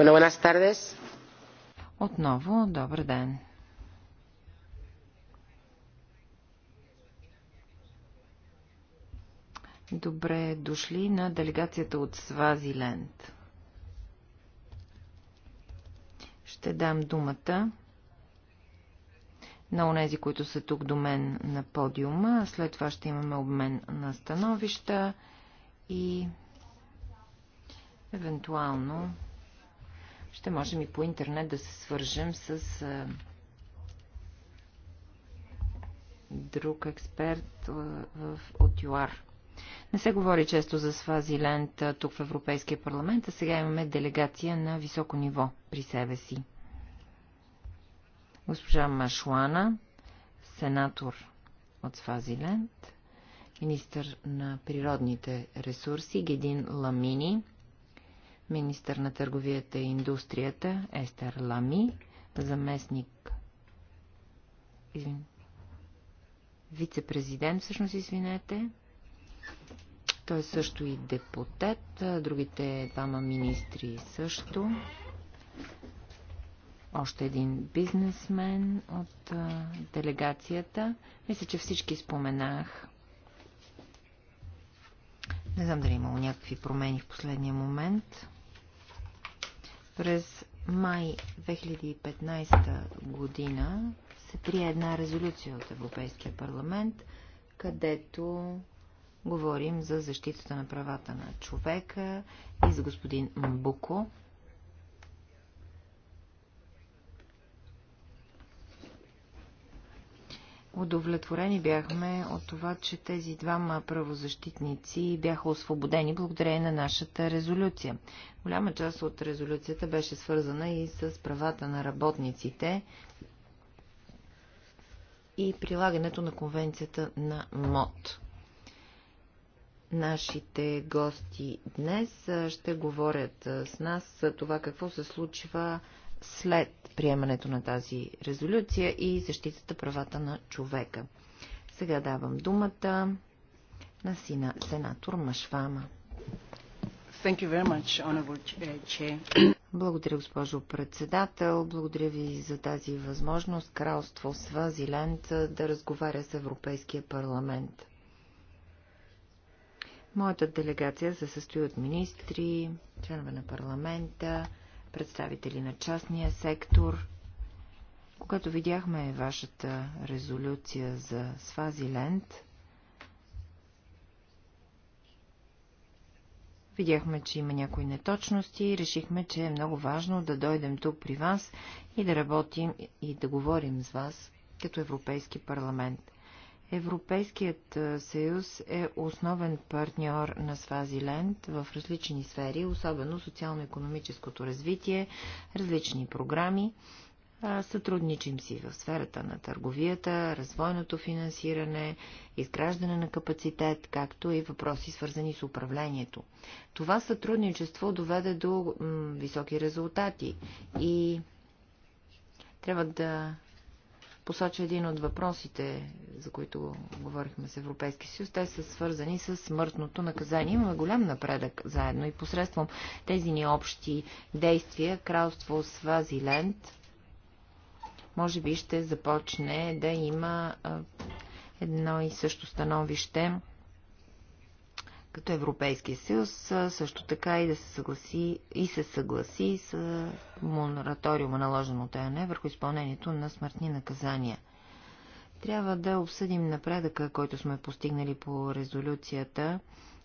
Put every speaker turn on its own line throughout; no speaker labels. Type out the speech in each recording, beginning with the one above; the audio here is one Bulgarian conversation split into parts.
Bueno, buenas tardes.
Отново, добър ден. Добре дошли на делегацията от Свазиленд. Ще дам думата на онези, които са тук до мен на подиума. След това ще имаме обмен на становища и евентуално ще можем и по интернет да се свържем с а, друг експерт а, в, от ЮАР. Не се говори често за Свазиленд тук в Европейския парламент, а сега имаме делегация на високо ниво при себе си. Госпожа Машуана, сенатор от Свазиленд, министър на природните ресурси Гедин Ламини, министър на търговията и индустрията Естер Лами, заместник Извин... вице-президент, всъщност, извинете. Той е също и депутат, другите двама министри също. Още един бизнесмен от а, делегацията. Мисля, че всички споменах. Не знам дали е имало някакви промени в последния момент. През май 2015 година се прие една резолюция от Европейския парламент, където говорим за защитата на правата на човека и за господин Мбуко, Удовлетворени бяхме от това, че тези двама правозащитници бяха освободени благодарение на нашата резолюция. Голяма част от резолюцията беше свързана и с правата на работниците и прилагането на конвенцията на МОД. Нашите гости днес ще говорят с нас за това какво се случва след приемането на тази резолюция и защитата правата на човека. Сега давам думата на сина, сенатор Машвама.
Thank you very much, eh,
Благодаря, госпожо председател. Благодаря ви за тази възможност Кралство Свазиленд да разговаря с Европейския парламент. Моята делегация се състои от министри, членове на парламента, представители на частния сектор. Когато видяхме вашата резолюция за Свазиленд, Видяхме, че има някои неточности и решихме, че е много важно да дойдем тук при вас и да работим и да говорим с вас като Европейски парламент. Европейският съюз е основен партньор на Свазиленд в различни сфери, особено социално-економическото развитие, различни програми. Сътрудничим си в сферата на търговията, развойното финансиране, изграждане на капацитет, както и въпроси свързани с управлението. Това сътрудничество доведе до високи резултати и трябва да посоча един от въпросите, за които говорихме с Европейски съюз. Те са свързани с смъртното наказание. Имаме голям напредък заедно и посредством тези ни общи действия кралство Свазиленд може би ще започне да има едно и също становище като Европейския съюз, също така и да се съгласи и се съгласи с мораториума наложен от ЕНЕ върху изпълнението на смъртни наказания. Трябва да обсъдим напредъка, който сме постигнали по резолюцията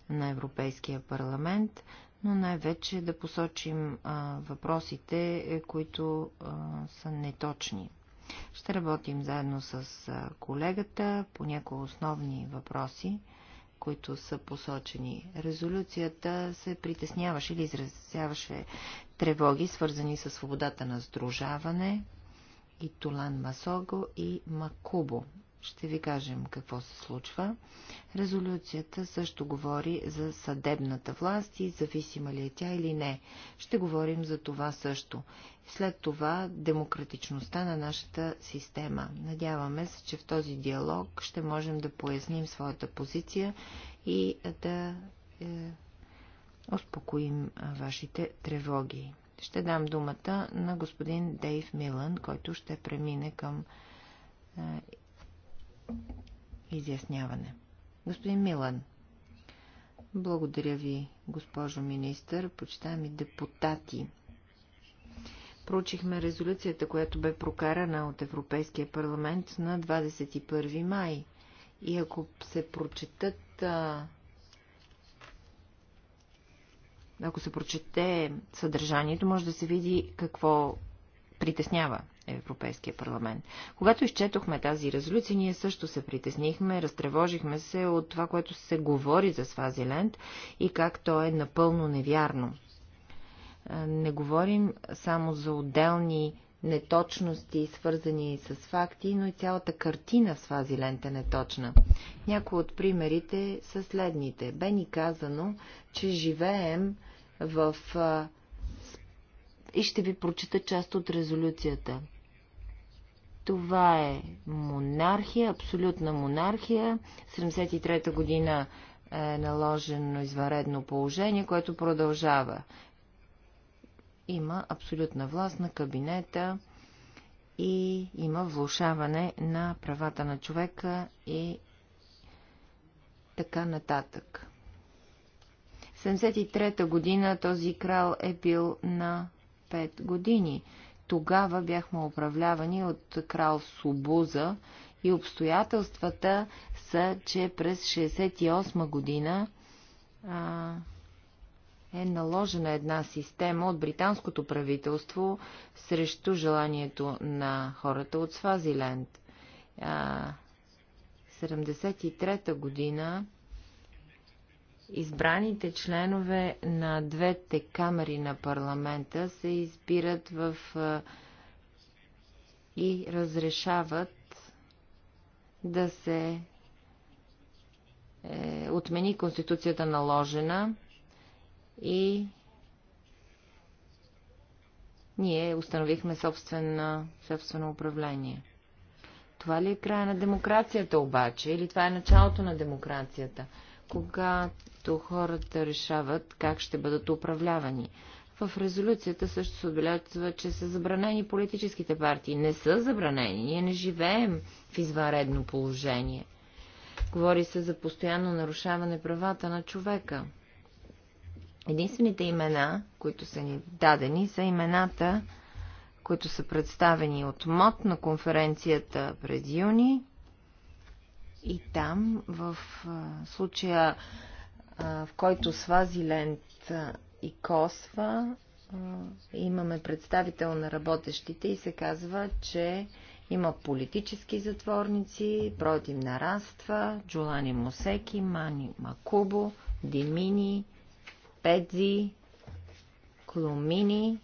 на Европейския парламент, но най-вече да посочим а, въпросите, е, които а, са неточни. Ще работим заедно с колегата по някои основни въпроси които са посочени. Резолюцията се притесняваше или изразяваше тревоги, свързани с свободата на сдружаване и Тулан Масого и Макубо. Ще ви кажем какво се случва. Резолюцията също говори за съдебната власт и зависима ли е тя или не. Ще говорим за това също след това демократичността на нашата система. Надяваме се, че в този диалог ще можем да поясним своята позиция и да е, успокоим вашите тревоги. Ще дам думата на господин Дейв Милан, който ще премине към е, изясняване. Господин Милан, благодаря ви, госпожо министър, почитаеми депутати проучихме резолюцията, която бе прокарана от Европейския парламент на 21 май. И ако се прочетат ако се прочете съдържанието, може да се види какво притеснява Европейския парламент. Когато изчетохме тази резолюция, ние също се притеснихме, разтревожихме се от това, което се говори за Свазиленд и как то е напълно невярно не говорим само за отделни неточности, свързани с факти, но и цялата картина в Свазиленд лента неточна. Някои от примерите са следните. Бе ни казано, че живеем в... И ще ви прочита част от резолюцията. Това е монархия, абсолютна монархия. 73-та година е наложено извънредно положение, което продължава има абсолютна власт на кабинета и има влушаване на правата на човека и така нататък. 73-та година този крал е бил на 5 години. Тогава бяхме управлявани от крал Субуза и обстоятелствата са, че през 68 година а, е наложена една система от британското правителство срещу желанието на хората от Свазиленд. 73-та година избраните членове на двете камери на парламента се избират в и разрешават да се е, отмени конституцията наложена и ние установихме собствено, собствено управление. Това ли е края на демокрацията обаче? Или това е началото на демокрацията? Когато хората решават как ще бъдат управлявани. В резолюцията също се отбелязва, че са забранени политическите партии. Не са забранени. Ние не живеем в извънредно положение. Говори се за постоянно нарушаване правата на човека. Единствените имена, които са ни дадени, са имената, които са представени от МОД на конференцията през юни. И там, в случая, в който Свазиленд и Косва, имаме представител на работещите и се казва, че има политически затворници, броят им нараства, Джулани Мусеки, Мани Макубо, Димини, Педзи, Клумини.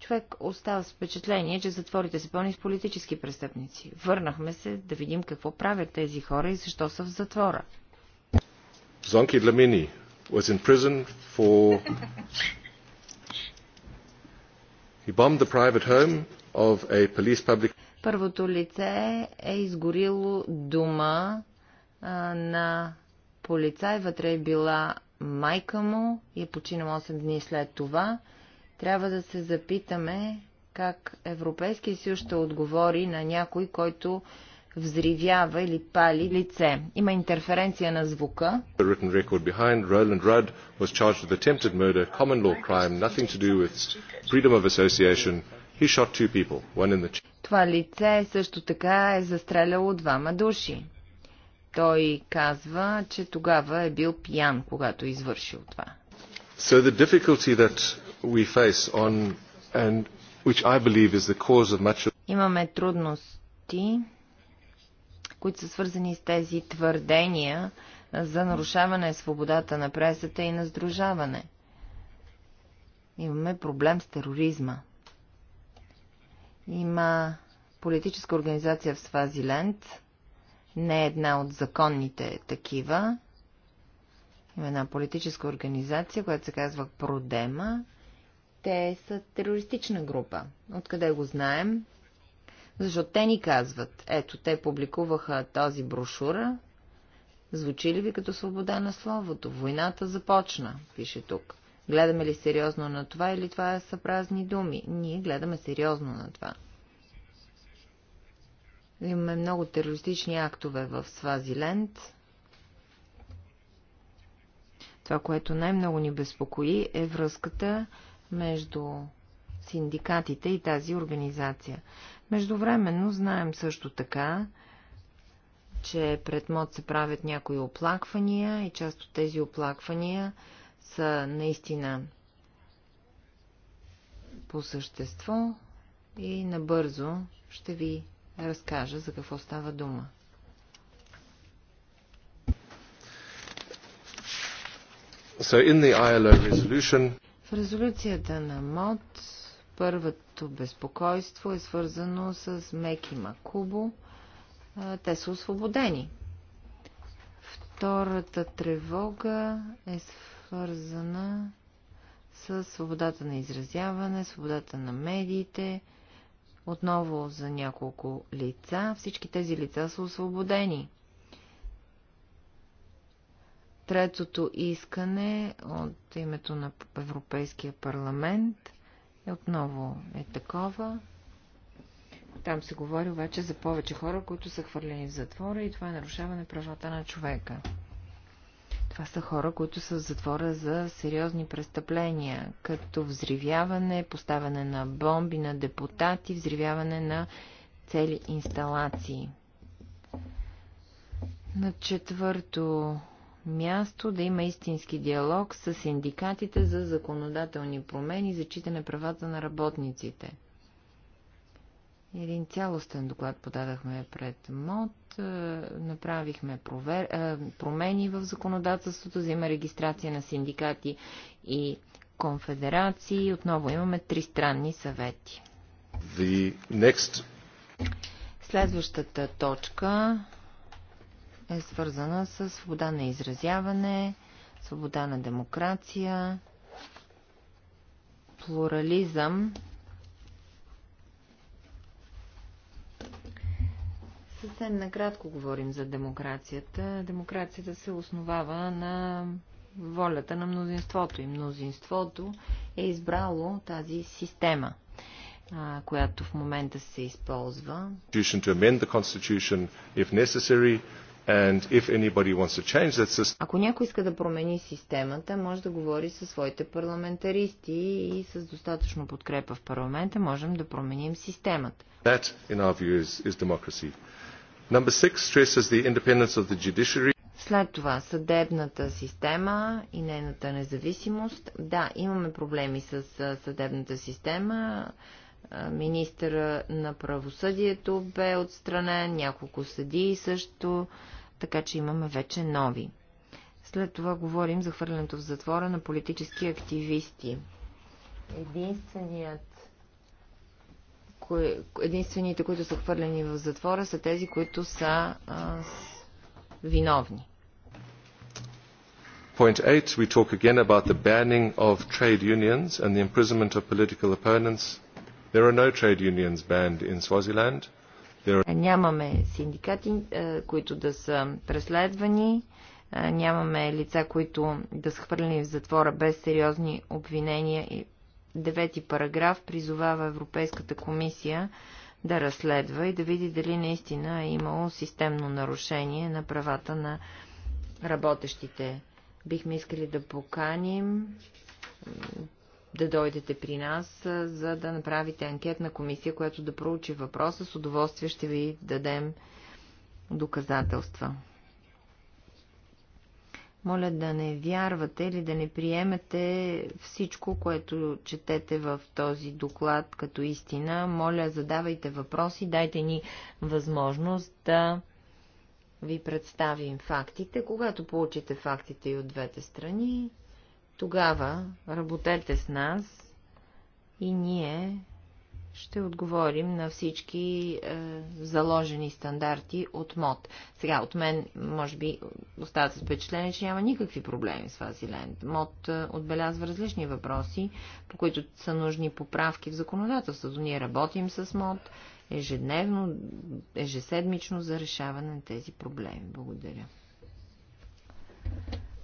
Човек остава с впечатление, че затворите се пълни с политически престъпници. Върнахме се да видим какво правят тези хора и защо са в затвора.
Зонки Ламини was in prison for... He bombed the private home of a police public...
Първото лице е изгорило дума а, на полицай. Вътре е била майка му и е починал 8 дни след това, трябва да се запитаме как Европейския съюз ще отговори на някой, който взривява или пали лице. Има интерференция на звука.
Behind, Roland Rudd was charged with attempted murder, common law crime, nothing to do with freedom of association. He shot two people, one in the...
Това лице също така е застреляло двама души. Той казва, че тогава е бил пиян, когато е извършил това.
So the difficulty that we face on and which I believe is the cause of much
Имаме трудности, които са свързани с тези твърдения за нарушаване свободата на пресата и на сдружаване. Имаме проблем с тероризма. Има политическа организация в Свазиленд, не е една от законните такива. Има една политическа организация, която се казва Продема. Те са терористична група. Откъде го знаем? Защото те ни казват, ето, те публикуваха този брошура. Звучи ли ви като свобода на словото? Войната започна, пише тук. Гледаме ли сериозно на това или това са празни думи? Ние гледаме сериозно на това. Имаме много терористични актове в Свазиленд. Това, което най-много ни безпокои, е връзката между синдикатите и тази организация. Междувременно знаем също така, че пред МОД се правят някои оплаквания и част от тези оплаквания са наистина по същество и набързо ще ви разкажа за какво става дума.
So in the ILO resolution...
В резолюцията на МОД първото безпокойство е свързано с Меки Макубо. Те са освободени. Втората тревога е свързана с свободата на изразяване, свободата на медиите, отново за няколко лица. Всички тези лица са освободени. Третото искане от името на Европейския парламент е отново е такова. Там се говори обаче за повече хора, които са хвърлени в затвора и това е нарушаване правата на човека. Това са хора, които са в затвора за сериозни престъпления, като взривяване, поставяне на бомби на депутати, взривяване на цели инсталации. На четвърто място да има истински диалог с синдикатите за законодателни промени, зачитане правата на работниците – един цялостен доклад подадахме пред МОД, е, направихме провер... Е, промени в законодателството, взима регистрация на синдикати и конфедерации. Отново имаме три странни съвети.
The next...
Следващата точка е свързана с свобода на изразяване, свобода на демокрация, плурализъм Съвсем накратко говорим за демокрацията. Демокрацията се основава на волята на мнозинството и мнозинството е избрало тази система която в момента се използва.
Ако някой иска да
промени системата, може да говори със своите парламентаристи и с достатъчно подкрепа в парламента можем да променим системата.
That, in our view, is, is democracy.
След това съдебната система и нейната независимост. Да, имаме проблеми с съдебната система. Министъра на правосъдието бе отстранен, няколко съдии също, така че имаме вече нови. След това говорим за хвърлянето в затвора на политически активисти. Единственият кои, единствените, които са хвърлени в затвора, са тези, които са а, с... виновни.
Point 8, we talk again about the banning of trade unions and the imprisonment of political opponents. There are no trade unions banned in Swaziland. There are...
Нямаме синдикати, които да са преследвани. Нямаме лица, които да са хвърлени в затвора без сериозни обвинения и девети параграф призовава Европейската комисия да разследва и да види дали наистина е имало системно нарушение на правата на работещите. Бихме искали да поканим да дойдете при нас, за да направите анкетна комисия, която да проучи въпроса. С удоволствие ще ви дадем доказателства. Моля да не вярвате или да не приемете всичко, което четете в този доклад като истина. Моля, задавайте въпроси, дайте ни възможност да ви представим фактите. Когато получите фактите и от двете страни, тогава работете с нас и ние ще отговорим на всички е, заложени стандарти от МОД. Сега от мен, може би, остават с впечатление, че няма никакви проблеми с Фазиленд. МОД е, отбелязва различни въпроси, по които са нужни поправки в законодателството. Ние работим с МОД ежедневно, ежеседмично за решаване на тези проблеми. Благодаря.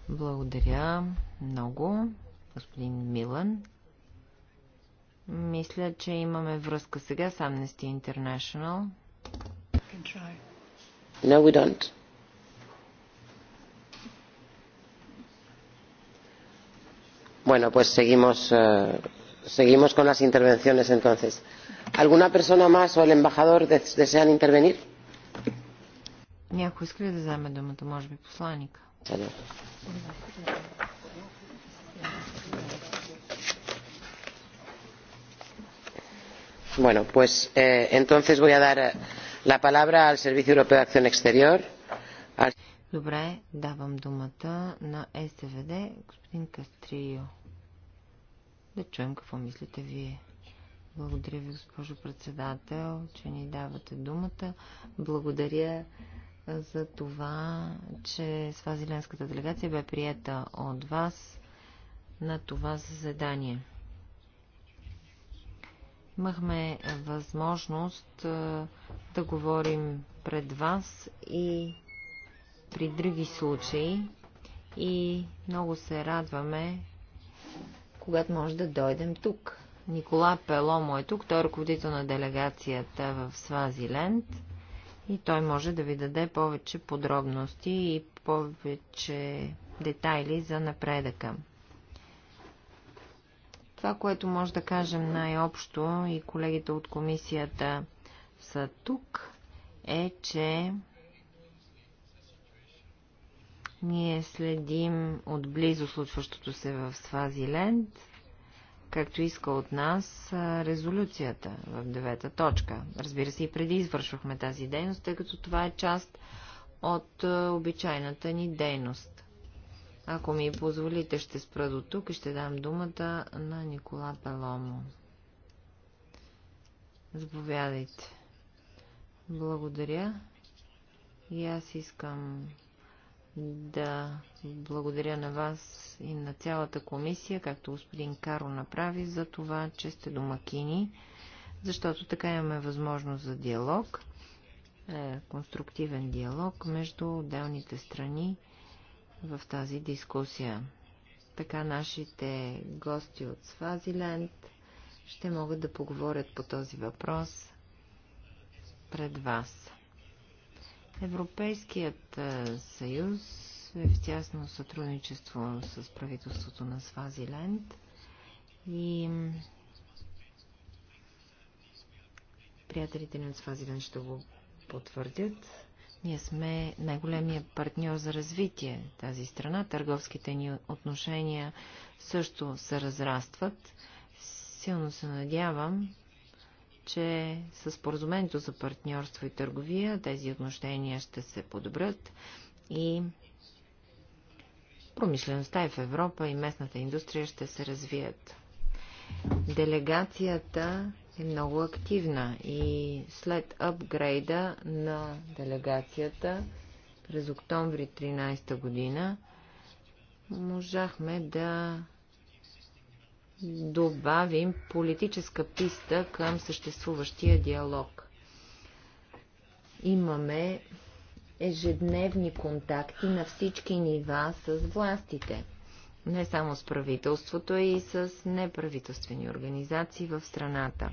Благодаря много, господин Милан. Мисля, че имаме връзка сега с Amnesty International.
No, we don't. Bueno, pues seguimos, uh, seguimos con las intervenciones entonces. ¿Alguna persona más o el embajador des desean intervenir? Някой Bueno, pues eh, entonces voy a dar eh, la palabra al Servicio Europeo de Acción Exterior. Al...
Добре, давам думата на СВД, господин Кастрио. Да чуем какво мислите вие. Благодаря ви, госпожо председател, че ни давате думата. Благодаря за това, че свазиленската делегация бе приета от вас на това заседание. Имахме е, възможност е, да говорим пред вас и при други случаи и много се радваме, когато може да дойдем тук. Никола Пеломо е тук, той е ръководител на делегацията в Свазиленд и той може да ви даде повече подробности и повече детайли за напредъка. Това, което може да кажем най-общо и колегите от комисията са тук, е, че ние следим отблизо случващото се в Свазиленд, както иска от нас резолюцията в девета точка. Разбира се, и преди извършвахме тази дейност, тъй като това е част от обичайната ни дейност. Ако ми позволите, ще спра до тук и ще дам думата на Никола Паломо. Заповядайте. Благодаря. И аз искам да благодаря на вас и на цялата комисия, както господин Каро направи, за това, че сте домакини, защото така имаме възможност за диалог, е, конструктивен диалог между отделните страни в тази дискусия. Така нашите гости от Свазиленд ще могат да поговорят по този въпрос пред вас. Европейският съюз е в тясно сътрудничество с правителството на Свазиленд и приятелите ни от Свазиленд ще го потвърдят. Ние сме най-големия партньор за развитие тази страна. Търговските ни отношения също се разрастват. Силно се надявам, че с поразумението за партньорство и търговия тези отношения ще се подобрят и промишлеността и в Европа и местната индустрия ще се развият. Делегацията е много активна и след апгрейда на делегацията през октомври 13 година можахме да добавим политическа писта към съществуващия диалог. Имаме ежедневни контакти на всички нива с властите не само с правителството, а и с неправителствени организации в страната.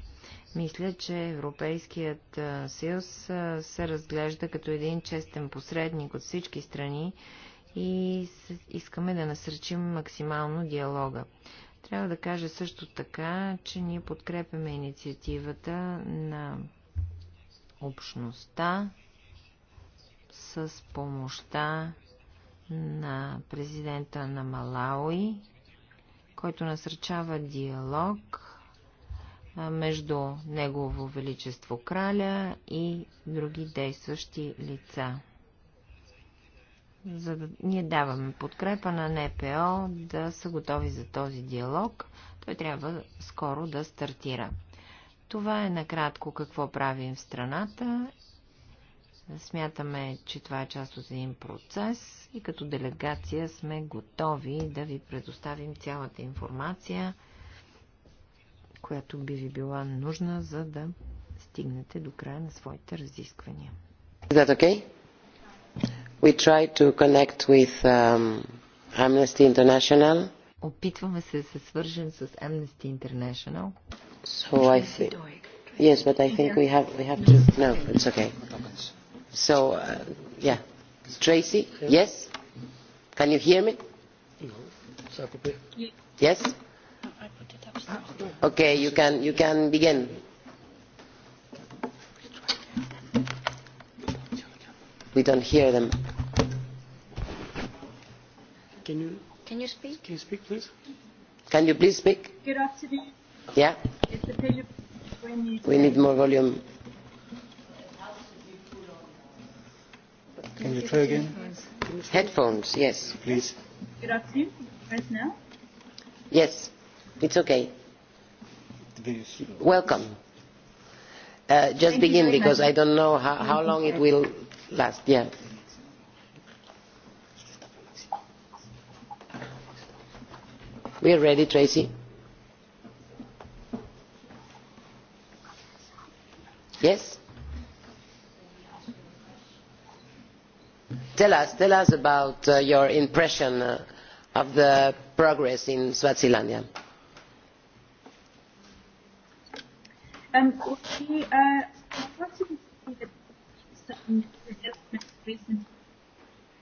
Мисля, че Европейският съюз се разглежда като един честен посредник от всички страни и искаме да насръчим максимално диалога. Трябва да кажа също така, че ние подкрепяме инициативата на общността с помощта на президента на Малауи, който насърчава диалог между Негово Величество Краля и други действащи лица. За да ние даваме подкрепа на НПО да са готови за този диалог, той трябва скоро да стартира. Това е накратко какво правим в страната. Смятаме, че това е част от един процес и като делегация сме готови да ви предоставим цялата информация която би ви била нужна, за да стигнете до края на своите разисквания.
Is that okay? We try to connect with um, Amnesty International.
Опитваме се да се свържем с Amnesty International.
So I think... Yes, but I think we have, we have to... No, it's okay. So, uh, yeah. Tracy, yes? Can you hear me? Yes? Okay, you can, you can begin. We don't hear them. Can you, can you speak? Can you speak, please? Can you please speak?
Good afternoon. Yeah. It's a pleasure we need more
volume. Can you try again? Headphones, yes. Please.
Good afternoon. Right now?
Yes. It's okay. Welcome. Uh, just begin because I don't know how, how long it will last. Yeah. We are ready, Tracy. Yes? Tell us, tell us about uh, your impression uh, of the progress in Swaziland.
Um, we uh, I to you see the some development recently?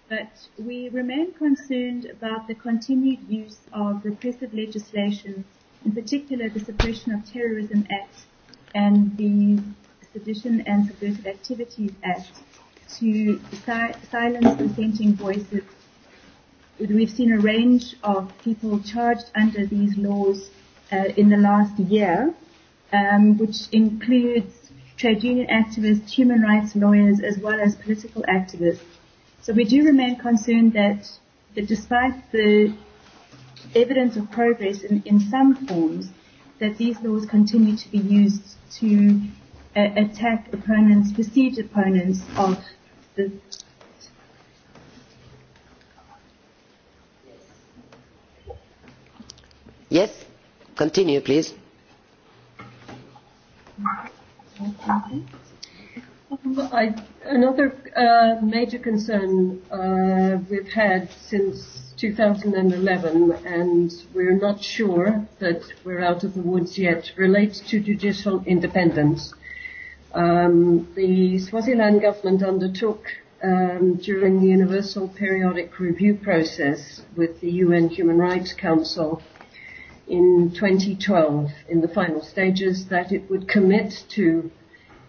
But we remain concerned about the continued use of repressive legislation, in particular the Suppression of Terrorism Act and the Sedition and Subversive Activities Act, to si- silence dissenting voices. We've seen a range of people charged under these laws uh, in the last year um, which includes trade union activists, human rights lawyers, as well as political activists. So we do remain concerned that, that despite the evidence of progress in, in some forms, that these laws continue to be used to uh, attack opponents, perceived opponents of the
Yes, continue please.
I, another uh, major concern uh, we've had since 2011, and we're not sure that we're out of the woods yet, relates to judicial independence. Um, the Swaziland government undertook um, during the Universal Periodic Review process with the UN Human Rights Council in 2012 in the final stages that it would commit to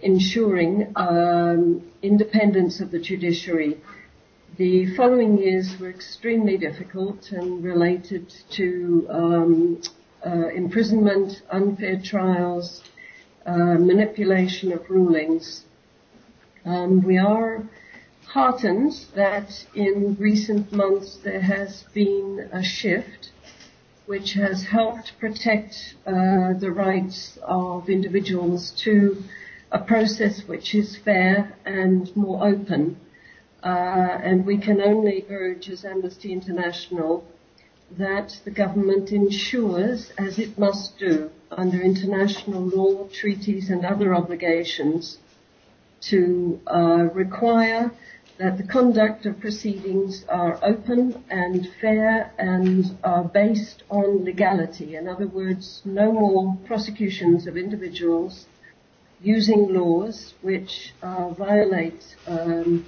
ensuring um, independence of the judiciary. The following years were extremely difficult and related to um, uh, imprisonment, unfair trials, uh, manipulation of rulings. Um, we are heartened that in recent months there has been a shift which has helped protect uh, the rights of individuals to a process which is fair and more open. Uh, and we can only urge as Amnesty International that the government ensures, as it must do under international law, treaties and other obligations, to uh, require that the conduct of proceedings are open and fair and are based on legality. In other words, no more prosecutions of individuals using laws which uh, violate um,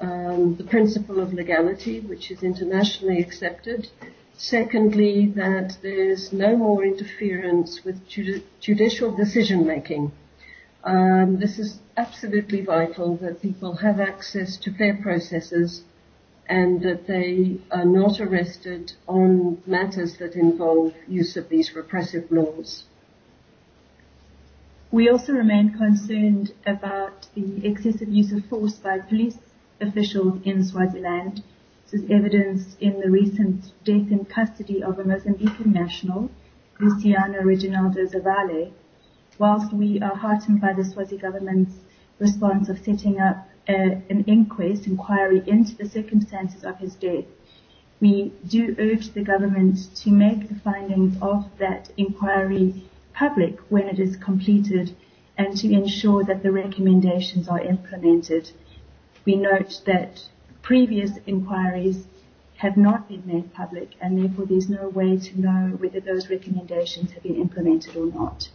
um, the principle of legality, which is internationally accepted. Secondly, that there's no more interference with judi- judicial decision making Um, this is absolutely vital that people have access to fair processes and that they are not arrested on matters that involve use of these repressive laws.
We also remain concerned about the excessive use of force by police officials in Swaziland. This is evidenced in the recent death in custody of a Mozambican national, Luciano Reginaldo Zavale, whilst we are heartened by the Swazi government's response of setting up a, an inquest inquiry into the circumstances of his death, we do urge the government to make the findings of that inquiry public when it is completed and to ensure that the recommendations are implemented. We note that previous inquiries have not been made public and therefore there's no way to know whether those recommendations have been implemented or not.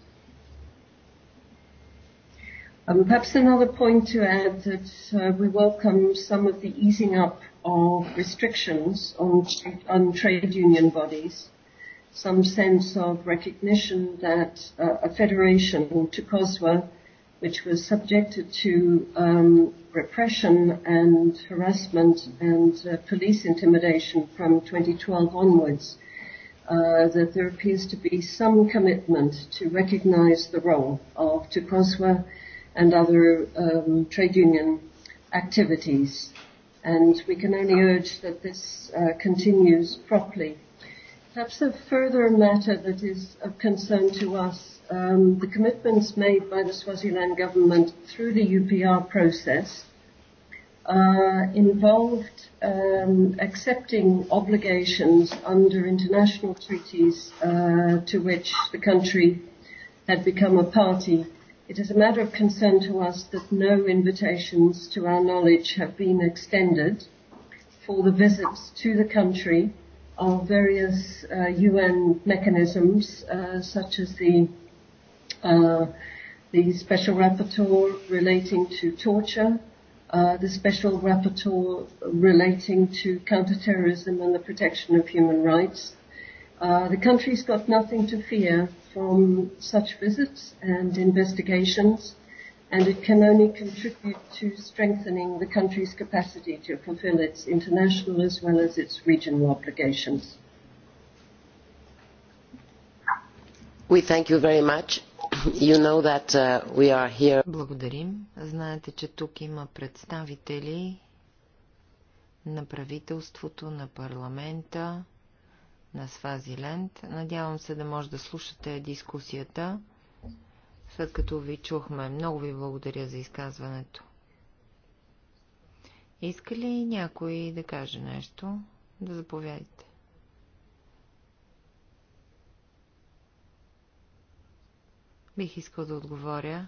Um, perhaps another point to add that uh, we welcome some of the easing up of restrictions on, on trade union bodies, some sense of recognition that uh, a federation to COSWA, which was subjected to um, repression and harassment and uh, police intimidation from 2012 onwards, uh, that there appears to be some commitment to recognize the role of Tukoswa and other um, trade union activities. And we can only urge that this uh, continues properly. Perhaps a further matter that is of concern to us, um, the commitments made by the Swaziland government through the UPR process uh, involved um, accepting obligations under international treaties uh, to which the country had become a party It is a matter of concern to us that no invitations to our knowledge have been extended for the visits to the country of various uh, UN mechanisms uh, such as the uh, the special rapporteur relating to torture, uh, the special rapporteur relating to counterterrorism and the protection of human rights. Uh, the country's got nothing to fear from such visits and investigations, and it can only contribute to strengthening the country's capacity to fulfill its international as well as its regional obligations.
We thank you very much. You know that uh, we are here.
Благодарим. Знаете, че тук има представители на правителството, на парламента на Свазиленд. Надявам се да може да слушате дискусията, след като ви чухме. Много ви благодаря за изказването. Иска ли някой да каже нещо? Да заповядайте. Бих искал да отговоря.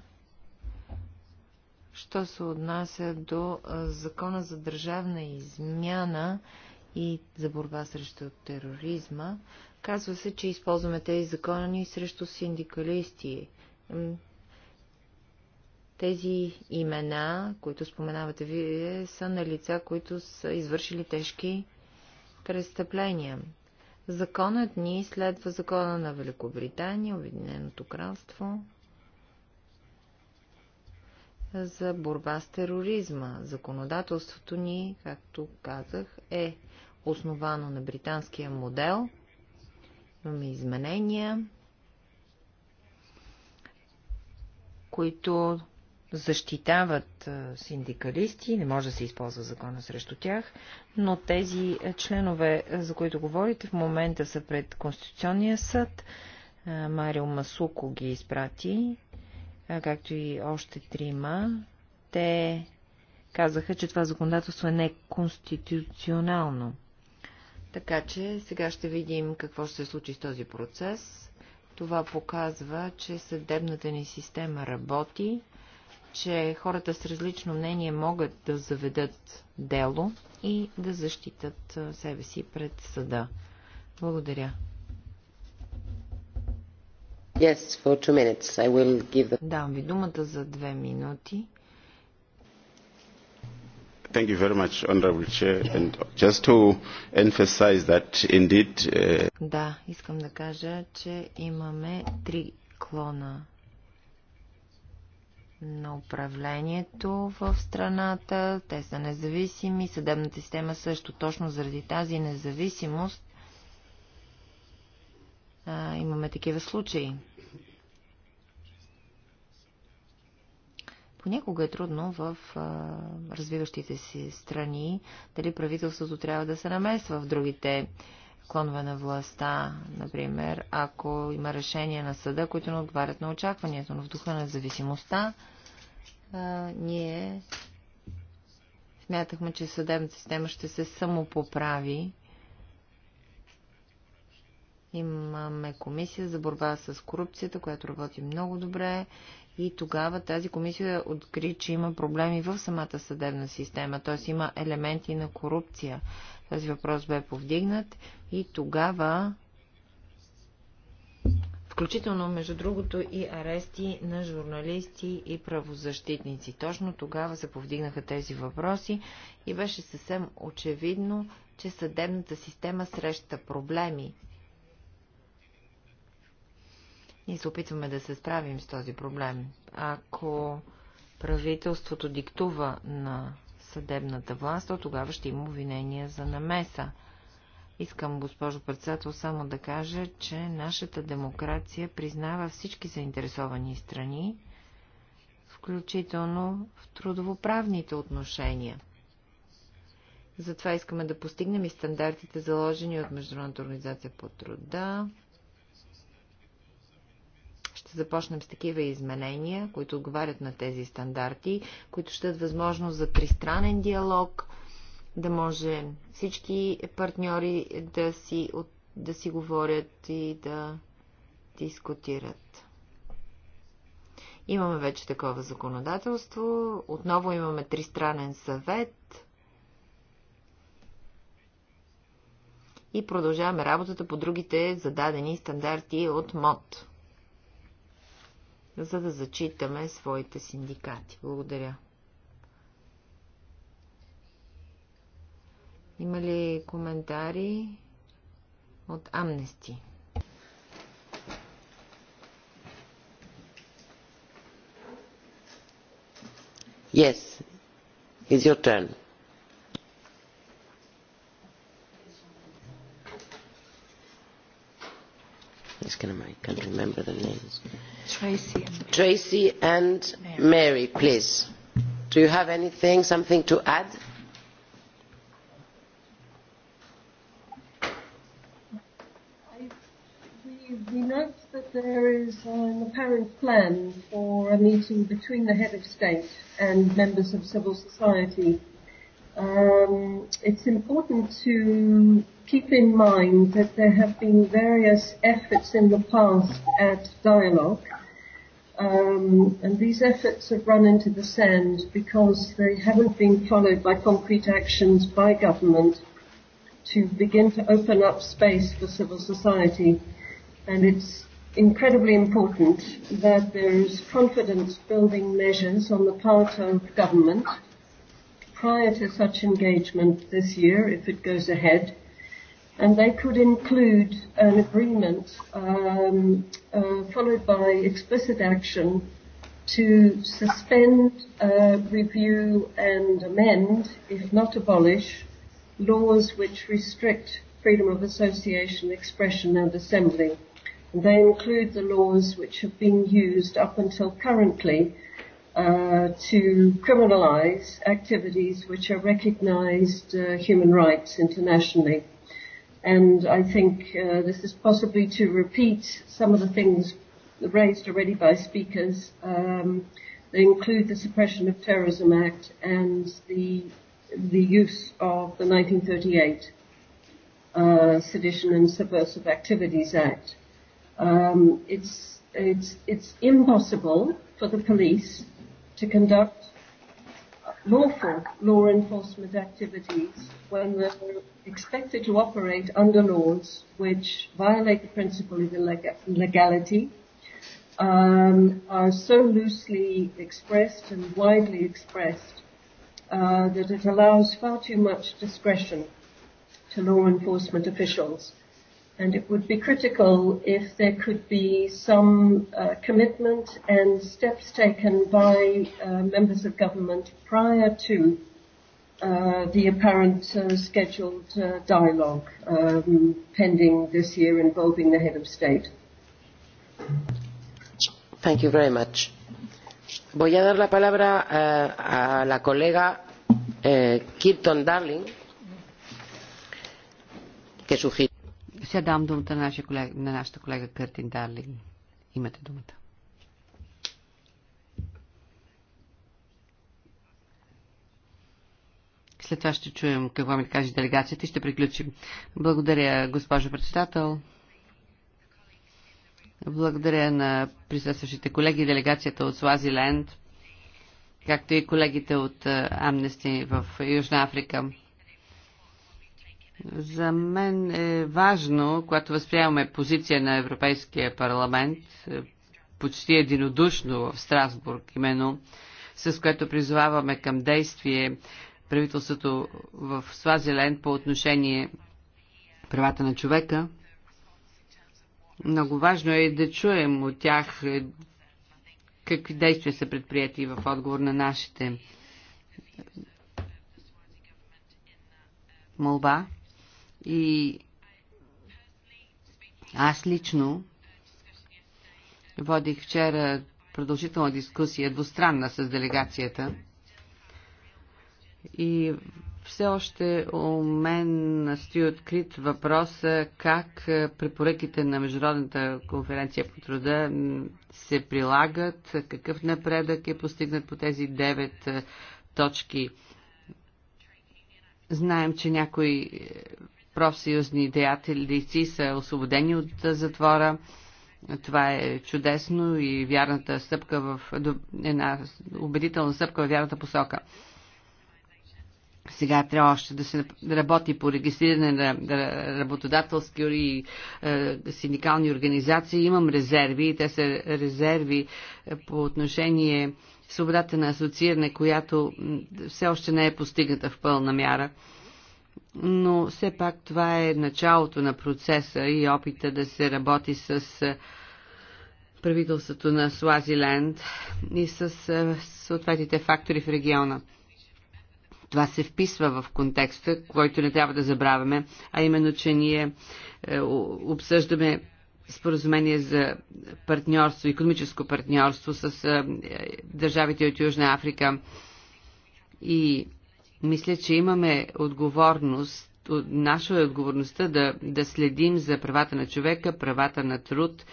Що се отнася до закона за държавна измяна, и за борба срещу тероризма. Казва се, че използваме тези закони срещу синдикалисти. Тези имена, които споменавате вие, са на лица, които са извършили тежки престъпления. Законът ни следва закона на Великобритания, Обединеното кралство за борба с тероризма. Законодателството ни, както казах, е основано на британския модел. Имаме изменения, които защитават синдикалисти, не може да се използва закона срещу тях, но тези членове, за които говорите, в момента са пред Конституционния съд. Марио Масуко ги изпрати, както и още трима. Те казаха, че това законодателство е неконституционално. Така че сега ще видим какво ще се случи с този процес. Това показва, че съдебната ни система работи, че хората с различно мнение могат да заведат дело и да защитат себе си пред съда. Благодаря.
Yes, for two minutes. I will give the...
Дам ви думата за две минути.
Thank
you very much, Honorable Chair. And just to emphasize that indeed... Uh...
Да, искам да кажа, че имаме три клона на управлението в страната. Те са независими. Съдебната система също точно заради тази независимост а, имаме такива случаи. Понякога е трудно в а, развиващите си страни дали правителството трябва да се намесва в другите клонове на властта, например, ако има решения на съда, които не отговарят на очакването, но в духа на зависимостта, а, ние смятахме, че съдебната система ще се самопоправи. Имаме комисия за борба с корупцията, която работи много добре и тогава тази комисия откри, че има проблеми в самата съдебна система, т.е. има елементи на корупция. Този въпрос бе повдигнат и тогава включително между другото и арести на журналисти и правозащитници. Точно тогава се повдигнаха тези въпроси и беше съвсем очевидно, че съдебната система среща проблеми ние се опитваме да се справим с този проблем. Ако правителството диктува на съдебната власт, то тогава ще има обвинения за намеса. Искам, госпожо председател, само да кажа, че нашата демокрация признава всички заинтересовани страни, включително в трудовоправните отношения. Затова искаме да постигнем и стандартите, заложени от Международната организация по труда, ще започнем с такива изменения, които отговарят на тези стандарти, които ще дадат възможност за тристранен диалог, да може всички партньори да си, да си говорят и да дискутират. Имаме вече такова законодателство. Отново имаме тристранен съвет. И продължаваме работата по другите зададени стандарти от МОД за да зачитаме своите синдикати. Благодаря. Има ли коментари от Амнести?
Yes. It's your turn. African American can't remember the names. Tracy. Tracy and Mary, Mary please. Do you have anything, something to add?
We note that there is an apparent plan for a meeting between the head of state and members of civil society um, it's important to keep in mind that there have been various efforts in the past at dialogue, um, and these efforts have run into the sand because they haven't been followed by concrete actions by government to begin to open up space for civil society. And it's incredibly important that there is confidence building measures on the part of government prior to such engagement this year, if it goes ahead, and they could include an agreement um, uh, followed by explicit action to suspend, uh, review and amend, if not abolish, laws which restrict freedom of association, expression and assembly. And they include the laws which have been used up until currently uh, to criminalize activities which are recognized uh, human rights internationally. And I think uh, this is possibly to repeat some of the things raised already by speakers. Um, they include the Suppression of Terrorism Act and the, the use of the 1938 uh, Sedition and Subversive Activities Act. Um, it's, it's, it's impossible for the police to conduct lawful law enforcement activities when we're expected to operate under laws which violate the principle of legality, um, are so loosely expressed and widely expressed uh, that it allows far too much discretion to law enforcement officials and it would be critical if there could be some uh, commitment and steps taken by uh, members of government prior to uh, the apparent uh, scheduled uh, dialogue um, pending this year involving the head of state.
Thank you very much. Voy a dar la palabra uh, a la colega uh, Kirton Darling, que sugiere. Сега дам думата
на, нашия колега, на нашата колега Къртин Дарлин. Имате думата. След това ще чуем какво ми каже делегацията и ще приключим. Благодаря, госпожо председател. Благодаря на присъстващите колеги и делегацията от Суазиленд, както и колегите от Амнести в Южна Африка. За мен е важно, когато възприемаме позиция на Европейския парламент, е, почти единодушно в Страсбург, именно, с което призоваваме към действие правителството в Свазилен по отношение правата на човека. Много важно е да чуем от тях е, какви действия са предприяти в отговор на нашите молба. И аз лично водих вчера продължителна дискусия, двустранна с делегацията. И все още у мен стои открит въпроса как препоръките на Международната конференция по труда се прилагат, какъв напредък е постигнат по тези девет точки. Знаем, че някои профсъюзни деятелици са освободени от затвора. Това е чудесно и вярната стъпка в една убедителна стъпка в вярната посока. Сега трябва още да се работи по регистриране на работодателски и е, синдикални организации. Имам резерви. Те са резерви е, по отношение свободата на асоцииране, която все още не е постигната в пълна мяра но все пак това е началото на процеса и опита да се работи с правителството на Суазиленд и с съответните фактори в региона. Това се вписва в контекста, който не трябва да забравяме, а именно, че ние е, обсъждаме споразумение за партньорство, економическо партньорство с е, е, държавите от Южна Африка и мисля, че имаме отговорност, наша е отговорността да, да следим за правата на човека, правата на труд,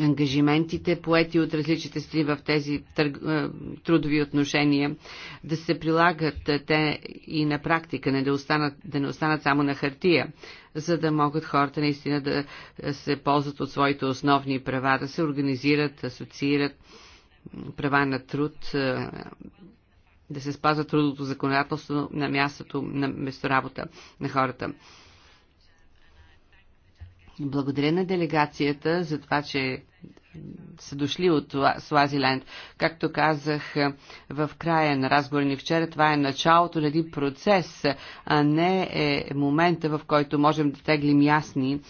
ангажиментите, поети от различните страни в тези търг... Е, трудови отношения, да се прилагат е, те и на практика, не да, останат, да не останат само на хартия, за да могат хората наистина да е, се ползват от своите основни права, да се организират, асоциират права на труд, да се спазва трудното законодателство на мястото, на месторабота на хората. Благодаря на делегацията за това, че са дошли от Суазиленд. Както казах в края на разговора ни вчера, това е началото на един процес, а не е момента, в който можем да теглим ясни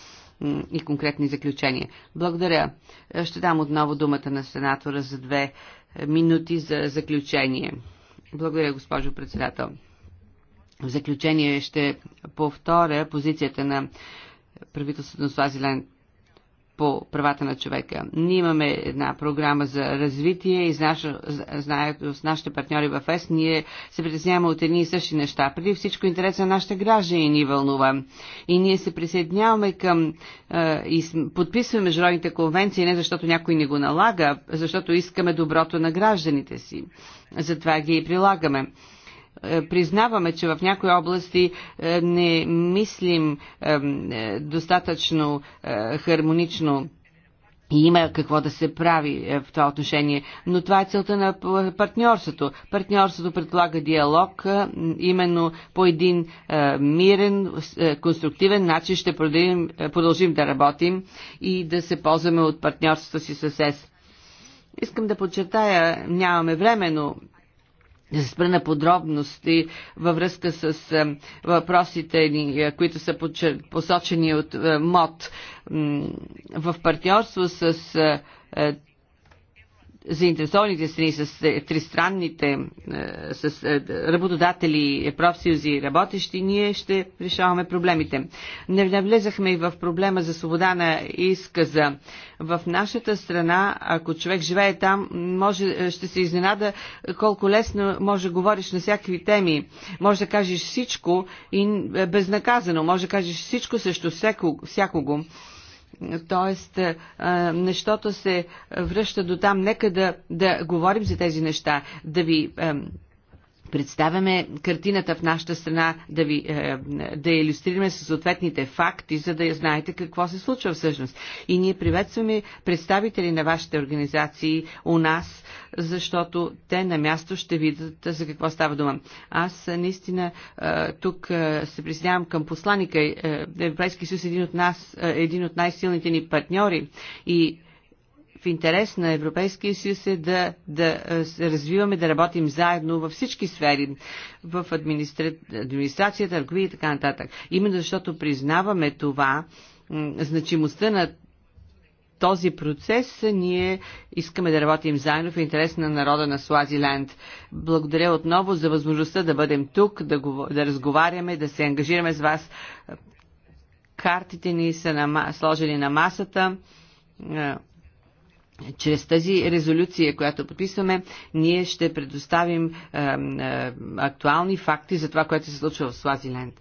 и конкретни заключения. Благодаря. Ще дам отново думата на сенатора за две е, минути за заключение. Благодаря, госпожо председател. В заключение ще повторя позицията на правителството на Суазиленд по правата на човека. Ние имаме една програма за развитие и знаят с нашите партньори в ЕС, ние се притесняваме от едни и същи неща. Преди всичко интереса на нашите граждани ни вълнува. И ние се присъединяваме към и подписваме международните конвенции не защото някой не го налага, защото искаме доброто на гражданите си. Затова ги и прилагаме. Е, признаваме, че в някои области е, не мислим е, достатъчно хармонично и има какво да се прави в това отношение, но това е целта на партньорството. Партньорството предполага диалог, именно по един мирен, конструктивен начин ще продължим, продължим да работим и да се ползваме от партньорството си с ЕС. Искам да подчертая, нямаме време, но се спра на подробности във връзка с е, въпросите ни, е, които са посочени от е, МОД. В партньорство с заинтересованите страни, с е, тристранните, е, с е, работодатели, профсъюзи работещи, ние ще решаваме проблемите. Не влезахме и в проблема за свобода на изказа. В нашата страна, ако човек живее там, може, ще се изненада колко лесно може да говориш на всякакви теми. Може да кажеш всичко и безнаказано. Може да кажеш всичко срещу всякого. Тоест, нещото се връща до там. Нека да, да говорим за тези неща, да ви представяме картината в нашата страна, да, ви, е, да я иллюстрираме със съответните факти, за да я знаете какво се случва всъщност. И ние приветстваме представители на вашите организации у нас, защото те на място ще видят за какво става дума. Аз е, наистина е, тук се присъединявам към посланика. Европейски съюз е един от нас, един от най-силните ни партньори и в интерес на Европейския съюз е да, да развиваме, да работим заедно във всички сфери, в администра... администрацията, търгови и така нататък. Именно защото признаваме това, значимостта на този процес ние искаме да работим заедно в интерес на народа на Слазиленд. Благодаря отново за възможността да бъдем тук, да, го, да разговаряме, да се ангажираме с вас. Картите ни са на, сложени на масата чрез тази резолюция, която подписваме, ние ще предоставим а, а, актуални факти за това, което се случва в Слазиленд.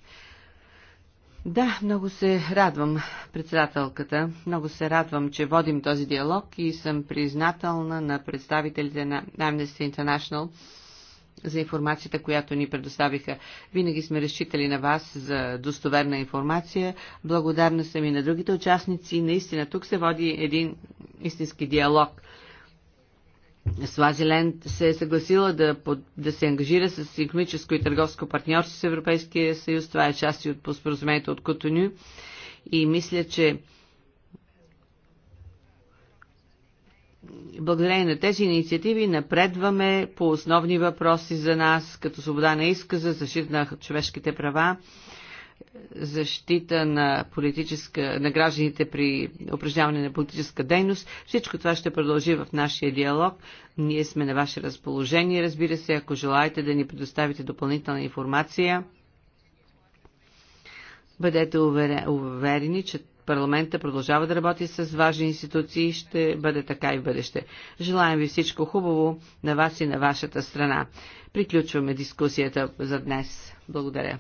Да, много се радвам, председателката. Много се радвам, че водим този диалог и съм признателна на представителите на Amnesty International за информацията, която ни предоставиха. Винаги сме разчитали на вас за достоверна информация. Благодарна съм и на другите участници. Наистина, тук се води един истински диалог. Свазиленд се е съгласила да, под, да се ангажира с економическо и търговско партньорство с Европейския съюз. Това е част и от споразумението от Кутоню И мисля, че благодарение на тези инициативи напредваме по основни въпроси за нас, като свобода на изказа, защита на човешките права, защита на, политическа, на гражданите при упражняване на политическа дейност. Всичко това ще продължи в нашия диалог. Ние сме на ваше разположение, разбира се, ако желаете да ни предоставите допълнителна информация. Бъдете уверени, че Парламента продължава да работи с важни институции и ще бъде така и в бъдеще. Желаем ви всичко хубаво на вас и на вашата страна. Приключваме дискусията за днес. Благодаря.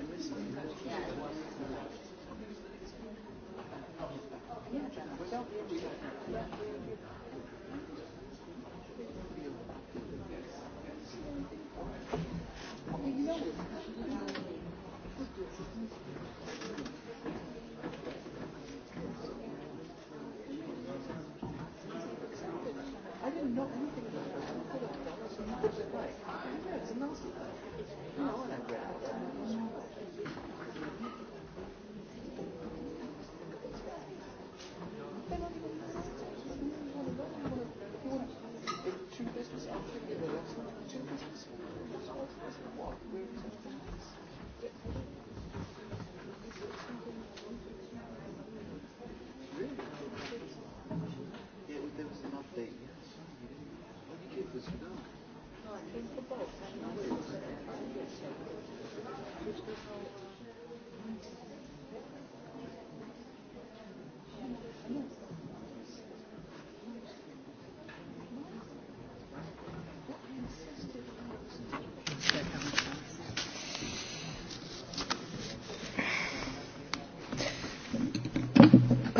I miss it.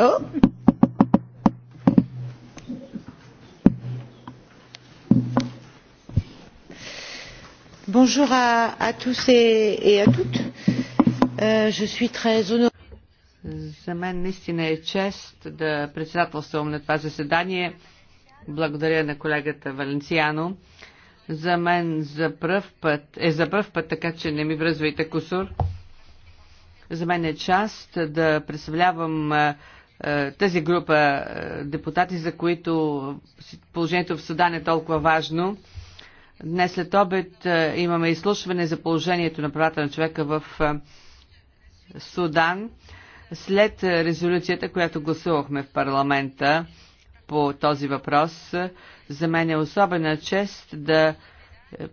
Oh. Bonjour à, à tous et, et à toutes.
Euh, je suis très honorée. За мен наистина е чест да председателствам на това заседание. Благодаря на колегата Валенциано. За мен за пръв път, е за пръв път, така че не ми връзвайте косур. За мен е част да представлявам е, тази група е, депутати, за които положението в Судан е толкова важно. Днес след обед е, имаме изслушване за положението на правата на човека в Судан. След резолюцията, която гласувахме в парламента по този въпрос, за мен е особена чест да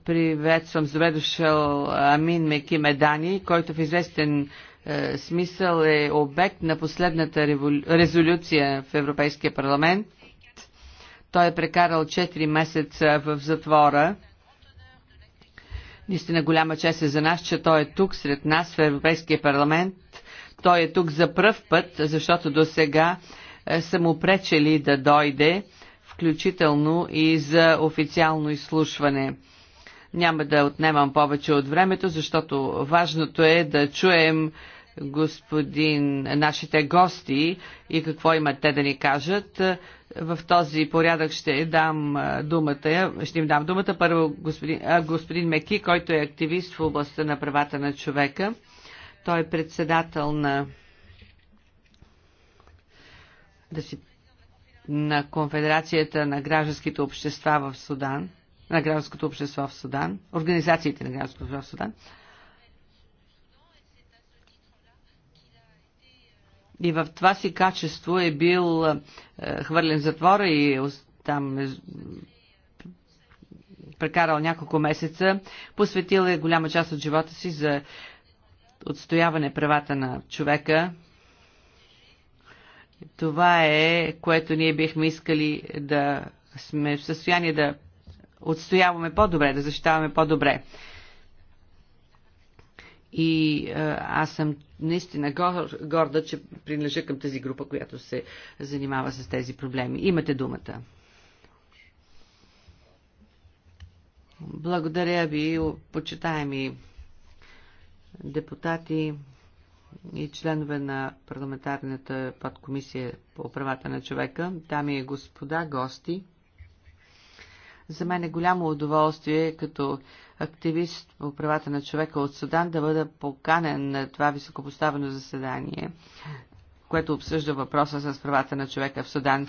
приветствам с добре дошъл Амин Меки Медани, който в известен е, смисъл е обект на последната резолюция в Европейския парламент. Той е прекарал 4 месеца в затвора. Наистина голяма чест е за нас, че той е тук сред нас в Европейския парламент. Той е тук за пръв път, защото до сега е, са му пречели да дойде, включително и за официално изслушване. Няма да отнемам повече от времето, защото важното е да чуем господин, нашите гости и какво имат те да ни кажат. В този порядък ще дам думата, ще им дам думата първо господин, господин Меки, който е активист в областта на правата на човека. Той е председател на да си, на Конфедерацията на гражданските общества в Судан, на гражданското общество в Судан, организациите на гражданското общество в Судан. и в това си качество е бил е, хвърлен затвора и там е прекарал няколко месеца. Посветил е голяма част от живота си за отстояване правата на човека. Това е, което ние бихме искали да сме в състояние да отстояваме по-добре, да защитаваме по-добре. И е, аз съм наистина гор, горда, че принадлежа към тази група, която се занимава с тези проблеми. Имате думата. Благодаря ви, почитаеми депутати и членове на парламентарната подкомисия по правата на човека, дами и господа, гости. За мен е голямо удоволствие като активист по правата на човека от Судан да бъда поканен на това високопоставено заседание, което обсъжда въпроса с правата на човека в Судан.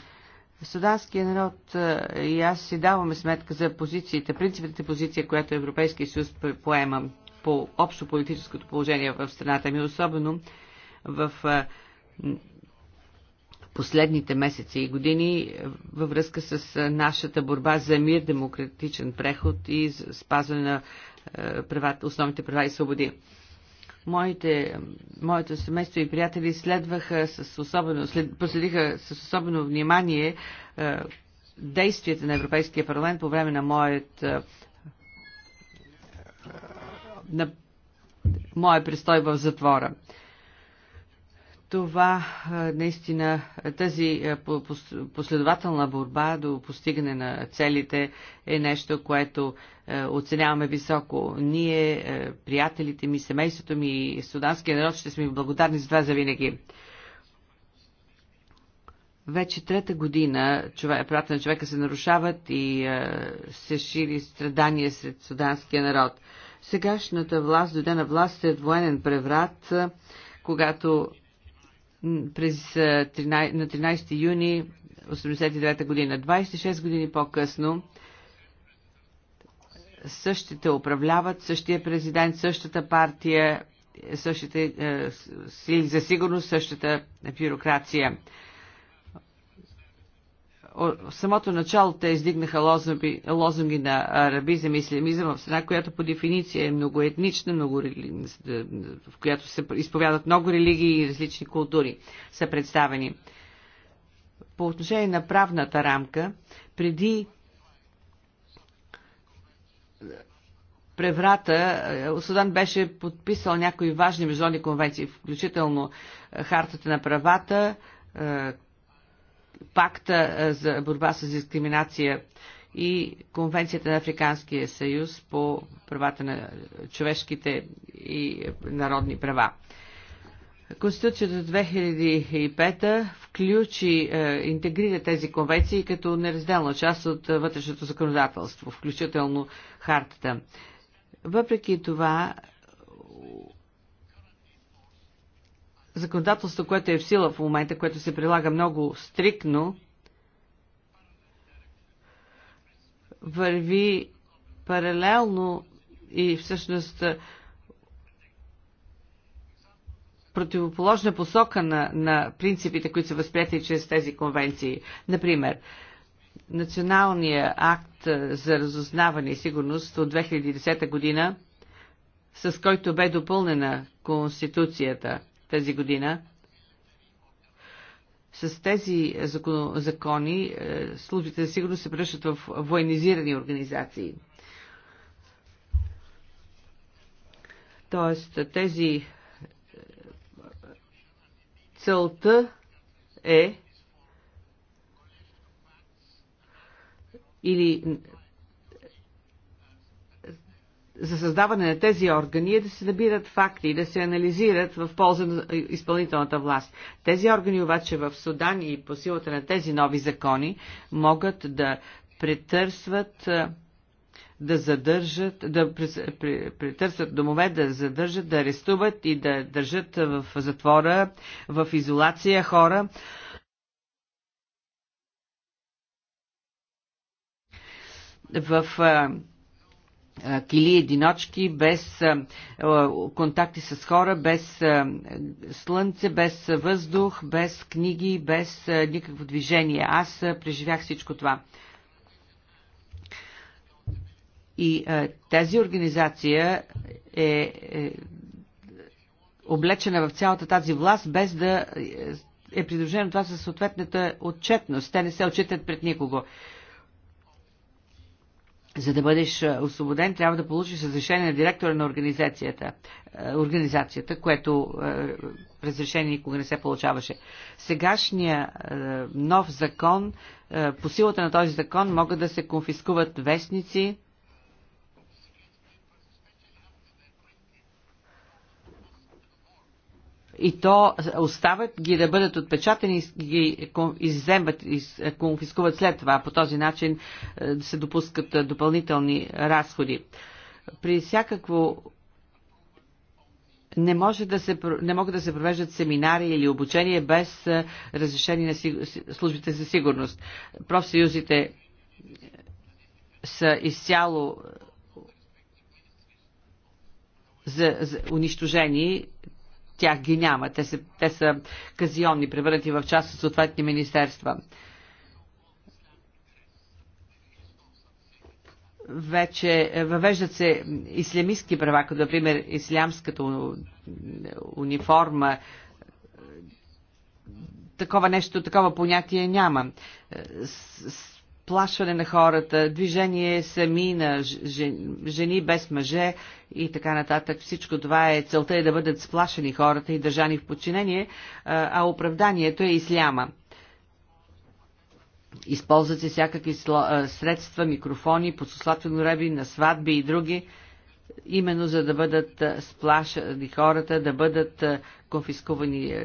Суданския народ е, и аз си даваме сметка за позициите, принципните позиции, която Европейския съюз поема по общо политическото положение в страната ми, особено в е, последните месеци и години във връзка с нашата борба за мир, демократичен преход и спазване на правата, основните права и свободи. Моите, моето семейство и приятели следваха с особено, след, проследиха с особено внимание е, действията на Европейския парламент по време на моят е, на моя престой в затвора. Е, това наистина, тази последователна борба до постигане на целите е нещо, което оценяваме високо. Ние, приятелите ми, семейството ми и суданския народ ще сме благодарни за това за винаги. Вече трета година човек, правата на човека се нарушават и е, се шири страдания сред суданския народ. Сегашната власт дойде на власт след военен преврат, когато през, на 13 юни 1989 година. 26 години по-късно същите управляват, същия президент, същата партия, същите е, сили за сигурност, същата бюрокрация в самото начало те издигнаха лозунги, лозунги на арабизъм и ислямизъм в страна, която по дефиниция е многоетнична, много, в която се изповядат много религии и различни култури са представени. По отношение на правната рамка, преди преврата, е, Судан беше подписал някои важни международни конвенции, включително е, Хартата на правата, е, пакта е, за борба с дискриминация и Конвенцията на Африканския съюз по правата на човешките и народни права. Конституцията 2005 включи, е, интегрира тези конвенции като неразделна част от вътрешното законодателство, включително хартата. Въпреки това, законодателство, което е в сила в момента, което се прилага много стрикно, върви паралелно и всъщност противоположна посока на, на принципите, които са възприяти чрез тези конвенции. Например, Националния акт за разузнаване и сигурност от 2010 година, с който бе допълнена Конституцията – тази година. С тези закони е, службите за сигурност се превръщат в военизирани организации. Тоест, тези е, целта е или за създаване на тези органи е да се набират факти и да се анализират в полза на изпълнителната власт. Тези органи обаче в Судан и по силата на тези нови закони могат да претърсват да задържат, да претърсят домове, да задържат, да арестуват и да държат в затвора, в изолация хора. В кили единочки, без контакти с хора, без слънце, без въздух, без книги, без никакво движение. Аз преживях всичко това. И тази организация е, е облечена в цялата тази власт, без да е, е придружено това със съответната отчетност. Те не се отчитат пред никого за да бъдеш освободен, трябва да получиш разрешение на директора на организацията, организацията което разрешение никога не се получаваше. Сегашния нов закон, по силата на този закон могат да се конфискуват вестници, и то остават ги да бъдат отпечатани и ги изземват и конфискуват след това. По този начин е, се допускат е, допълнителни разходи. При всякакво не, може да се, не могат да се провеждат семинари или обучение без е, разрешение на службите за сигурност. Профсъюзите са изцяло за, за унищожени тях ги няма. Те, се, те са казионни, превърнати в част от съответни министерства. вече е, въвеждат се ислямистски права, като например ислямската униформа. Такова нещо, такова понятие няма изплашване на хората, движение сами на жени без мъже и така нататък. Всичко това е целта е да бъдат сплашени хората и държани в подчинение, а оправданието е исляма. Използват се всякакви средства, микрофони, подсослателни реби на сватби и други, именно за да бъдат сплашени хората, да бъдат конфискувани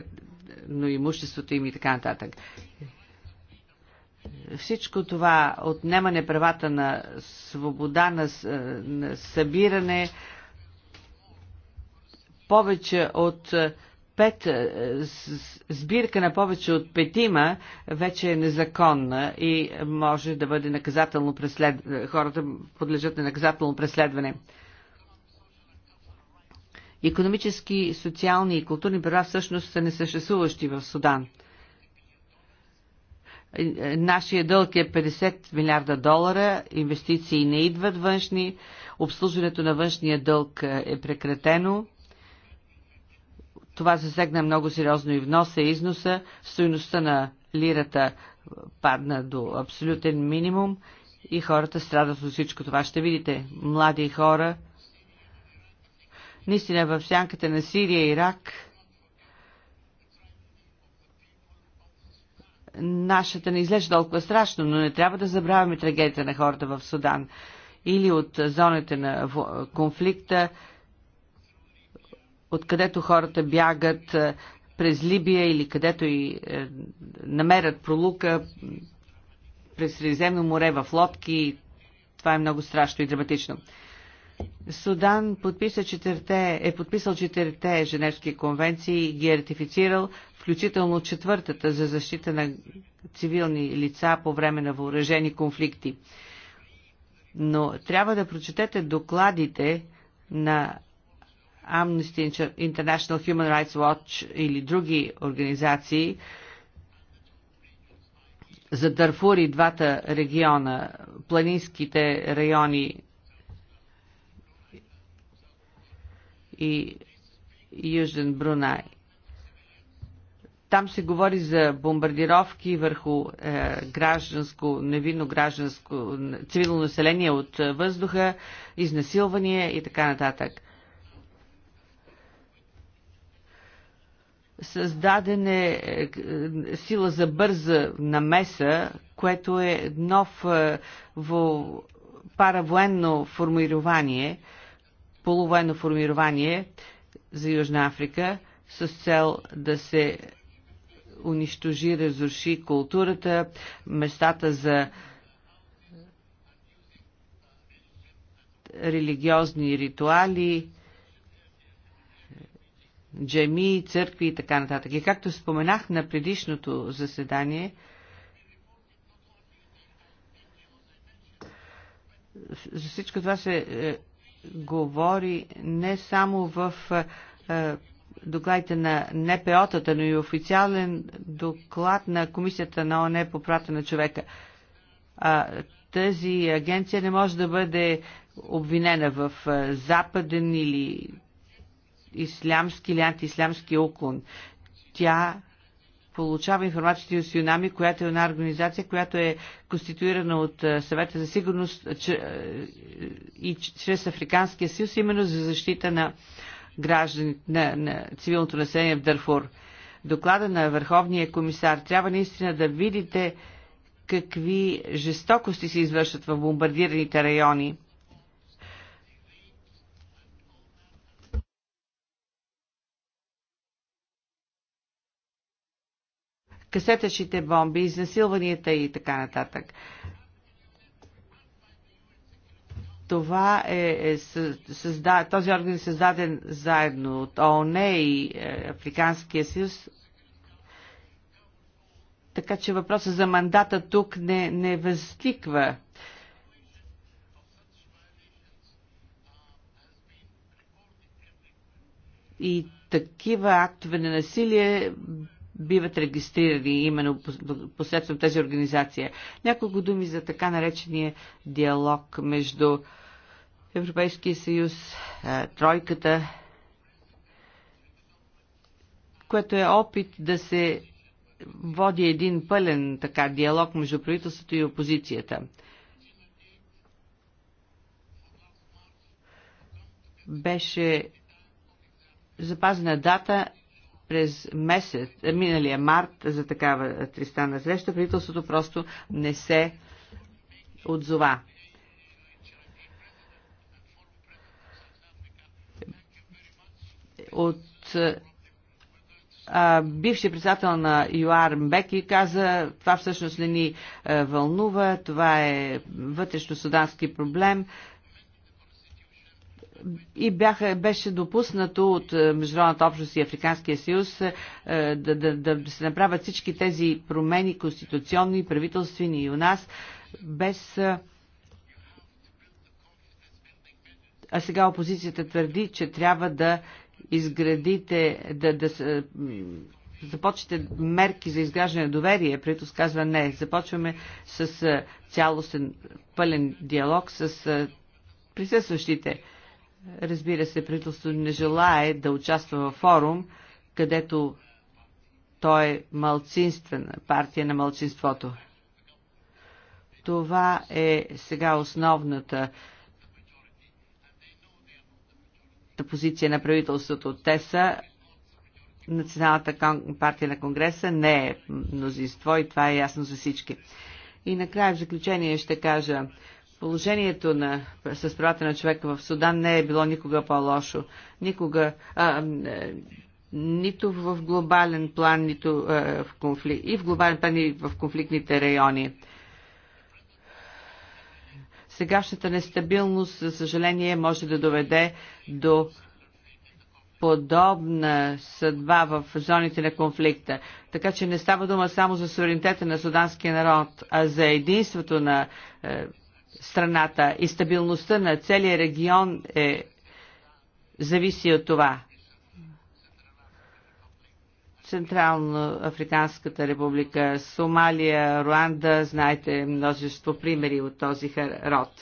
но имуществото им и така нататък всичко това отнемане правата на свобода, на, е, на събиране, повече от е, пет, е, сбирка на повече от петима вече е незаконна и може да бъде наказателно преследване. Хората подлежат на наказателно преследване. Економически, социални и културни права всъщност са несъществуващи в Судан – Нашия дълг е 50 милиарда долара, инвестиции не идват външни, обслужването на външния дълг е прекратено. Това засегна много сериозно и вноса и износа. Стоиността на лирата падна до абсолютен минимум и хората страдат от всичко това. Ще видите, млади хора, наистина в сянката на Сирия и Ирак – нашата не изглежда толкова страшно, но не трябва да забравяме трагедията на хората в Судан или от зоните на конфликта, откъдето хората бягат е, през Либия или където и е, намерят пролука през Средиземно море в лодки. Това е много страшно и драматично. Судан подписа четирте, е подписал четирите Женевски конвенции и ги е ратифицирал, включително четвъртата за защита на цивилни лица по време на въоръжени конфликти. Но трябва да прочетете докладите на Amnesty International Human Rights Watch или други организации за Дарфур и двата региона, планинските райони и Южен Брунай. Там се говори за бомбардировки върху е, гражданско, невинно гражданско, цивилно население от е, въздуха, изнасилвания и така нататък. Създаден е, е сила за бърза намеса, което е нов е, в паравоенно формирование, полувоенно формирование за Южна Африка с цел да се унищожи, разруши културата, местата за религиозни ритуали, джеми, църкви и така нататък. И както споменах на предишното заседание, за всичко това се е, говори не само в е, докладите на НПО-тата, но и официален доклад на Комисията на ОНЕ по правата на човека. А, тази агенция не може да бъде обвинена в западен или ислямски или антиислямски уклон. Тя получава информацията от Юнами, която е една организация, която е конституирана от Съвета за сигурност и чрез Африканския съюз, именно за защита на граждани, на, на цивилното население в Дърфур. Доклада на Върховния комисар трябва наистина да видите какви жестокости се извършват в бомбардираните райони. Касетъчните бомби, изнасилванията и така нататък. Това е, е създа, този орган е създаден заедно от ООН и е, Африканския съюз. Така че въпросът за мандата тук не, не възниква. И такива актове на насилие биват регистрирани именно посредством тази организация. Няколко думи за така наречения диалог между Европейския съюз, тройката, което е опит да се води един пълен така диалог между правителството и опозицията. Беше запазена дата през месец, миналия март за такава тристана среща. Правителството просто не се отзова. от бивши председател на ЮАР Мбеки каза, това всъщност не ни е, вълнува, това е вътрешно-судански проблем и бяха, беше допуснато от е, Международната общност и Африканския съюз е, да, да, да се направят всички тези промени, конституционни, правителствени и у нас, без. А сега опозицията твърди, че трябва да изградите, да, да започнете мерки за изграждане на доверие, прието казва не. Започваме с цялостен пълен диалог с присъстващите. Разбира се, правителството не желае да участва във форум, където той е малцинствена партия на малцинството. Това е сега основната позиция на правителството. Те са Националната партия на Конгреса не е мнозинство и това е ясно за всички. И накрая в заключение ще кажа, положението на, с правата на човека в Судан не е било никога по-лошо. Никога, а, нито в глобален план, нито а, в конфликт, и в глобален план, и в конфликтните райони. Сегашната нестабилност, за съжаление, може да доведе до подобна съдба в зоните на конфликта. Така че не става дума само за суверенитета на суданския народ, а за единството на е, страната и стабилността на целия регион е, зависи от това. Централно Африканската република, Сомалия, Руанда, знаете множество примери от този род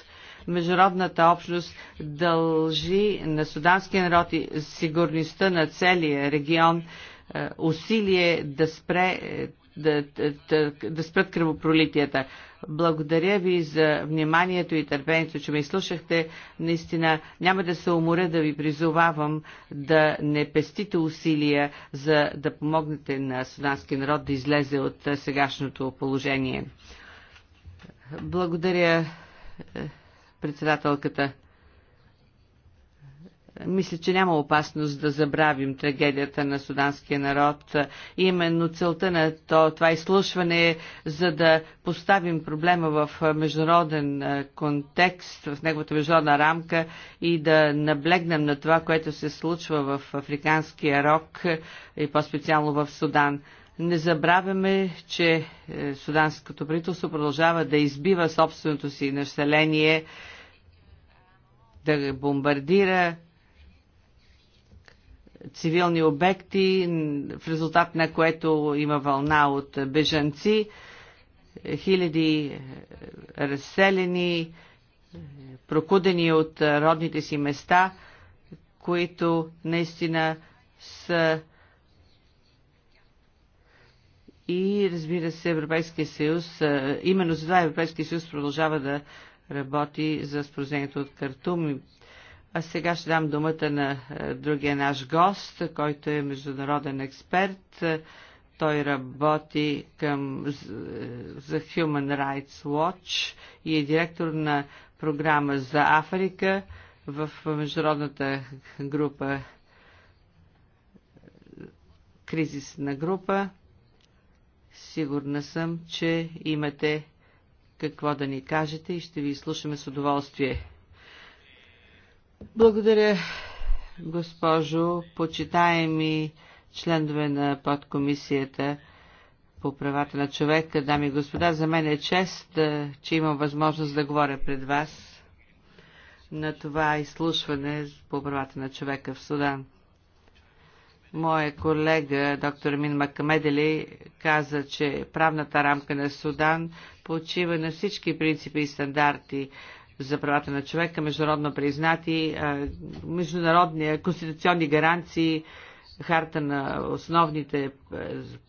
международната общност дължи на суданския народ и сигурността на целия регион е, усилие да спре е, да, да, да спрат кръвопролитията. Благодаря ви за вниманието и търпението, че ме изслушахте. Наистина няма да се уморя да ви призовавам да не пестите усилия за да помогнете на суданския народ да излезе от сегашното положение. Благодаря е, председателката. Мисля, че няма опасност да забравим трагедията на суданския народ. Именно целта на то, това изслушване е за да поставим проблема в международен контекст, в неговата международна рамка и да наблегнем на това, което се случва в Африканския рок и по-специално в Судан. Не забравяме, че е, суданското правителство продължава да избива собственото си население, да бомбардира цивилни обекти, в резултат на което има вълна от бежанци, хиляди е, разселени, е, прокудени от родните си места, които наистина са и разбира се Европейския съюз, е, именно за това Европейския съюз продължава да работи за споразумението от Картум и а сега ще дам думата на е, другия наш гост, който е международен експерт. Е, той работи към е, за Human Rights Watch и е директор на програма за Африка в международната група кризисна група. Сигурна съм, че имате какво да ни кажете и ще ви слушаме с удоволствие. Благодаря, госпожо, почитаеми членове на подкомисията по правата на човека, дами и господа. За мен е чест, че имам възможност да говоря пред вас на това изслушване по правата на човека в Судан. Моя колега, доктор Мин Макамедели, каза, че правната рамка на Судан почива на всички принципи и стандарти за правата на човека, международно признати, международни конституционни гаранции, харта на основните е,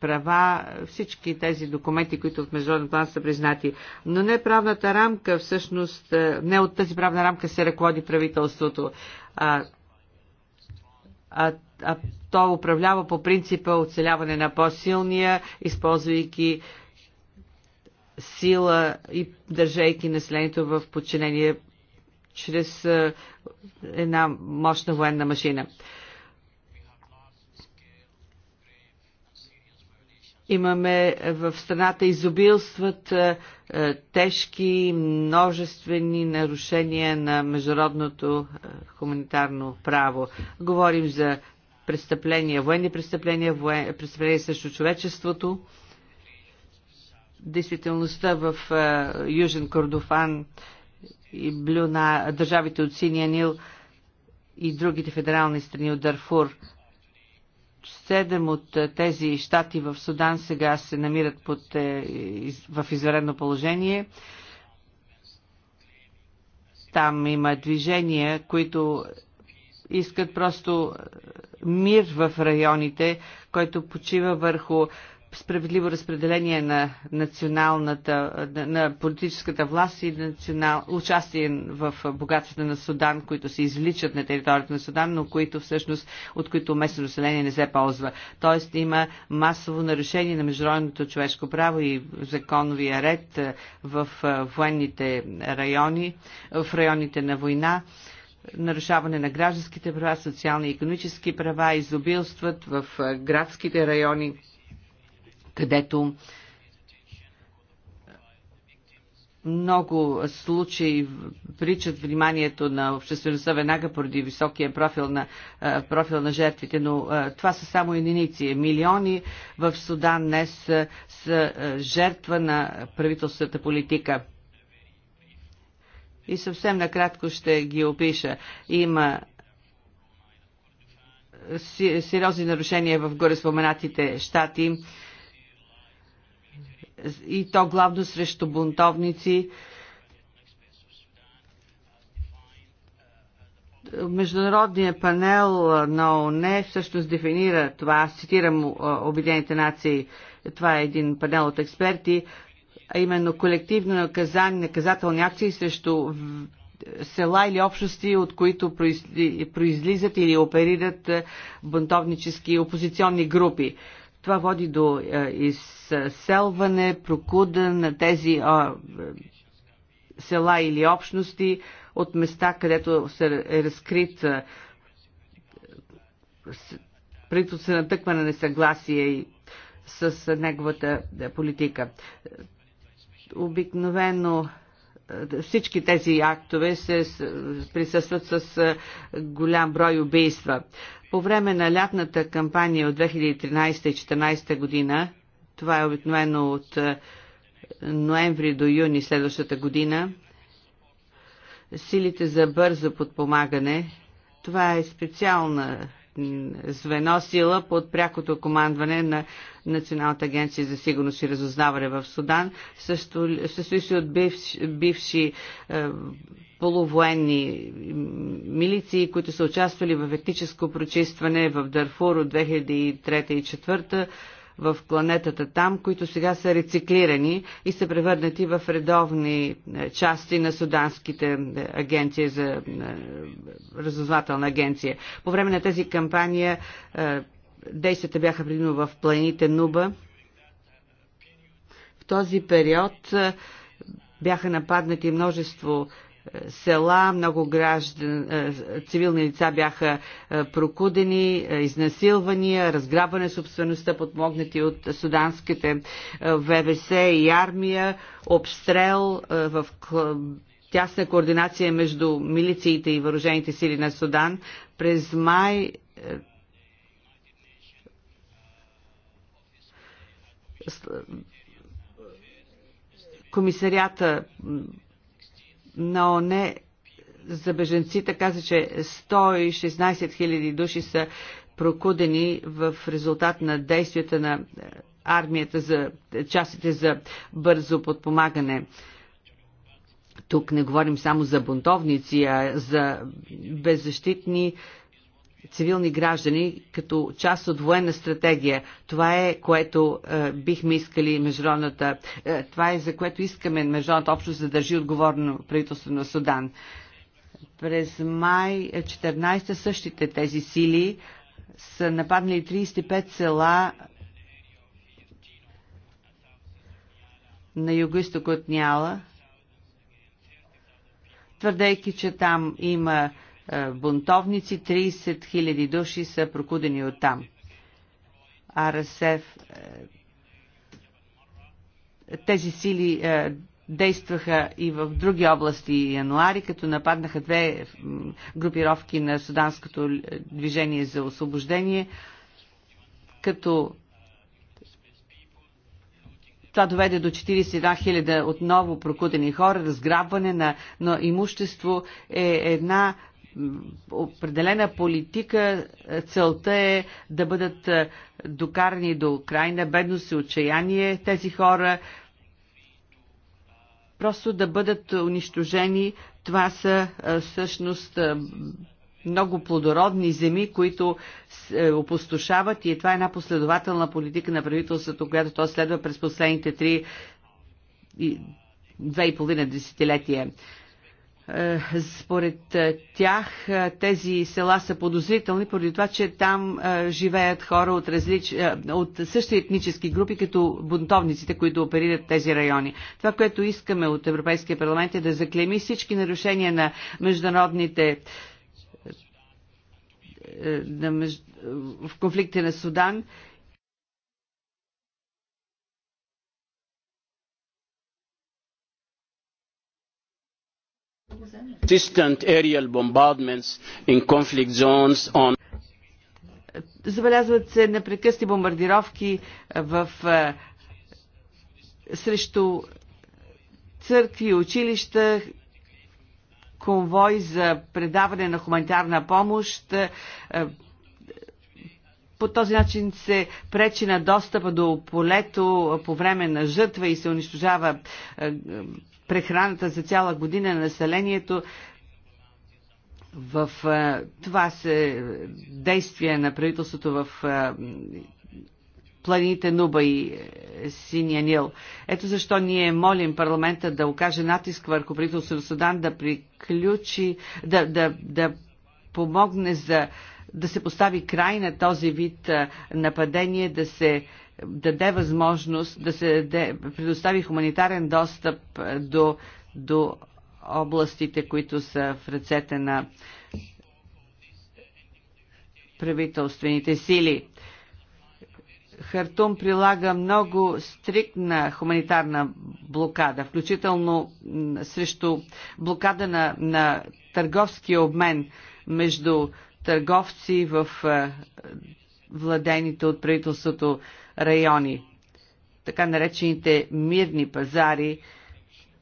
права, всички тези документи, които в международен план са признати. Но не правната рамка, всъщност, е, не от тази правна рамка се ръководи правителството, а, а, а то управлява по принципа оцеляване на по-силния, използвайки сила и държейки населението в подчинение чрез една мощна военна машина. Имаме в страната изобилстват тежки, множествени нарушения на международното хуманитарно право. Говорим за престъпления, военни престъпления, престъпления срещу човечеството действителността в Южен Кордофан и Блюна, държавите от Синия Нил и другите федерални страни от Дарфур. Седем от тези щати в Судан сега се намират под, е, в изварено положение. Там има движения, които искат просто мир в районите, който почива върху справедливо разпределение на националната, на политическата власт и национал, участие в богатството на Судан, които се извличат на територията на Судан, но които всъщност, от които местно население не се ползва. Тоест има масово нарушение на международното човешко право и законовия ред е, в е, военните райони, в районите на война нарушаване на гражданските права, социални и економически права, изобилстват в е, градските райони където много случаи причат вниманието на обществеността веднага поради високия профил на, профил на жертвите, но това са само единици. Милиони в Судан днес са, са жертва на правителствата политика. И съвсем накратко ще ги опиша. Има сериозни нарушения в горе споменатите щати и то главно срещу бунтовници. Международният панел на ОНЕ всъщност дефинира това, аз цитирам Обединените нации, това е един панел от експерти, а именно колективно наказание, наказателни акции срещу села или общности, от които произлизат или оперират бунтовнически опозиционни групи. Това води до е, изселване, прокуда на тези е, села или общности от места, където е разкрит е, прито се натъква на несъгласие и с неговата политика. Обикновено всички тези актове се присъстват с голям брой убийства. По време на лятната кампания от 2013-2014 година, това е обикновено от е, ноември до юни следващата година, силите за бързо подпомагане, това е специална звено сила под прякото командване на Националната агенция за сигурност и разузнаване в Судан. Състои се от бивш, бивши е, полувоенни милиции, които са участвали в етническо прочистване в Дарфур от 2003 и 2004 в планетата там, които сега са рециклирани и са превърнати в редовни е, части на суданските е, агенции за е, разузнавателна агенция. По време на тази кампания действията бяха предимно в планините Нуба. В този период бяха нападнати множество села, много граждан, е, цивилни лица бяха е, прокудени, е, изнасилвания, разграбване собствеността, подмогнати от суданските ВВС и армия, обстрел в тясна координация между милициите и въоръжените сили на Судан. През май комисарията на ОНЕ за беженците каза, че 116 000 души са прокудени в резултат на действията на е, армията за е, частите за бързо подпомагане. Тук не говорим само за бунтовници, а за беззащитни цивилни граждани като част от военна стратегия. Това е което е, бихме искали международната, е, това е за което искаме международната общност да държи отговорно правителство на Судан. През май 14 същите тези сили са нападнали 35 села на юго-исток от Няла, твърдейки, че там има е, бунтовници, 30 000 души са прокудени оттам. РСФ е, тези сили е, действаха и в други области януари, като нападнаха две групировки на Суданското движение за освобождение, като това доведе до 41 000 отново прокудени хора, разграбване на, на имущество е една определена политика, целта е да бъдат е, докарани до крайна бедност и отчаяние тези хора, просто да бъдат унищожени. Това са е, всъщност е, много плодородни земи, които се опустошават и това е една последователна политика на правителството, която то следва през последните три и две и половина десетилетия. Е, според е, тях е, тези села са подозрителни, поради това, че там живеят хора от, различ... от същи етнически групи, като бунтовниците, които оперират тези райони. Това, което искаме от Европейския парламент е да заклеми всички нарушения на международните в конфликти на Судан Забелязват се непрекъсни бомбардировки е, в, е, срещу църкви, училища, конвой за предаване на хуманитарна помощ. Е, по този начин се пречи на достъпа до полето по време на жътва и се унищожава прехраната за цяла година на населението. В, това се действие на правителството в планините Нуба и е, Синия Нил. Ето защо ние молим парламента да окаже натиск върху правителството на Судан да приключи, да, да, да помогне за да се постави край на този вид нападение, да се даде възможност да се даде, предостави хуманитарен достъп е, до, до областите, които са в ръцете на правителствените сили. Хартум прилага много стриктна хуманитарна блокада, включително срещу блокада на, на търговски обмен между търговци в е, владените от правителството райони, така наречените мирни пазари.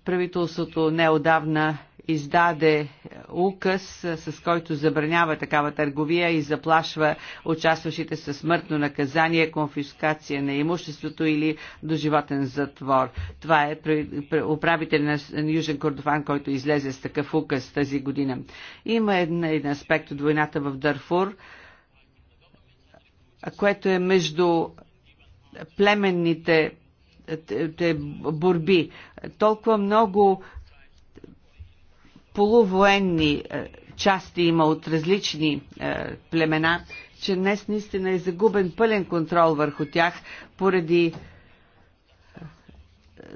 Правителството неодавна издаде указ, с който забранява такава търговия и заплашва участващите със смъртно наказание, конфискация на имуществото или доживотен затвор. Това е управител на Южен Кордофан, който излезе с такъв указ тази година. Има един аспект от войната в Дарфур, което е между племенните борби. Толкова много полувоенни е, части има от различни е, племена, че днес наистина е загубен пълен контрол върху тях поради е,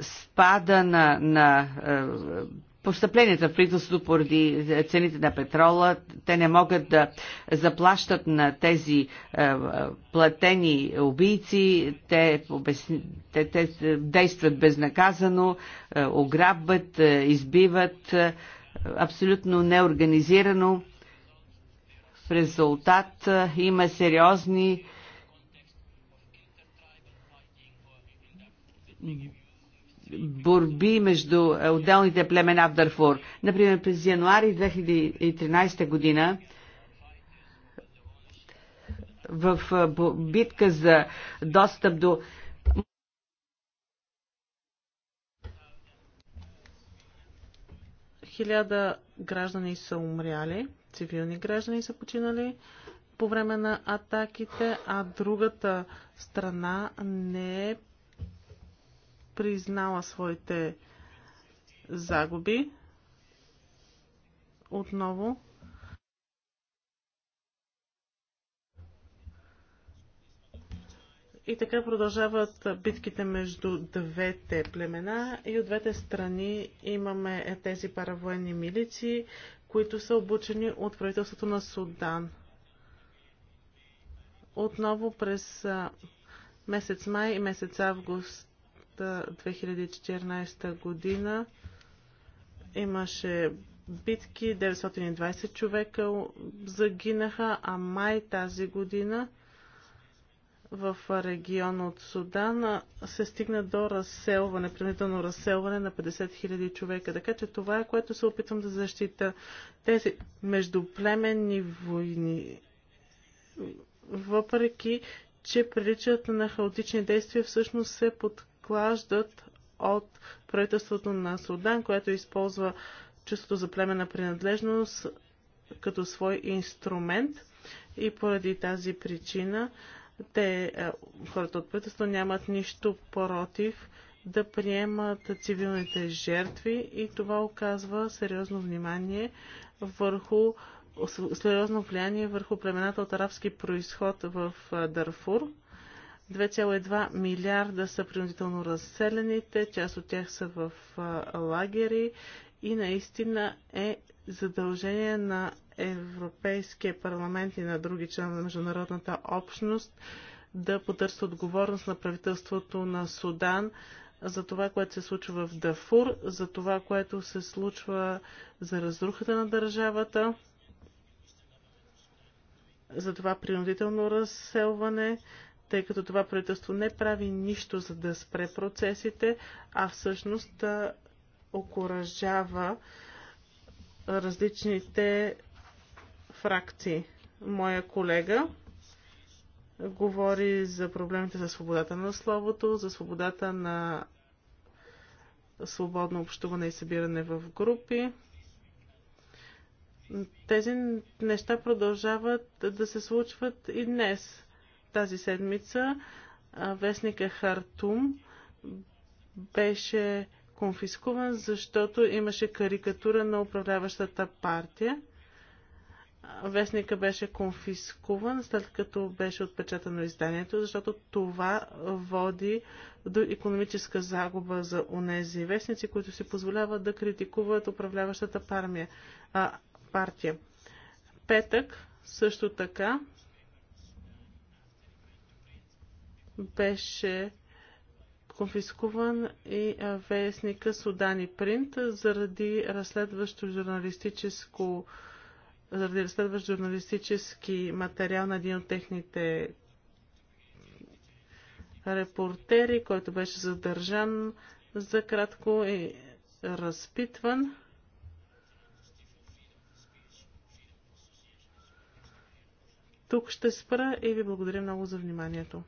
спада на, на постъпленията в правителството поради е, цените на петрола. Те не могат да заплащат на тези е, е, платени убийци. Те, те, те действат безнаказано, ограбват, избиват абсолютно неорганизирано. В резултат има сериозни борби между е, отделните племена в Дарфур. Например, през януари 2013 година в е,
битка за достъп до хиляда граждани са умряли, цивилни граждани са починали по време на атаките, а другата страна не е признала своите загуби. Отново. И така продължават битките между двете племена и от двете страни имаме тези паравоенни милици, които са обучени от правителството на Судан. Отново през месец май и месец август 2014 година имаше битки, 920 човека загинаха, а май тази година в регион от Судан се стигна до разселване, принудително разселване на 50 000 човека. Така че това е което се опитвам да защита. Тези междуплеменни войни, въпреки че приличат на хаотични действия, всъщност се подкрепят изклаждат от правителството на Судан, което използва чувството за племена принадлежност като свой инструмент и поради тази причина те, е, хората от правителството, нямат нищо против да приемат цивилните жертви и това оказва сериозно внимание върху сериозно влияние върху племената от арабски происход в е, Дарфур. 2,2 милиарда са принудително разселените, част от тях са в лагери и наистина е задължение на Европейския парламент и на други члена на международната общност да потърсят отговорност на правителството на Судан за това, което се случва в Дафур, за това, което се случва за разрухата на държавата, за това принудително разселване, тъй като това правителство не прави нищо за да спре процесите, а всъщност окоръжава различните фракции. Моя колега говори за проблемите за свободата на словото, за свободата на свободно общуване и събиране в групи. Тези неща продължават да се случват и днес тази седмица вестника Хартум беше конфискуван, защото имаше карикатура на управляващата партия. Вестника беше конфискуван, след като беше отпечатано изданието, защото това води до економическа загуба за онези вестници, които си позволяват да критикуват управляващата партия. Петък също така беше конфискуван и вестника Судани Принт заради разследващо журналистическо заради разследващ журналистически материал на един от техните репортери, който беше задържан за кратко и разпитван. Тук ще спра и ви благодаря много за вниманието.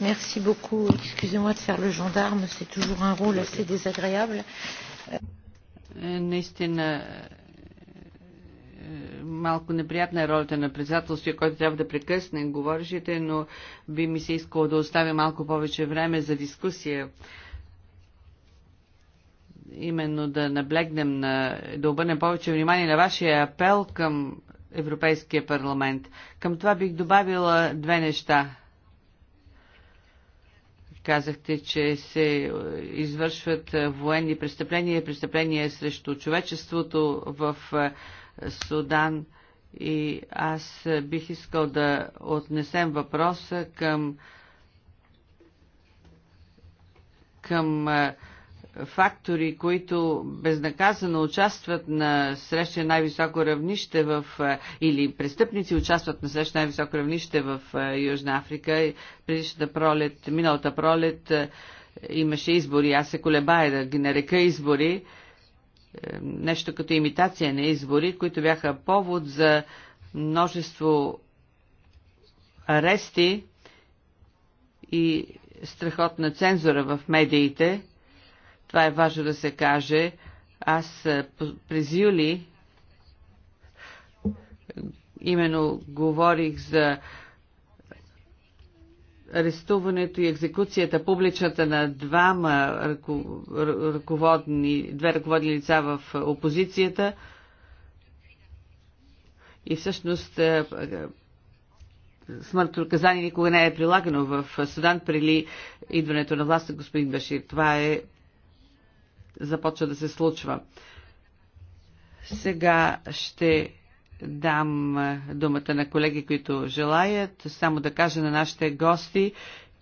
Merci beaucoup. Excusez-moi de faire le gendarme, c'est toujours un rôle assez désagréable.
Е, наистина е, малко неприятна е ролята на председателството, който трябва да прекъсне говорещите, но би ми се искало да оставя малко повече време за дискусия. Именно да наблегнем на, да обърнем повече внимание на вашия апел към Европейския парламент. Към това бих добавила две неща Казахте, че се е, извършват е, военни престъпления, престъпления срещу човечеството в е, Судан. И аз бих искал да отнесем въпроса към към фактори, които безнаказано участват на среща най-високо равнище в, е, или престъпници участват на среща най-високо равнище в е, Южна Африка. Предишната пролет, миналата пролет е, имаше избори. Аз се колебая да ги нарека избори. Нещо като имитация на избори, които бяха повод за множество арести и страхотна цензура в медиите това е важно да се каже. Аз през юли именно говорих за арестуването и екзекуцията публичната на двама ръководни, две ръководни лица в опозицията. И всъщност смъртното наказание никога не е прилагано в Судан прили идването на власт на господин Башир. Това е започва да се случва. Сега ще дам думата на колеги, които желаят. Само да кажа на нашите гости,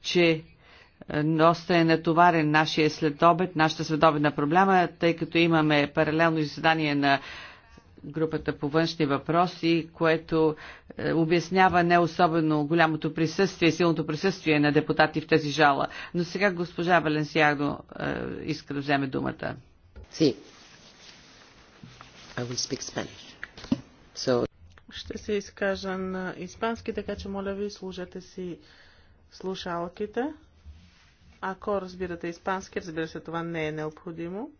че доста е натоварен нашия следобед, нашата следобедна проблема, тъй като имаме паралелно заседание на групата по външни въпроси, което е, обяснява не особено голямото присъствие, силното присъствие на депутати в тази жала. Но сега госпожа Валенсиадо е, иска да вземе думата.
Си. So...
Ще се изкажа на испански, така че моля ви служете си слушалките. Ако разбирате испански, разбира се, това не е необходимо.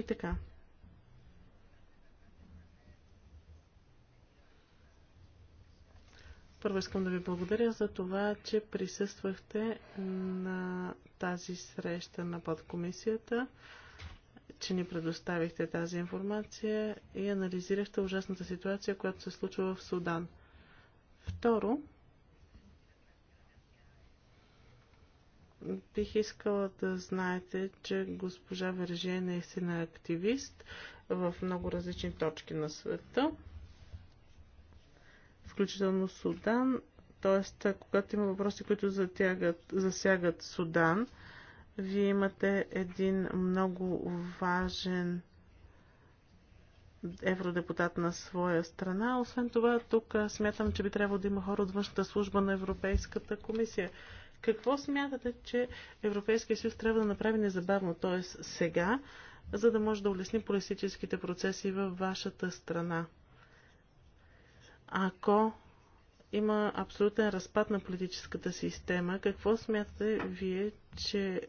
И така. Първо искам да ви благодаря за това, че присъствахте на тази среща на подкомисията, че ни предоставихте тази информация и анализирахте ужасната ситуация, която се случва в Судан. Второ, бих искала да знаете, че госпожа Верже е наистина активист в много различни точки на света, включително Судан. Тоест, когато има въпроси, които затягат, засягат Судан, вие имате един много важен евродепутат на своя страна. Освен това, тук смятам, че би трябвало да има хора от външната служба на Европейската комисия. Какво смятате, че Европейския съюз трябва да направи незабавно, т.е. сега, за да може да улесни политическите процеси във вашата страна? Ако има абсолютен разпад на политическата система, какво смятате вие, че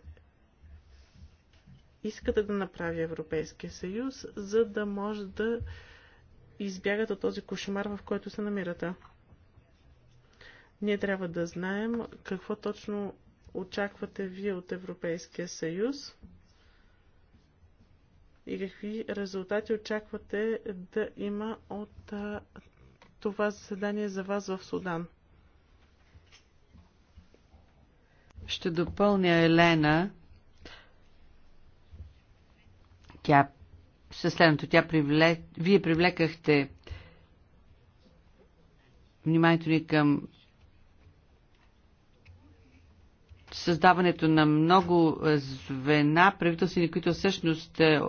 искате да направи Европейския съюз, за да може да избягат от този кошмар, в който се намирате? Ние трябва да знаем какво точно очаквате вие от Европейския съюз и какви резултати очаквате да има от а, това заседание за вас в Судан.
Ще допълня Елена. Тя със следното, тя привлек... вие привлекахте вниманието ни към създаването на много е, звена, правителствени, които всъщност е,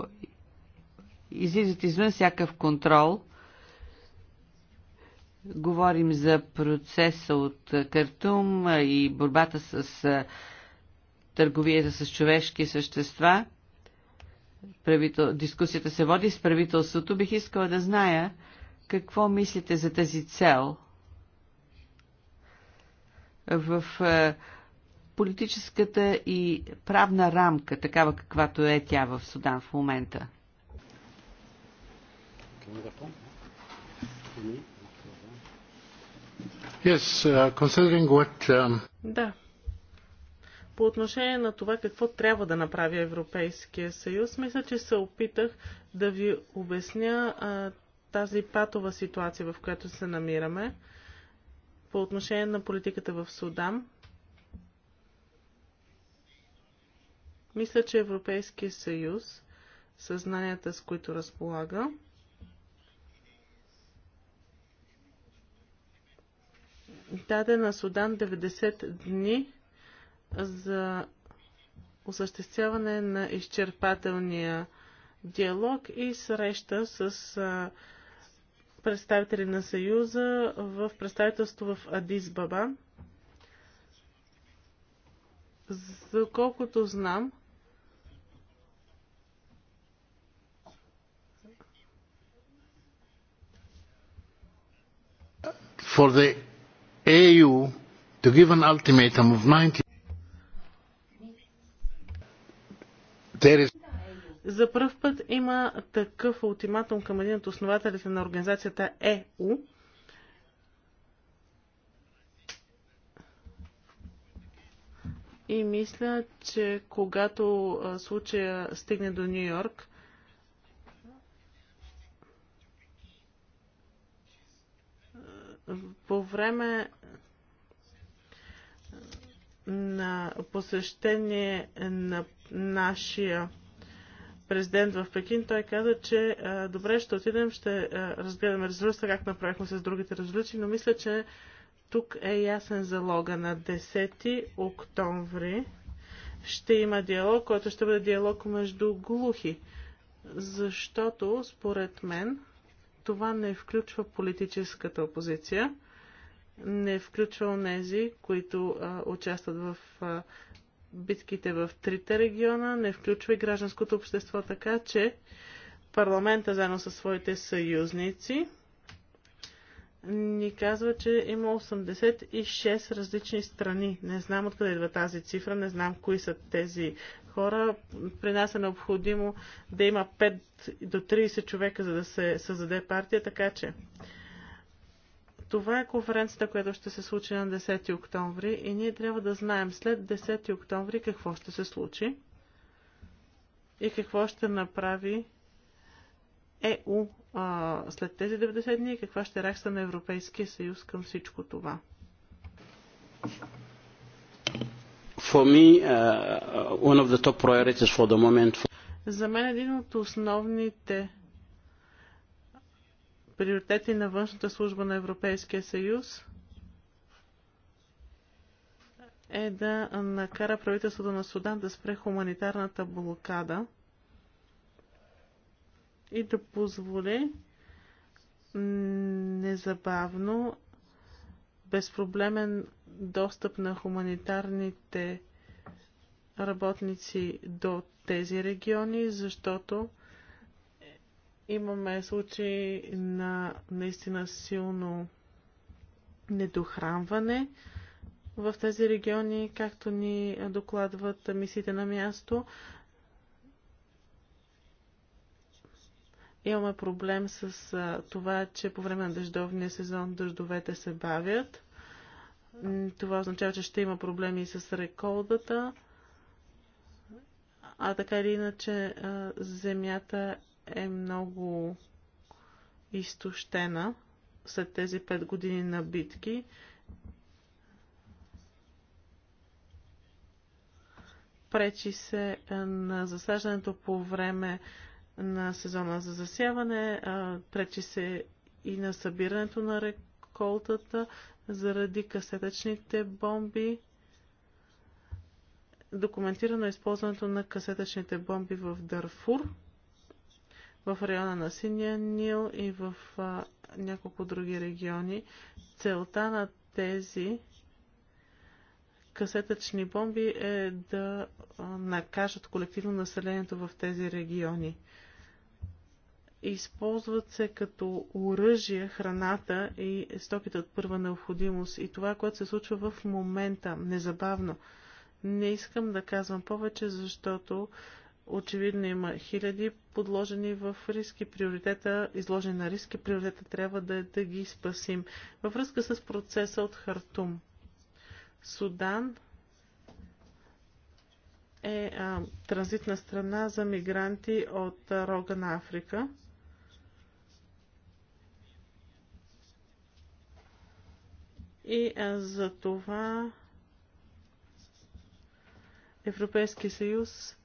излизат извън всякакъв контрол. Говорим за процеса от е, Картум и борбата с търговията с човешки същества. Правител... Дискусията се води с правителството. Бих искала да зная какво мислите за тази цел. В политическата и правна рамка, такава каквато е тя в Судан в момента?
Yes, uh, what, um...
Да. По отношение на това какво трябва да направи Европейския съюз, мисля, че се опитах да ви обясня а, тази патова ситуация, в която се намираме по отношение на политиката в Судан, Мисля, че Европейския съюз, съзнанията с които разполага, даде на Судан 90 дни за осъществяване на изчерпателния диалог и среща с а, представители на Съюза в представителство в Адис Баба. Доколкото знам, for the AU to give an ultimatum of 90 there is за първ път има такъв ултиматум към един от основателите на организацията ЕУ. И мисля, че когато случая стигне до Нью Йорк, по време на посещение на нашия президент в Пекин, той каза, че а, добре, ще отидем, ще а, разгледаме резолюцията, как направихме с другите резолюции, но мисля, че тук е ясен залога на 10 октомври. Ще има диалог, който ще бъде диалог между глухи, защото според мен това не включва политическата опозиция, не включва онези, които а, участват в а, битките в трите региона, не включва и гражданското общество, така че парламента заедно със своите съюзници ни казва, че има 86 различни страни. Не знам откъде идва тази цифра, не знам кои са тези хора. При нас е необходимо да има 5 до 30 човека, за да се създаде партия, така че това е конференцията, която ще се случи на 10 октомври и ние трябва да знаем след 10 октомври какво ще се случи и какво ще направи ЕУ а, след тези 90 дни и каква ще е на Европейския съюз към всичко това. Uh, За мен един от основните приоритети на външната служба на Европейския съюз е да накара правителството на Судан да спре хуманитарната блокада и да позволи незабавно безпроблемен достъп на хуманитарните работници до тези региони, защото имаме случаи на наистина силно недохранване в тези региони, както ни докладват мисиите на място. Имаме проблем с а, това, че по време на дъждовния сезон дъждовете се бавят. Това означава, че ще има проблеми и с реколдата. А така или иначе, а, земята е много изтощена след тези 5 години на битки. Пречи се на засаждането по време на сезона за засяване, пречи се и на събирането на реколтата заради касетъчните бомби. Документирано е използването на касетъчните бомби в Дарфур, в района на Синия Нил и в а, няколко други региони. Целта на тези касетъчни бомби е да накажат колективно населението в тези региони. Използват се като оръжие храната и стоките от първа необходимост. И това, което се случва в момента, незабавно. Не искам да казвам повече, защото очевидно има хиляди подложени в риски приоритета, изложени на риски приоритета трябва да, е да ги спасим. Във връзка с процеса от Хартум. Судан е а, транзитна страна за мигранти от а, рога на Африка. И за това Европейския съюз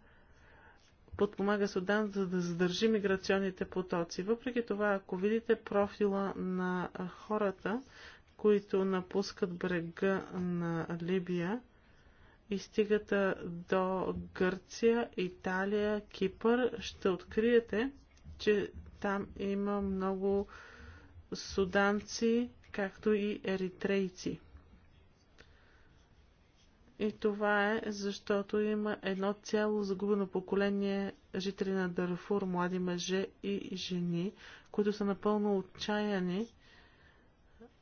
подпомага Судан, за да задържи миграционните потоци. Въпреки това, ако видите профила на хората, които напускат брега на Либия и стигат до Гърция, Италия, Кипър, ще откриете, че там има много суданци, както и еритрейци. И това е защото има едно цяло загубено поколение жители на Дарфур, млади мъже и жени, които са напълно отчаяни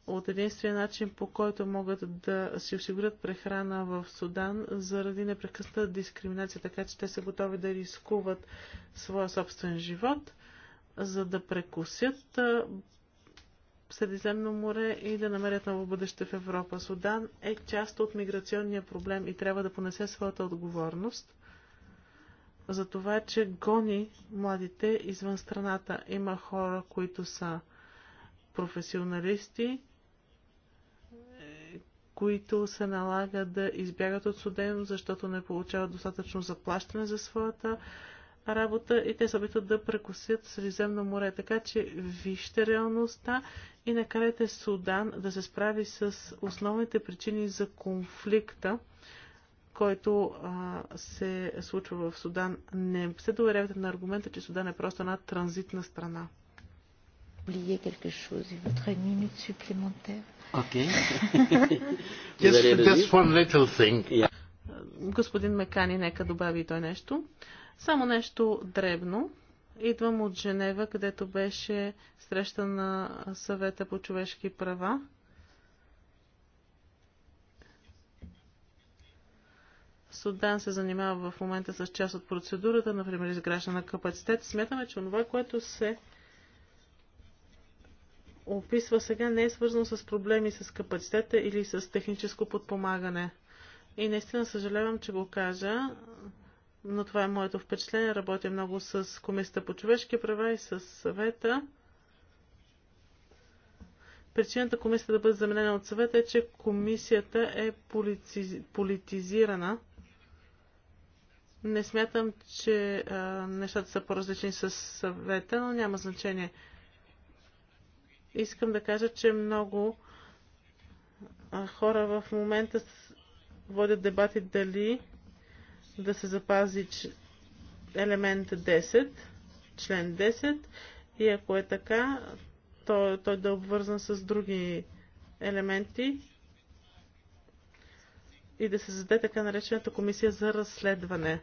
от единствения начин, по който могат да си осигурят прехрана в Судан, заради непрекъсната дискриминация, така че те са готови да рискуват своя собствен живот, за да прекусят Средиземно море и да намерят ново бъдеще в Европа. Судан е част от миграционния проблем и трябва да понесе своята отговорност за това, че гони младите извън страната. Има хора, които са професионалисти, които се налага да избягат от Суден, защото не получават достатъчно заплащане за своята работа и те се опитват да прекусят Средиземно море. Така че вижте реалността и накарайте Судан да се справи с основните причини за конфликта, който а, се случва в Судан. Не се доверявате на аргумента, че Судан е просто една транзитна страна. Oubliez quelque chose et votre minute supplémentaire. just, just one little thing. Yeah. Господин Мекани, нека добави той нещо. Само нещо дребно. Идвам от Женева, където беше среща на съвета по човешки права. Судан се занимава в момента с част от процедурата, например изграждане на капацитет. Смятаме, че това, което се описва сега, не е свързано с проблеми с капацитета или с техническо подпомагане. И наистина съжалявам, че го кажа, но това е моето впечатление. Работя много с Комисията по човешки права и с съвета. Причината комисията да бъде заменена от съвета е, че комисията е политизирана. Не смятам, че а, нещата са по-различни с съвета, но няма значение. Искам да кажа, че много а, хора в момента водят дебати дали да се запази елемент 10, член 10 и ако е така, той, той да е обвързан с други елементи и да се заде така наречената комисия за разследване.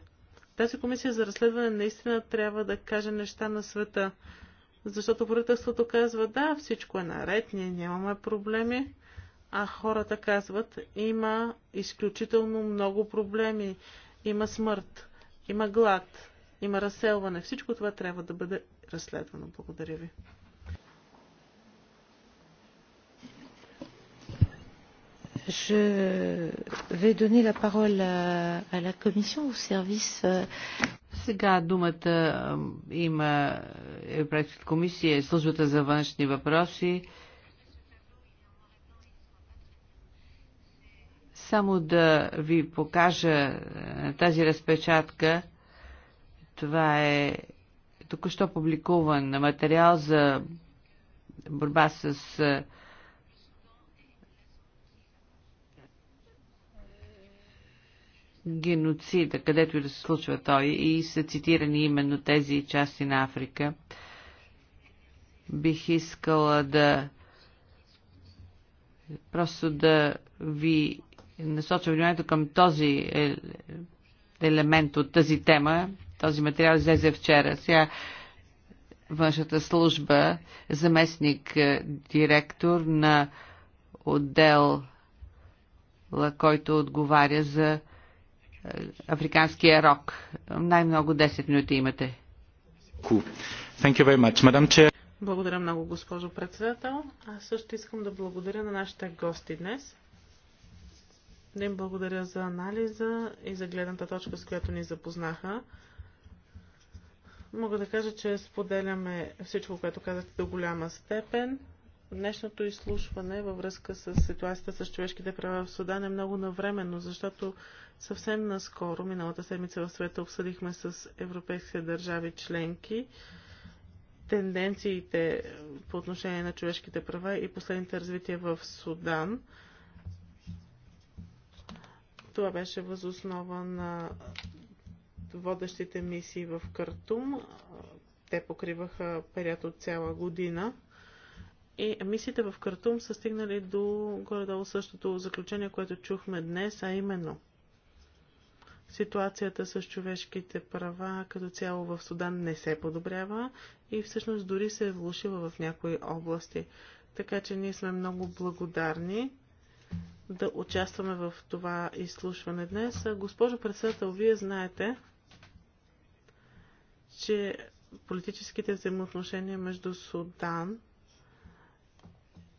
Тази комисия за разследване наистина трябва да каже неща на света, защото правителството казва, да, всичко е наред, ние нямаме проблеми, а хората казват, има изключително много проблеми. Има смърт, има глад, има разселване. Всичко това трябва да бъде разследвано. Благодаря ви.
Je vais donner la parole à, à la commission au service. Euh,
Сега думата има Европейската комисия, службата за външни въпроси. Само да ви покажа е, тази разпечатка. Това е току-що публикуван материал за борба с е, геноцида, където и да се случва той, и са цитирани именно тези части на Африка. Бих искала да просто да ви насочва вниманието към този е, елемент от тази тема. Този материал излезе вчера. Сега външната служба, заместник е, директор на отдел, който отговаря за е, африканския рок. Най-много 10 минути имате. Благодаря
много, госпожо председател. Аз също искам да благодаря на нашите гости днес. Да им благодаря за анализа и за гледната точка, с която ни запознаха. Мога да кажа, че споделяме всичко, което казахте до голяма степен. Днешното изслушване във връзка с ситуацията с човешките права в Судан е много навременно, защото съвсем наскоро, миналата седмица в света, обсъдихме с европейските държави членки тенденциите по отношение на човешките права и последните развития в Судан. Това беше възоснова на водещите мисии в Картум. Те покриваха период от цяла година. И мисиите в Картум са стигнали до горе-долу същото заключение, което чухме днес, а именно ситуацията с човешките права като цяло в Судан не се подобрява и всъщност дори се е влушила в някои области. Така че ние сме много благодарни да участваме в това изслушване днес. Госпожо председател, вие знаете, че политическите взаимоотношения между Судан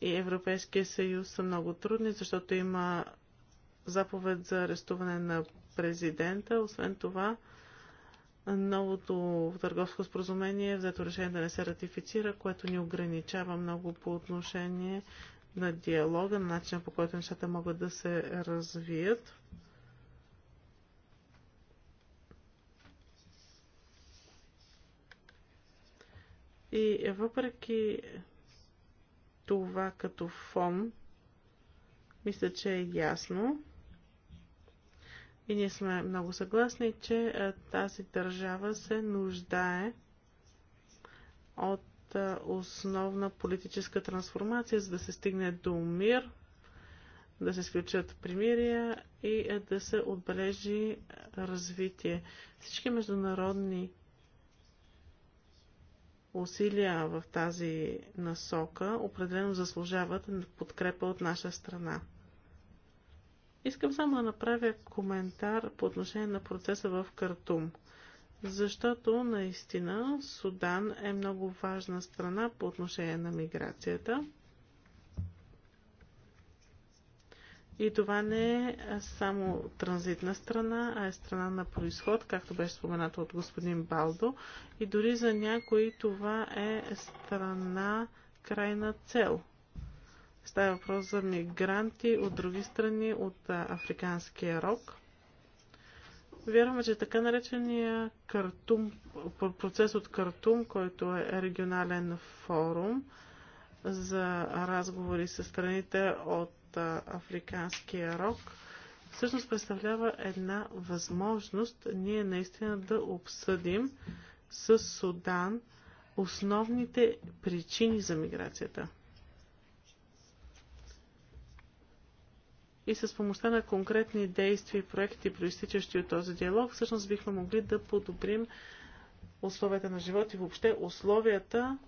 и Европейския съюз са много трудни, защото има заповед за арестуване на президента. Освен това, новото търговско споразумение е взето решение да не се ратифицира, което ни ограничава много по отношение на диалога, на начина по който нещата могат да се развият. И въпреки това като фон, мисля, че е ясно. И ние сме много съгласни, че тази държава се нуждае от първата основна политическа трансформация, за да се стигне до мир, да се сключат примирия и е, да се отбележи развитие. Всички международни усилия в тази насока определено заслужават подкрепа от наша страна. Искам само да направя коментар по отношение на процеса в Картум – защото наистина Судан е много важна страна по отношение на миграцията. И това не е само транзитна страна, а е страна на происход, както беше споменато от господин Балдо. И дори за някои това е страна крайна цел. Става въпрос за мигранти от други страни от африканския рок – Вярваме, че така наречения Картум, процес от Картум, който е регионален форум за разговори с страните от Африканския рок, всъщност представлява една възможност ние наистина да обсъдим с Судан основните причини за миграцията. и с помощта на конкретни действия и проекти, проистичащи от този диалог, всъщност бихме могли да подобрим условията на живот и въобще условията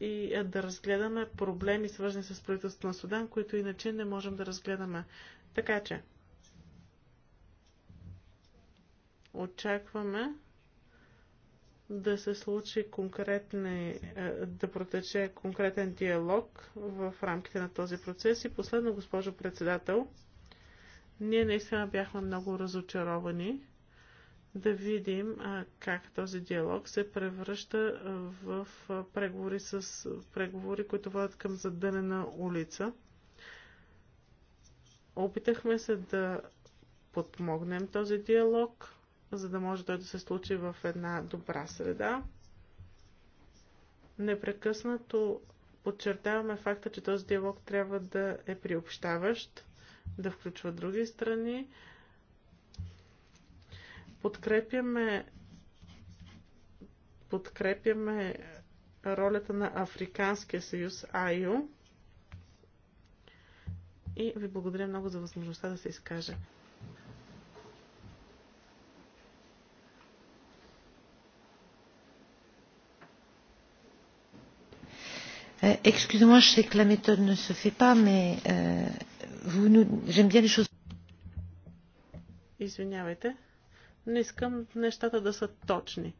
и е, да разгледаме проблеми, свързани с правителството на Судан, които иначе не можем да разгледаме. Така че, очакваме да се случи конкретни, е, да протече конкретен диалог в рамките на този процес. И последно, госпожо председател, ние наистина бяхме много разочаровани да видим как този диалог се превръща в преговори, с, преговори които водят към задънена улица. Опитахме се да подмогнем този диалог, за да може той да се случи в една добра среда. Непрекъснато подчертаваме факта, че този диалог трябва да е приобщаващ, да включва други страни. Подкрепяме, подкрепяме ролята на Африканския съюз АЮ и ви благодаря много за възможността да се изкаже.
Euh, excusez-moi, je sais que la méthode ne se fait pas, mais euh, nous... j'aime bien les choses.
Извинявайте, не искам нещата да са точни.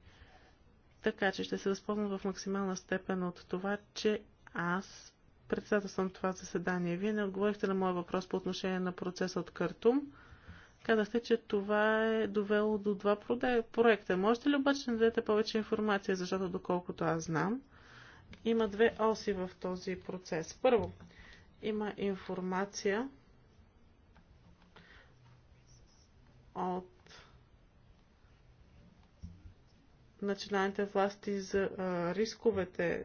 Така че ще се възползвам в максимална степен от това, че аз председателствам това заседание. Вие не отговорихте на моя въпрос по отношение на процеса от Картум. Казахте, че това е довело до два проекта. Можете ли обаче да дадете повече информация, защото доколкото аз знам, има две оси в този процес. Първо, има информация от начинаните власти за а, рисковете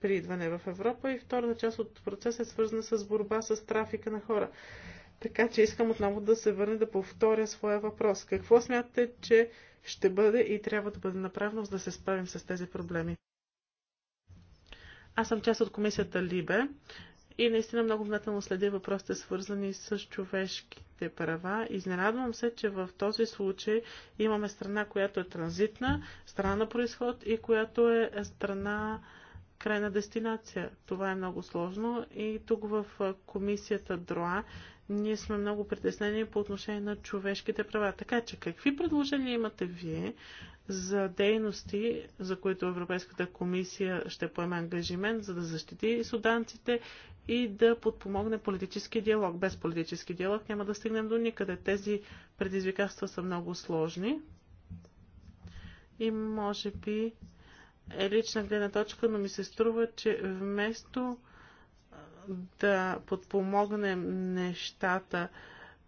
при идване в Европа и втората част от процеса е свързана с борба с трафика на хора. Така че искам отново да се върна да повторя своя въпрос. Какво смятате, че ще бъде и трябва да бъде направено, за да се справим с тези проблеми? Аз съм част от комисията Либе и наистина много внимателно следя въпросите свързани с човешките права. Изненадвам се, че в този случай имаме страна, която е транзитна, страна на происход и която е страна крайна дестинация. Това е много сложно и тук в комисията ДРОА ние сме много притеснени по отношение на човешките права. Така че, какви предложения имате вие за дейности, за които Европейската комисия ще поеме ангажимент, за да защити суданците и да подпомогне политически диалог? Без политически диалог няма да стигнем до никъде. Тези предизвикателства са много сложни и може би лична гледна точка, но ми се струва, че вместо да подпомогнем нещата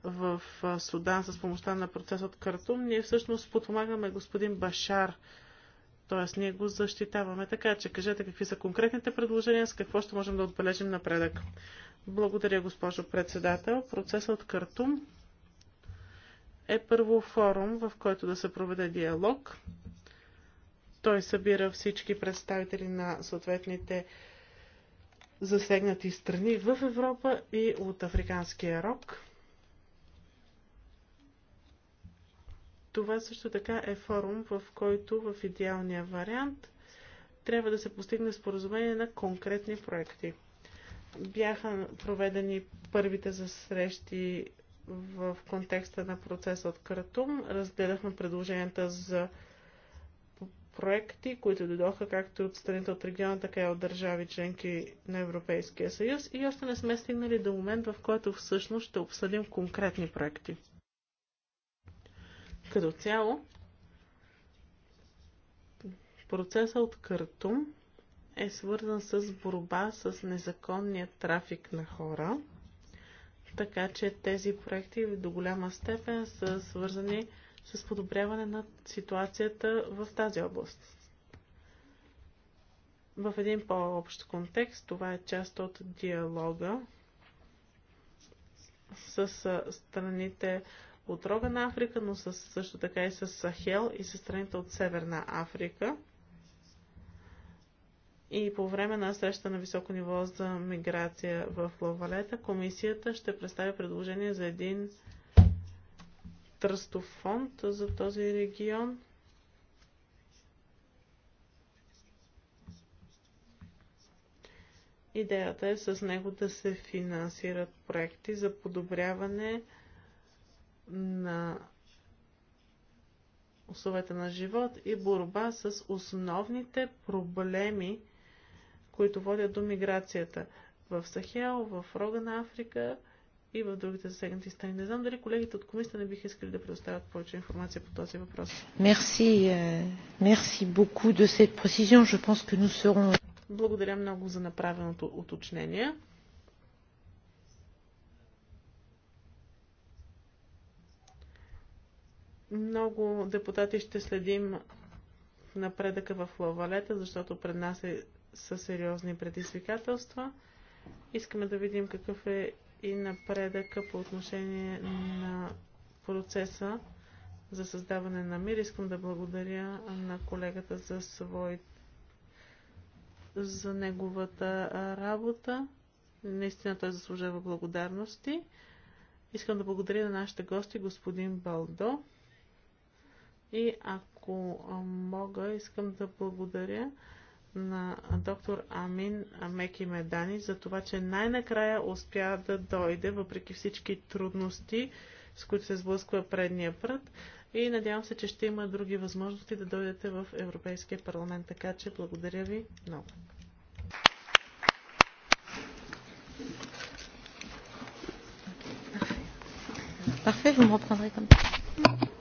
в Судан с помощта на процес от Картум, ние всъщност подпомагаме господин Башар. Тоест, ние го защитаваме. Така че кажете какви са конкретните предложения, с какво ще можем да отбележим напредък. Благодаря, госпожо председател. Процесът от Картум е първо форум, в който да се проведе диалог той събира всички представители на съответните засегнати страни в Европа и от Африканския рок. Това също така е форум, в който в идеалния вариант трябва да се постигне споразумение на конкретни проекти. Бяха проведени първите за срещи в контекста на процеса от Кратум. Разделяхме предложенията за проекти, които дойдоха както от страните от региона, така и от държави членки на Европейския съюз и още не сме стигнали до момент, в който всъщност ще обсъдим конкретни проекти. Като цяло, процесът от Картум е свързан с борба с незаконния трафик на хора, така че тези проекти до голяма степен са свързани с с подобряване на ситуацията в тази област. В един по-общ контекст това е част от диалога с страните от рога на Африка, но също така и с Сахел и с страните от Северна Африка. И по време на среща на високо ниво за миграция в Лавалета, комисията ще представи предложение за един тръстов фонд за този регион. Идеята е с него да се финансират проекти за подобряване на условията на живот и борба с основните проблеми, които водят до миграцията в Сахел, в Рога на Африка – и в другите засегнати страни. Не знам дали колегите от комисията не биха искали да предоставят повече информация по този въпрос.
Merci, euh, merci beaucoup de cette précision. Je pense que nous serons...
Благодаря много за направеното уточнение. Много депутати ще следим напредъка в Лавалета, защото пред нас е, са сериозни предизвикателства. Искаме да видим какъв е и напредъка по отношение на процеса за създаване на мир. Искам да благодаря на колегата за свой за неговата работа. Наистина той заслужава благодарности. Искам да благодаря на нашите гости, господин Балдо. И ако мога, искам да благодаря на доктор Амин Меки Медани за това, че най-накрая успя да дойде, въпреки всички трудности, с които се сблъсква предния път, И надявам се, че ще има други възможности да дойдете в Европейския парламент. Така че благодаря ви много.
Parfait, vous me reprendrez comme ça.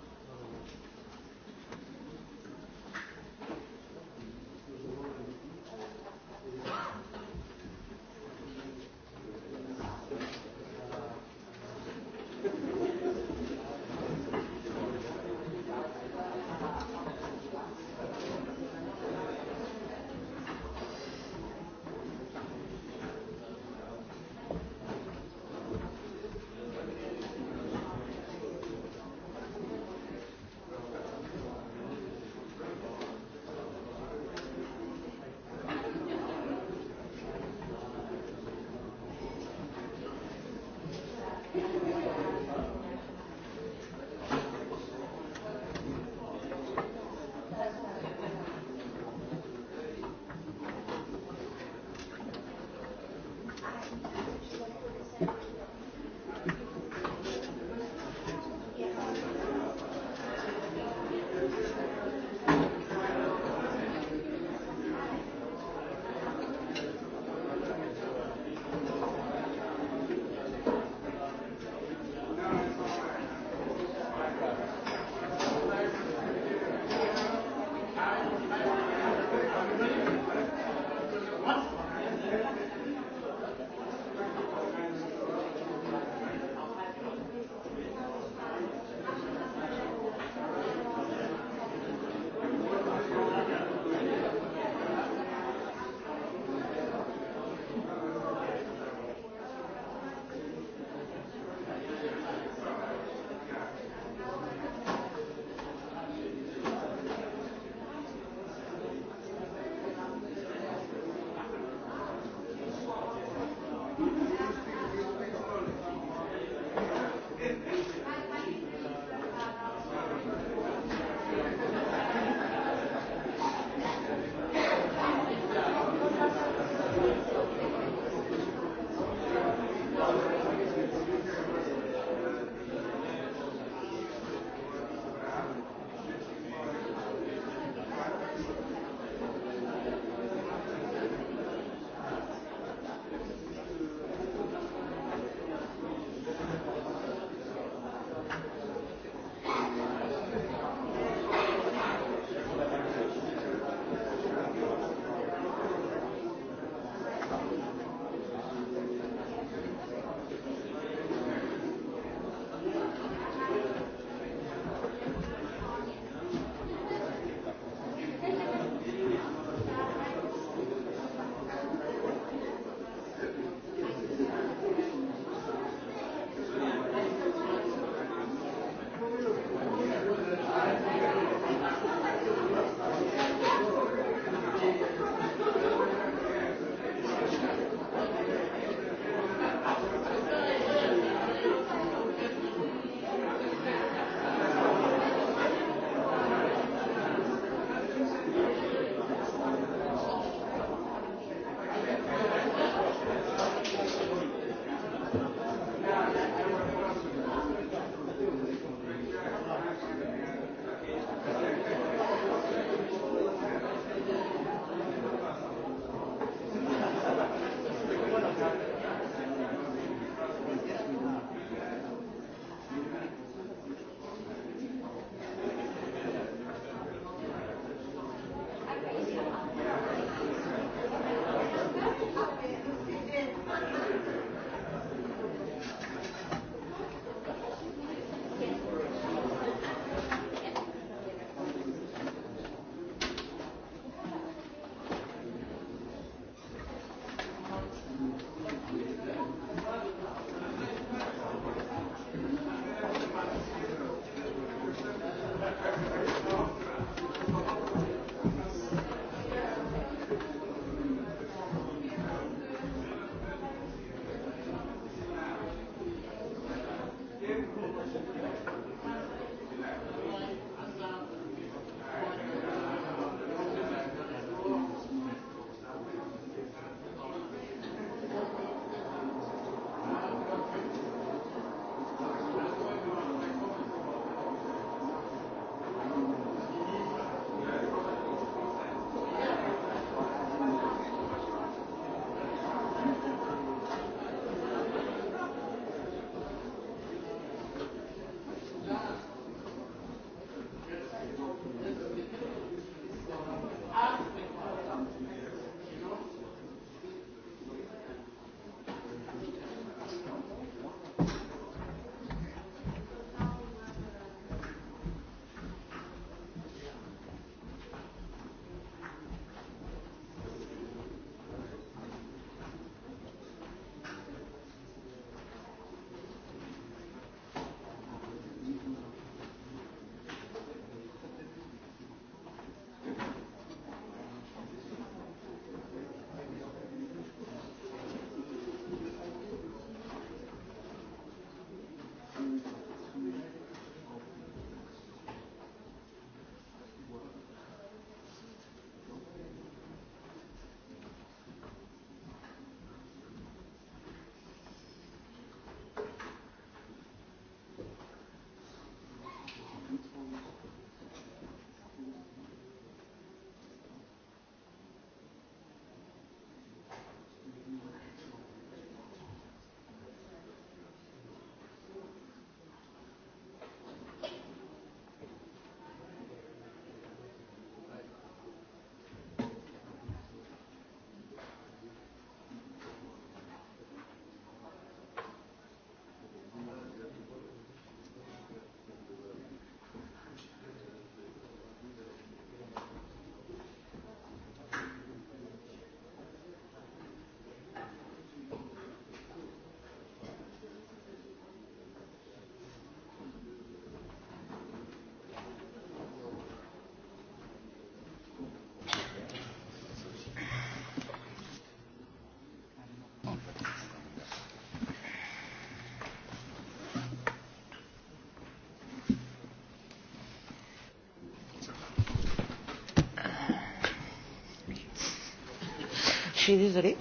je suis désolée.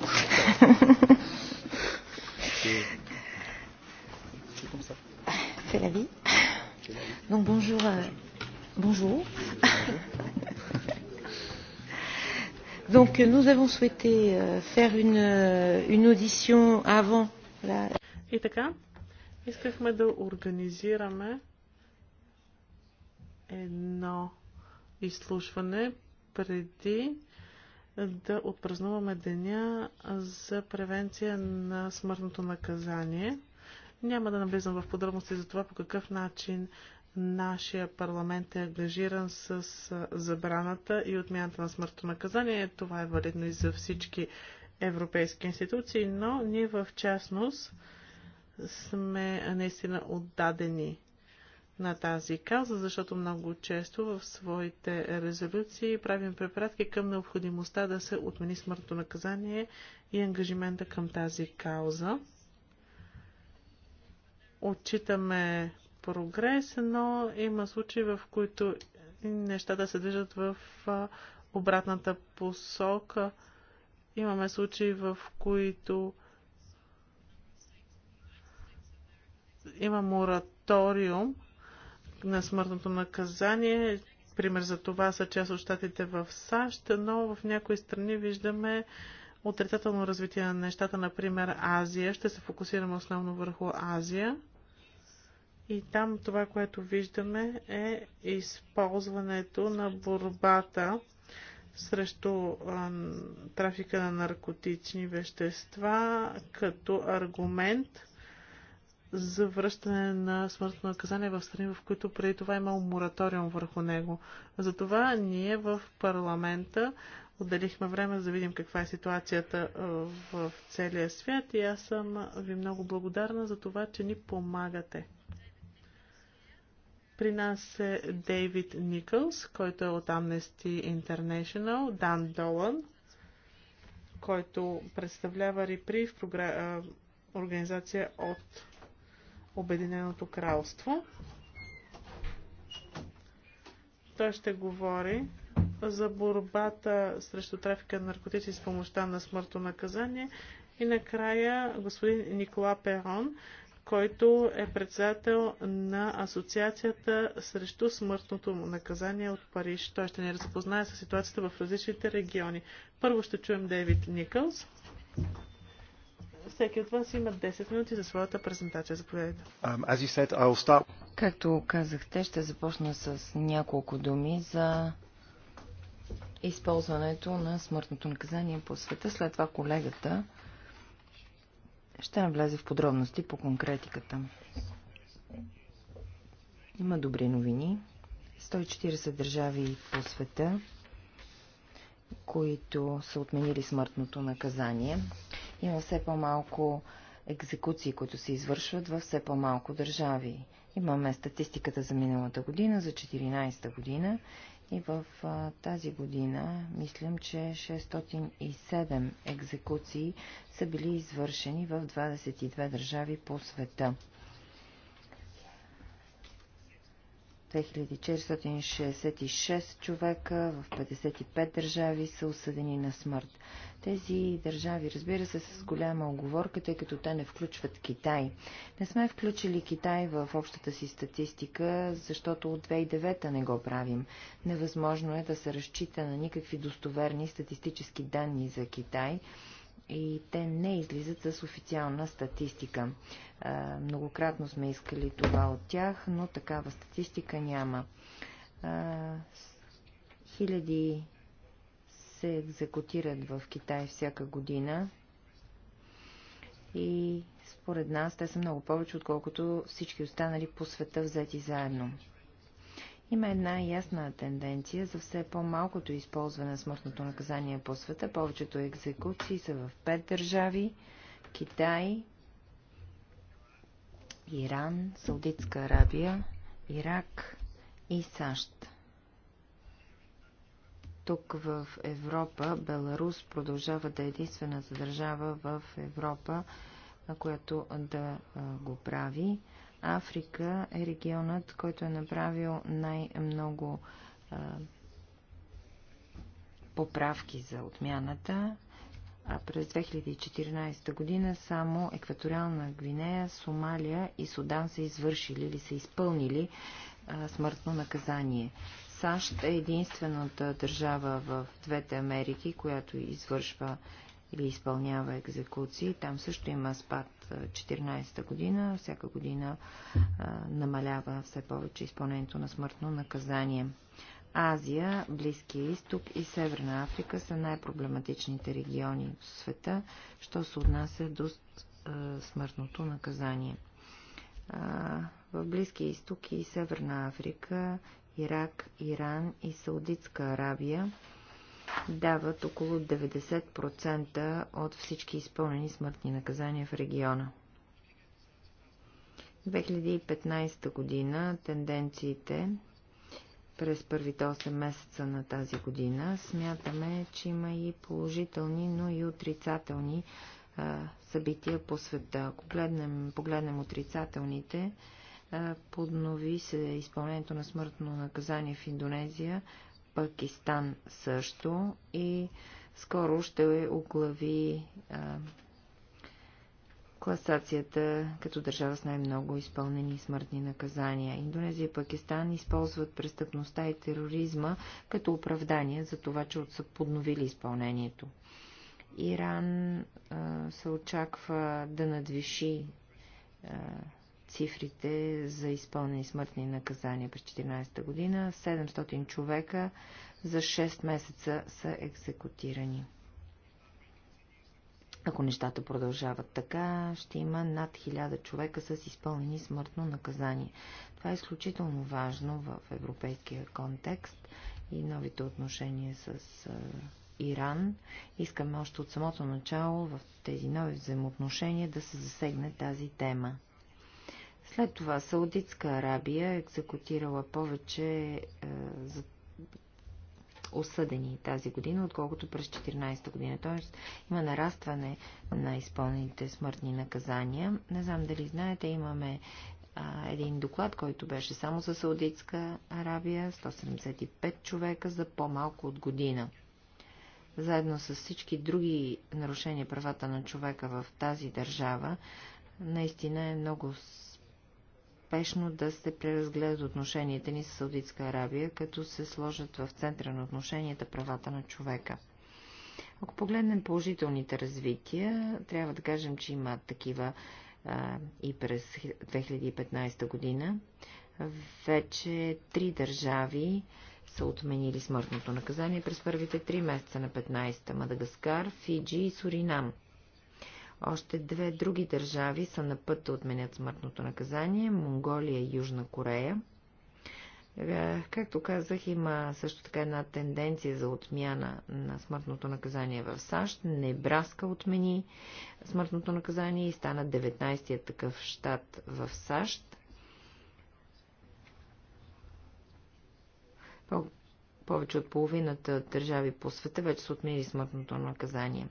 C'est la vie. Donc bonjour. Euh, bonjour. Donc nous avons souhaité euh, faire une, une audition avant la...
И така, искахме да организираме едно изслушване преди да отпразнуваме деня за превенция на смъртното наказание. Няма да навлизам в подробности за това по какъв начин нашия парламент е ангажиран с забраната и отмяната на смъртното наказание. Това е валидно и за всички европейски институции, но ние в частност сме наистина отдадени на тази кауза, защото много често в своите резолюции правим препратки към необходимостта да се отмени смъртното наказание и ангажимента към тази кауза. Отчитаме прогрес, но има случаи, в които нещата се движат в обратната посока. Имаме случаи, в които има мораториум на смъртното наказание. Пример за това са част от щатите в САЩ, но в някои страни виждаме отрицателно развитие на нещата, например Азия. Ще се фокусираме основно върху Азия. И там това, което виждаме е използването на борбата срещу а, трафика на наркотични вещества като аргумент за връщане на смъртно наказание в страни, в които преди това имало е имал мораториум върху него. Затова ние в парламента отделихме време за да видим каква е ситуацията е, в целия свят и аз съм ви много благодарна за това, че ни помагате. При нас е Дейвид Никълс, който е от Amnesty International, Дан Долан, който представлява Репри в програ... Е, организация от Обединеното кралство. Той ще говори за борбата срещу трафика на наркотици с помощта на смъртно наказание. И накрая господин Никола Перон, който е председател на Асоциацията срещу смъртното наказание от Париж. Той ще ни разпознае с ситуацията в различните региони. Първо ще чуем Дейвид Никълс. Всеки от вас има 10 минути за своята презентация. Заповядайте.
Um,
Както казахте, ще започна с няколко думи за използването на смъртното наказание по света. След това колегата ще навлезе в подробности по конкретиката. Има добри новини. 140 държави по света, които са отменили смъртното наказание. Има все по-малко екзекуции, които се извършват в все по-малко държави. Имаме статистиката за миналата година, за 14-та година и в а, тази година мислям, че 607 екзекуции са били извършени в 22 държави по света. 2466 човека в 55 държави са осъдени на смърт. Тези държави, разбира се, с голяма оговорка, тъй като те не включват Китай. Не сме включили Китай в общата си статистика, защото от 2009 не го правим. Невъзможно е да се разчита на никакви достоверни статистически данни за Китай – и те не излизат с официална статистика. Многократно сме искали това от тях, но такава статистика няма. Хиляди се екзекутират в Китай всяка година и според нас те са много повече, отколкото всички останали по света взети заедно. Има една ясна тенденция за все по-малкото използване на смъртното наказание по света. Повечето екзекуции са в пет държави – Китай, Иран, Саудитска Арабия, Ирак и САЩ. Тук в Европа Беларус продължава да е единствената държава в Европа, на която да го прави. Африка е регионът, който е направил най-много поправки за отмяната, а през 2014 година само Екваториална Гвинея, Сомалия и Судан са извършили или са изпълнили а, смъртно наказание. САЩ е единствената държава в двете Америки, която извършва или изпълнява екзекуции. Там също има спад 2014 година. Всяка година намалява все повече изпълнението на смъртно наказание. Азия, Близкия изток и Северна Африка са най-проблематичните региони в света, що се отнася до смъртното наказание. В Близкия изток и Северна Африка, Ирак, Иран и Саудитска Арабия дават около 90% от всички изпълнени смъртни наказания в региона. 2015 година тенденциите през първите 8 месеца на тази година смятаме, че има и положителни, но и отрицателни а, събития по света. Ако погледнем, погледнем отрицателните, поднови се изпълнението на смъртно наказание в Индонезия Пакистан също и скоро ще оглави а, класацията като държава с най-много изпълнени смъртни наказания. Индонезия и Пакистан използват престъпността и тероризма като оправдание за това, че са подновили изпълнението. Иран а, се очаква да надвиши а, цифрите за изпълнени смъртни наказания през 2014 година. 700 човека за 6 месеца са екзекутирани. Ако нещата продължават така, ще има над 1000 човека с изпълнени смъртно наказание. Това е изключително важно в европейския контекст и новите отношения с Иран. Искаме още от самото начало в тези нови взаимоотношения да се засегне тази тема. След това Саудитска Арабия е екзекутирала повече е, за осъдени тази година, отколкото през 14-та година. Тоест има нарастване на изпълнените смъртни наказания. Не знам дали знаете, имаме а, един доклад, който беше само за Саудитска Арабия, 175 човека за по-малко от година. Заедно с всички други нарушения правата на човека в тази държава, наистина е много спешно да се преразгледат отношенията ни с Саудитска Арабия, като се сложат в центъра на отношенията правата на човека. Ако погледнем положителните развития, трябва да кажем, че има такива а, и през 2015 година. Вече три държави са отменили смъртното наказание през първите три месеца на 15-та Мадагаскар, Фиджи и Суринам. Още две други държави са на път да отменят смъртното наказание – Монголия и Южна Корея. Е, както казах, има също така една тенденция за отмяна на смъртното наказание в САЩ. Небраска отмени смъртното наказание и стана 19 я такъв щат в САЩ. Повече от половината държави по света вече са отменили смъртното наказание.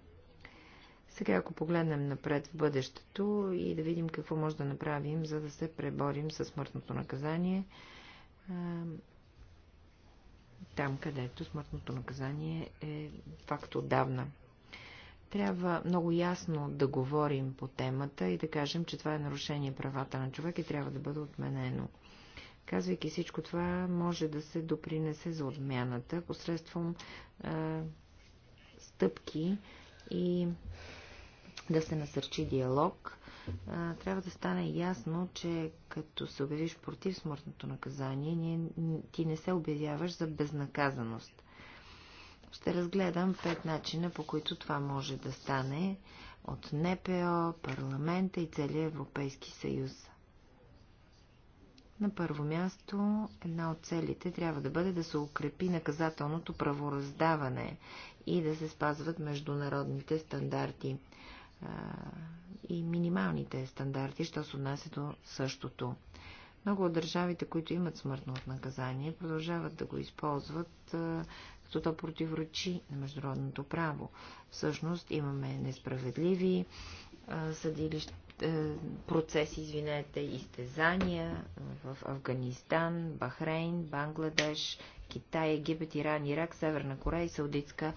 Сега, ако погледнем напред в бъдещето и да видим какво може да направим, за да се преборим със смъртното наказание, там, където смъртното наказание е факт отдавна. Трябва много ясно да говорим по темата и да кажем, че това е нарушение правата на човек и трябва да бъде отменено. Казвайки всичко това, може да се допринесе за отмяната посредством е, стъпки и да се насърчи диалог, трябва да стане ясно, че като се обявиш против смъртното наказание, ти не се обявяваш за безнаказаност. Ще разгледам пет начина, по които това може да стане от НПО, парламента и целия Европейски съюз. На първо място, една от целите трябва да бъде да се укрепи наказателното правораздаване и да се спазват международните стандарти и минималните стандарти, що се отнася до същото. Много от държавите, които имат смъртно от наказание, продължават да го използват, като то противоречи на международното право. Всъщност имаме несправедливи съдилища, е, процеси, извинете, изтезания в Афганистан, Бахрейн, Бангладеш, Китай, Египет, Иран, Ирак, Северна Корея и Саудитска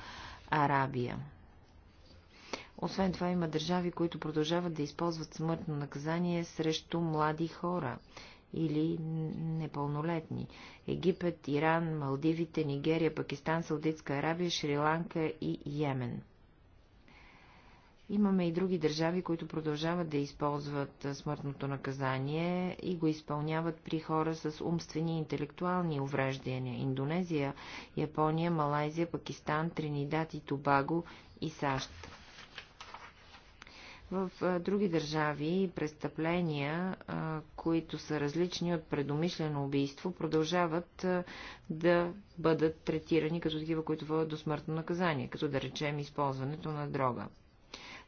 Арабия. Освен това има държави, които продължават да използват смъртно наказание срещу млади хора или непълнолетни. Египет, Иран, Малдивите, Нигерия, Пакистан, Саудитска Арабия, Шри-Ланка и Йемен. Имаме и други държави, които продължават да използват смъртното наказание и го изпълняват при хора с умствени и интелектуални увреждания. Индонезия, Япония, Малайзия, Пакистан, Тринидад и Тобаго и САЩ. В други държави престъпления, които са различни от предумишлено убийство, продължават да бъдат третирани като такива, които водят до смъртно наказание, като да речем използването на дрога.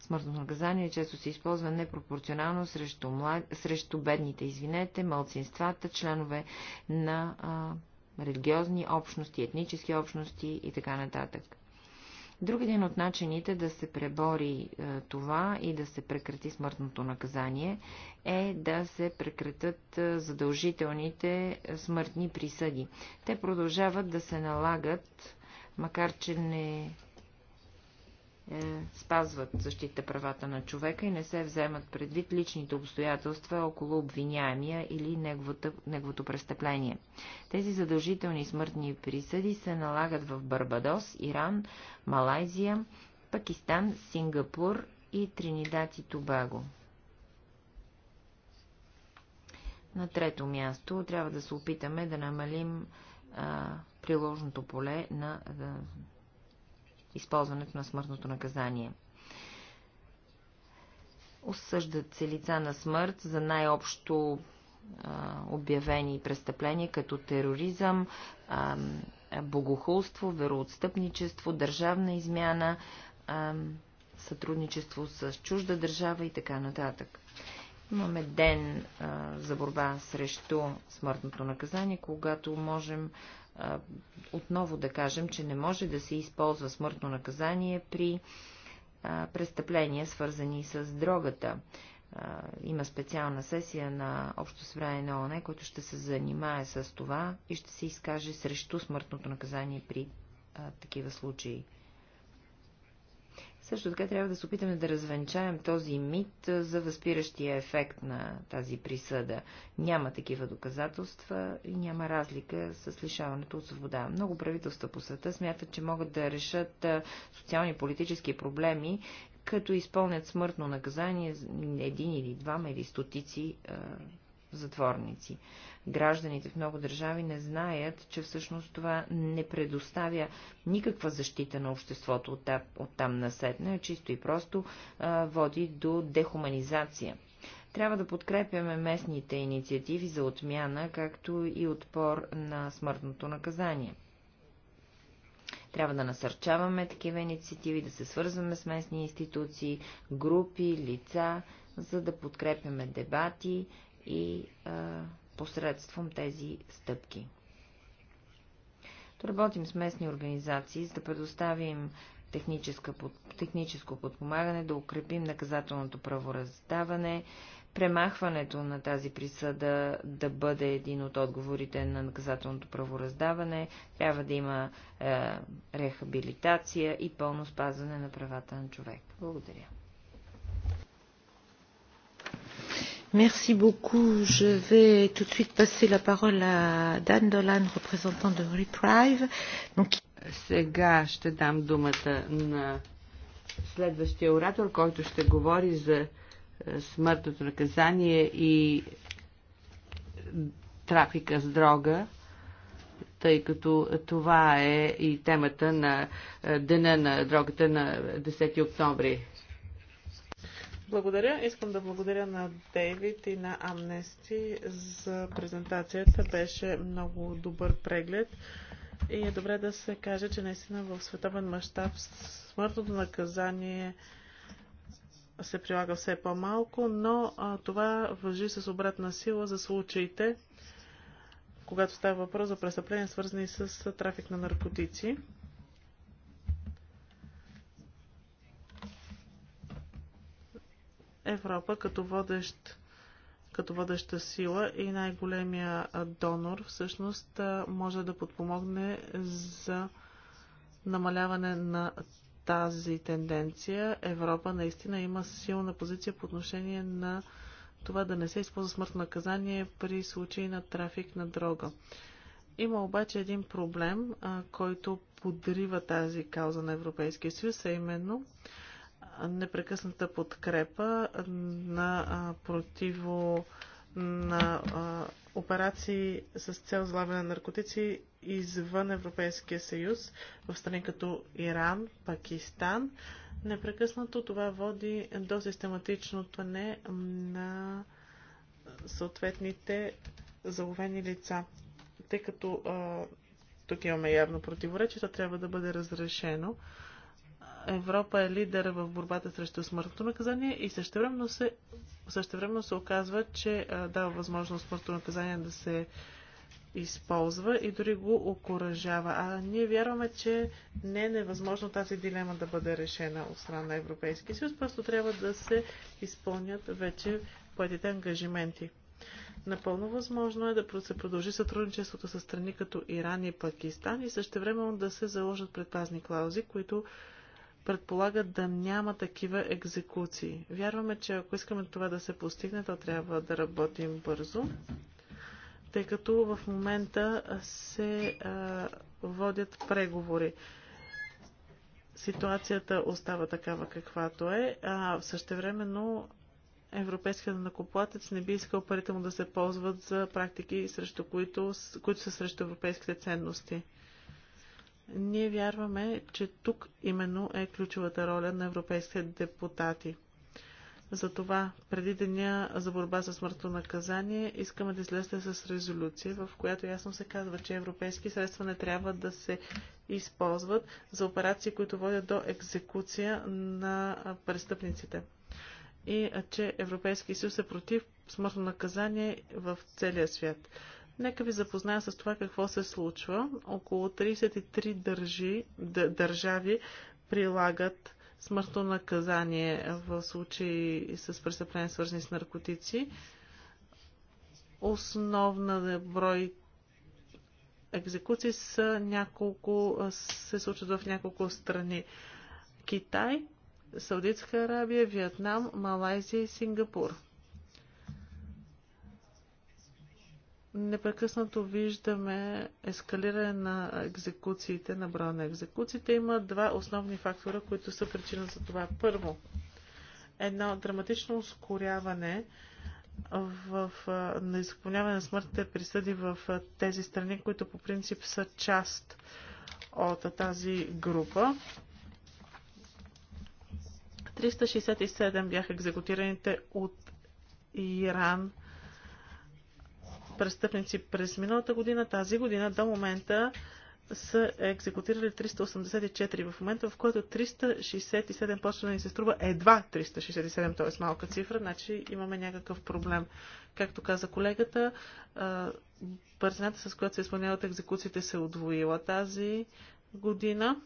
Смъртно наказание често се използва непропорционално срещу, млад... срещу бедните, извинете, малцинствата, членове на а, религиозни общности, етнически общности и така нататък. Друг един от начините да се пребори е, това и да се прекрати смъртното наказание е да се прекратят е, задължителните е, смъртни присъди. Те продължават да се налагат, макар че не е, спазват защита правата на човека и не се вземат предвид личните обстоятелства около обвиняемия или неговото, неговото престъпление. Тези задължителни смъртни присъди се налагат в Барбадос, Иран, Малайзия, Пакистан, Сингапур и Тринидад и Тобаго. На трето място трябва да се опитаме да намалим а, приложното поле на а, използването на смъртното наказание. Осъждат се лица на смърт за най-общо обявени престъпления, като тероризъм, богохулство, вероотстъпничество, държавна измяна, сътрудничество с чужда държава и така нататък. Имаме ден за борба срещу смъртното наказание, когато можем отново да кажем, че не може да се използва смъртно наказание при престъпления, свързани с дрогата. Има специална сесия на Общо събрание на ОНЕ, който ще се занимае с това и ще се изкаже срещу смъртното наказание при такива случаи. Също така трябва да се опитаме да развенчаем този мит за възпиращия ефект на тази присъда. Няма такива доказателства и няма разлика с лишаването от свобода. Много правителства по света смятат, че могат да решат социални и политически проблеми, като изпълнят смъртно наказание един или двама или стотици затворници. Гражданите в много държави не знаят, че всъщност това не предоставя никаква защита на обществото от там, от там насетне, чисто и просто а, води до дехуманизация. Трябва да подкрепяме местните инициативи за отмяна, както и отпор на смъртното наказание. Трябва да насърчаваме такива инициативи, да се свързваме с местни институции, групи, лица, за да подкрепяме дебати, и а, посредством тези стъпки. То работим с местни организации, за да предоставим техническо подпомагане, да укрепим наказателното правораздаване, премахването на тази присъда да бъде един от отговорите на наказателното правораздаване, трябва да има е, рехабилитация и пълно спазване на правата на човек. Благодаря.
Merci beaucoup. Je vais tout de suite passer la parole à Dan Dolan, représentant de Reprive. Donc...
Сега ще дам думата на следващия оратор, който ще говори за е, смъртното наказание и трафика с дрога, тъй като това е и темата на е, Дена на дрогата на 10 октомври.
Благодаря. Искам да благодаря на Дейвид и на Амнести за презентацията. Беше много добър преглед. И е добре да се каже, че наистина в световен мащаб смъртното наказание се прилага все по-малко, но а, това въжи с обратна сила за случаите, когато става въпрос за престъпления, свързани с трафик на наркотици. Европа като, водещ, като водеща сила и най-големия донор всъщност може да подпомогне за намаляване на тази тенденция. Европа наистина има силна позиция по отношение на това да не се използва смъртно наказание при случаи на трафик на дрога. Има обаче един проблем, който подрива тази кауза на Европейския съюз, а именно непрекъсната подкрепа на противо на а, операции с цел злавяне на наркотици извън Европейския съюз, в страни като Иран, Пакистан. Непрекъснато това води до систематичното не на съответните заловени лица. Тъй като а, тук имаме явно противоречие, то трябва да бъде разрешено. Европа е лидер в борбата срещу смъртното наказание и същевременно се, същевременно се оказва, че дава възможност смъртното наказание да се използва и дори го окоръжава. А ние вярваме, че не е невъзможно тази дилема да бъде решена от страна на Европейския съюз, просто трябва да се изпълнят вече поетите ангажименти. Напълно възможно е да се продължи сътрудничеството с страни като Иран и Пакистан и същевременно да се заложат предпазни клаузи, които предполагат да няма такива екзекуции. Вярваме, че ако искаме това да се постигне, то трябва да работим бързо, тъй като в момента се а, водят преговори. Ситуацията остава такава каквато е, а същевременно европейският накоплатец не би искал парите му да се ползват за практики, срещу които, които са срещу европейските ценности. Ние вярваме, че тук именно е ключовата роля на европейските депутати. Затова, преди деня за борба с смъртно наказание, искаме да излезте с резолюция, в която ясно се казва, че европейски средства не трябва да се използват за операции, които водят до екзекуция на престъпниците. И че Европейски съюз е против смъртно наказание в целия свят. Нека ви запозная с това какво се случва. Около 33 държи, държави прилагат смъртно наказание в случаи с престъпления свързани с наркотици. Основна брой екзекуции са няколко, се случват в няколко страни. Китай, Саудитска Арабия, Виетнам, Малайзия и Сингапур. непрекъснато виждаме ескалиране на екзекуциите, на броя на екзекуциите. Има два основни фактора, които са причина за това. Първо, едно драматично ускоряване в изпълняване на смъртните присъди в тези страни, които по принцип са част от тази група. 367 бяха екзекутираните от Иран – престъпници през миналата година, тази година до момента са екзекутирали 384 в момента, в който 367 почва да ни се струва едва 367, т.е. малка цифра, значи имаме някакъв проблем. Както каза колегата, бързината, с която се изпълняват екзекуциите, се е удвоила тази година.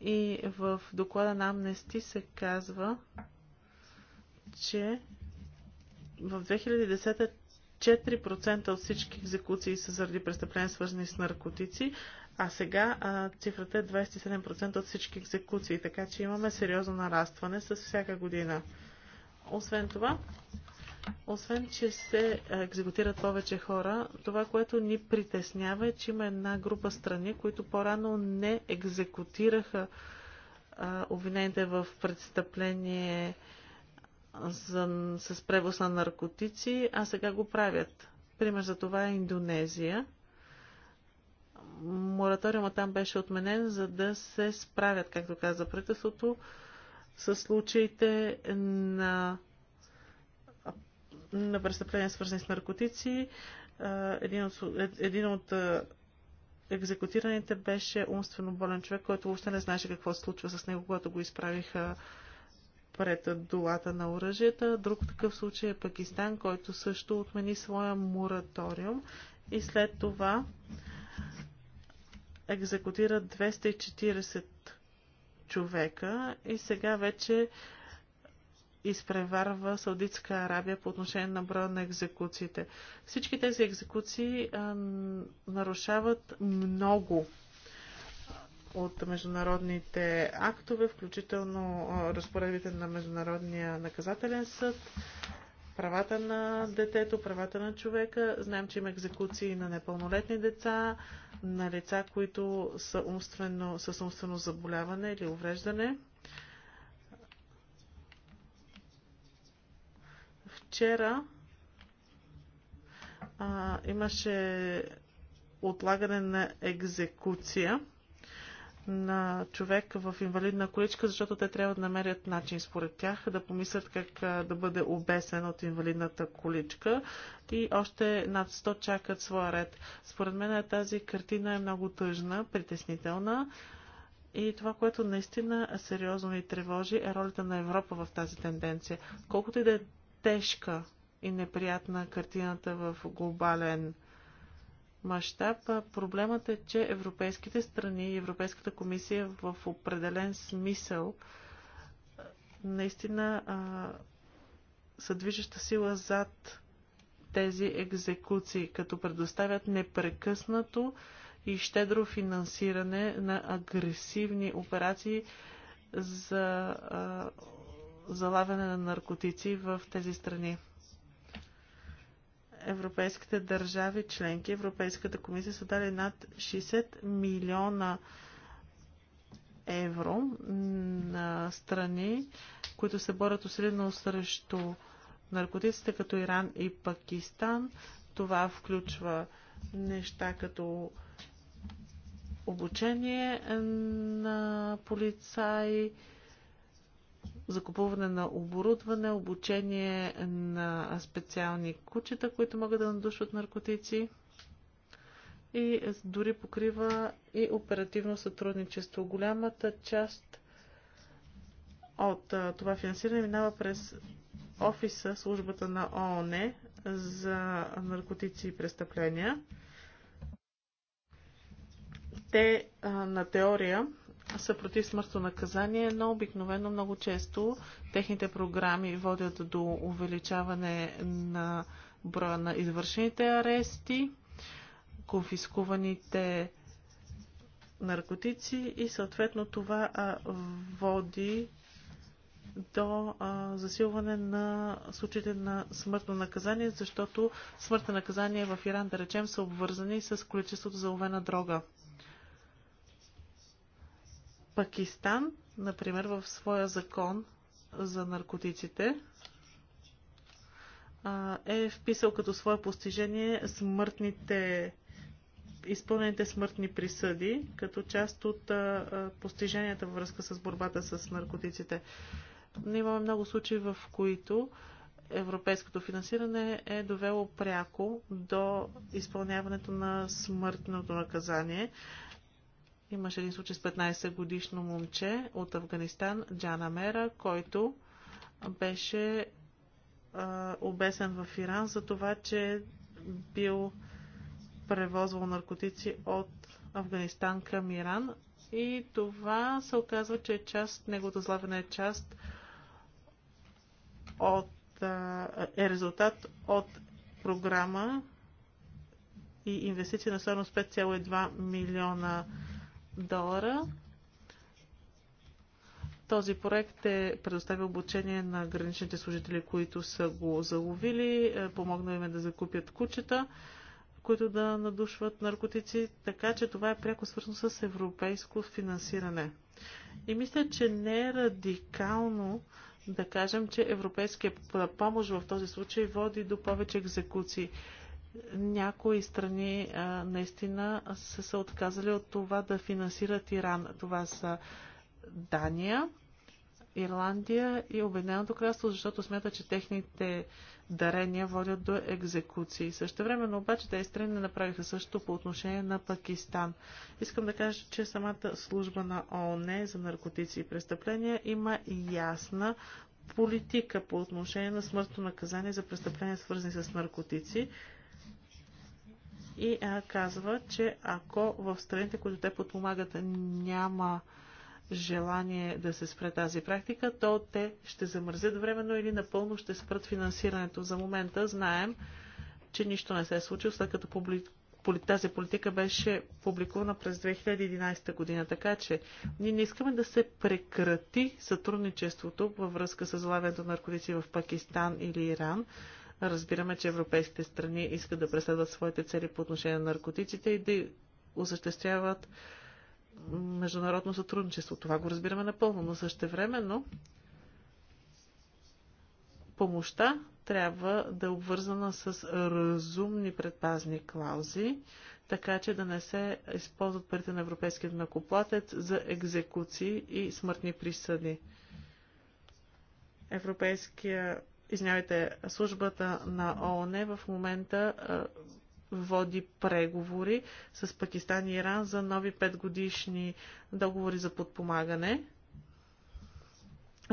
И в доклада на Амнести се казва, че в 2010 4% от всички екзекуции са заради престъпления, свързани с наркотици, а сега а, цифрата е 27% от всички екзекуции, така че имаме сериозно нарастване с всяка година. Освен това, освен, че се екзекутират повече хора, това, което ни притеснява е, че има една група страни, които по-рано не екзекутираха а, обвинените в престъпление за, с превоз на наркотици, а сега го правят. Пример за това е Индонезия. Мораториума там беше отменен, за да се справят, както каза правителството, с случаите на, на престъпления, свързани с наркотици. Един от, един от екзекутираните беше умствено болен човек, който въобще не знаеше какво се случва с него, когато го изправиха пред долата на оръжията. Друг такъв случай е Пакистан, който също отмени своя мораториум и след това екзекутира 240 човека и сега вече изпреварва Саудитска Арабия по отношение на броя на екзекуциите. Всички тези екзекуции а, нарушават много от международните актове, включително разпоредбите на Международния наказателен съд, правата на детето, правата на човека. Знаем, че има екзекуции на непълнолетни деца, на лица, които са умствено, с умствено заболяване или увреждане. Вчера а, имаше отлагане на екзекуция на човек в инвалидна количка, защото те трябва да намерят начин според тях да помислят как да бъде обесен от инвалидната количка и още над 100 чакат своя ред. Според мен тази картина е много тъжна, притеснителна и това, което наистина сериозно ми тревожи е ролята на Европа в тази тенденция. Колкото и да е тежка и неприятна картината в глобален мащаб. Проблемът е, че европейските страни и Европейската комисия в определен смисъл наистина а, са движеща сила зад тези екзекуции, като предоставят непрекъснато и щедро финансиране на агресивни операции за а, залавяне на наркотици в тези страни европейските държави членки. Европейската комисия са дали над 60 милиона евро на страни, които се борят усилено срещу наркотиците, като Иран и Пакистан. Това включва неща като обучение на полицаи, закупуване на оборудване, обучение на специални кучета, които могат да надушват наркотици и дори покрива и оперативно сътрудничество. Голямата част от това финансиране минава през офиса, службата на ООН за наркотици и престъпления. Те на теория са против смъртно наказание, но обикновено много често техните програми водят до увеличаване на броя на извършените арести, конфискуваните наркотици и съответно това а, води до а, засилване на случаите на смъртно наказание, защото смъртно наказание в Иран, да речем, са обвързани с количеството заловена дрога. Пакистан, например, в своя закон за наркотиците е вписал като свое постижение смъртните изпълнените смъртни присъди като част от постиженията във връзка с борбата с наркотиците. Но имаме много случаи, в които европейското финансиране е довело пряко до изпълняването на смъртното наказание. Имаше един случай с 15 годишно момче от Афганистан, Джана Мера, който беше а, обесен в Иран за това, че бил превозвал наркотици от Афганистан към Иран. И това се оказва, че е част, неговото злавене е част от, е резултат от програма и инвестиция на стоеност 5,2 милиона долара. Този проект е предоставил обучение на граничните служители, които са го заловили. Е, помогнал им е да закупят кучета, които да надушват наркотици. Така че това е пряко свързано с европейско финансиране. И мисля, че не е радикално да кажем, че европейския помощ в този случай води до повече екзекуции някои страни а, наистина са се отказали от това да финансират Иран. Това са Дания, Ирландия и Обединеното кралство, защото смята, че техните дарения водят до екзекуции. Също време, обаче тези страни не направиха също по отношение на Пакистан. Искам да кажа, че самата служба на ООН за наркотици и престъпления има ясна политика по отношение на смъртно наказание за престъпления, свързани с наркотици, и а, казва, че ако в страните, които те подпомагат, няма желание да се спре тази практика, то те ще замързят временно или напълно ще спрат финансирането. За момента знаем, че нищо не се е случило, след като публи... тази политика беше публикувана през 2011 година. Така че ние не искаме да се прекрати сътрудничеството във връзка с залавянето на наркотици в Пакистан или Иран, Разбираме, че европейските страни искат да преследват своите цели по отношение на наркотиците и да осъществяват международно сътрудничество. Това го разбираме напълно, но същевременно помощта трябва да е обвързана с разумни предпазни клаузи, така че да не се използват парите на европейския накоплатец за екзекуции и смъртни присъди. Европейския извинявайте, службата на ООН в момента води преговори с Пакистан и Иран за нови петгодишни договори за подпомагане.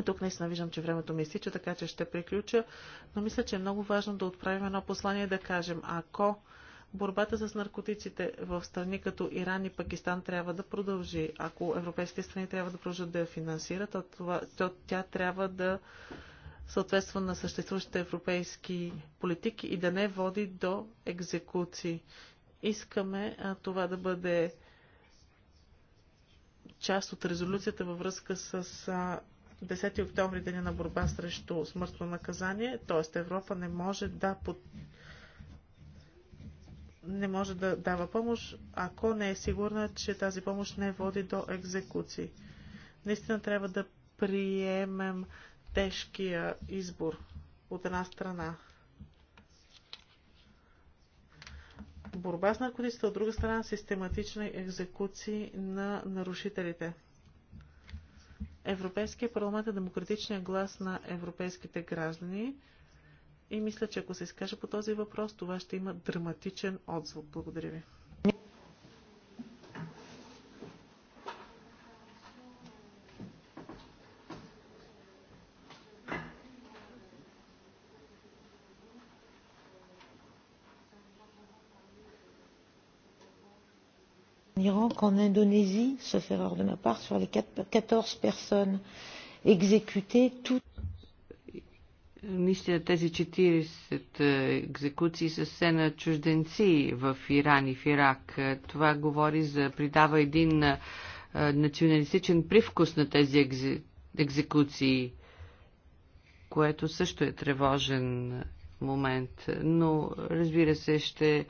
Тук наистина виждам, че времето ми изтича, така че ще приключа, но мисля, че е много важно да отправим едно послание и да кажем, ако борбата с наркотиците в страни като Иран и Пакистан трябва да продължи, ако европейските страни трябва да продължат да я финансират, то, това, то тя трябва да съответства на съществуващите европейски политики и да не води до екзекуции. Искаме а, това да бъде част от резолюцията във връзка с а, 10 октомври деня на борба срещу смъртно наказание, т.е. Европа не може да под... не може да дава помощ, ако не е сигурна, че тази помощ не води до екзекуции. Наистина трябва да приемем тежкия избор от една страна. Борба с наркотиците, от друга страна систематични екзекуции на нарушителите. Европейския парламент е демократичният глас на европейските граждани и мисля, че ако се изкаже по този въпрос, това ще има драматичен отзвук. Благодаря ви.
qu'en Indonésie, sauf erreur de ma part, sur les 14 personnes exécutées, toutes
наистина тези 40 е, екзекуции са се на чужденци в Иран и в Ирак. Е, това говори за, придава един е, националистичен привкус на тези екзекуции, което също е тревожен момент. Но, разбира се, ще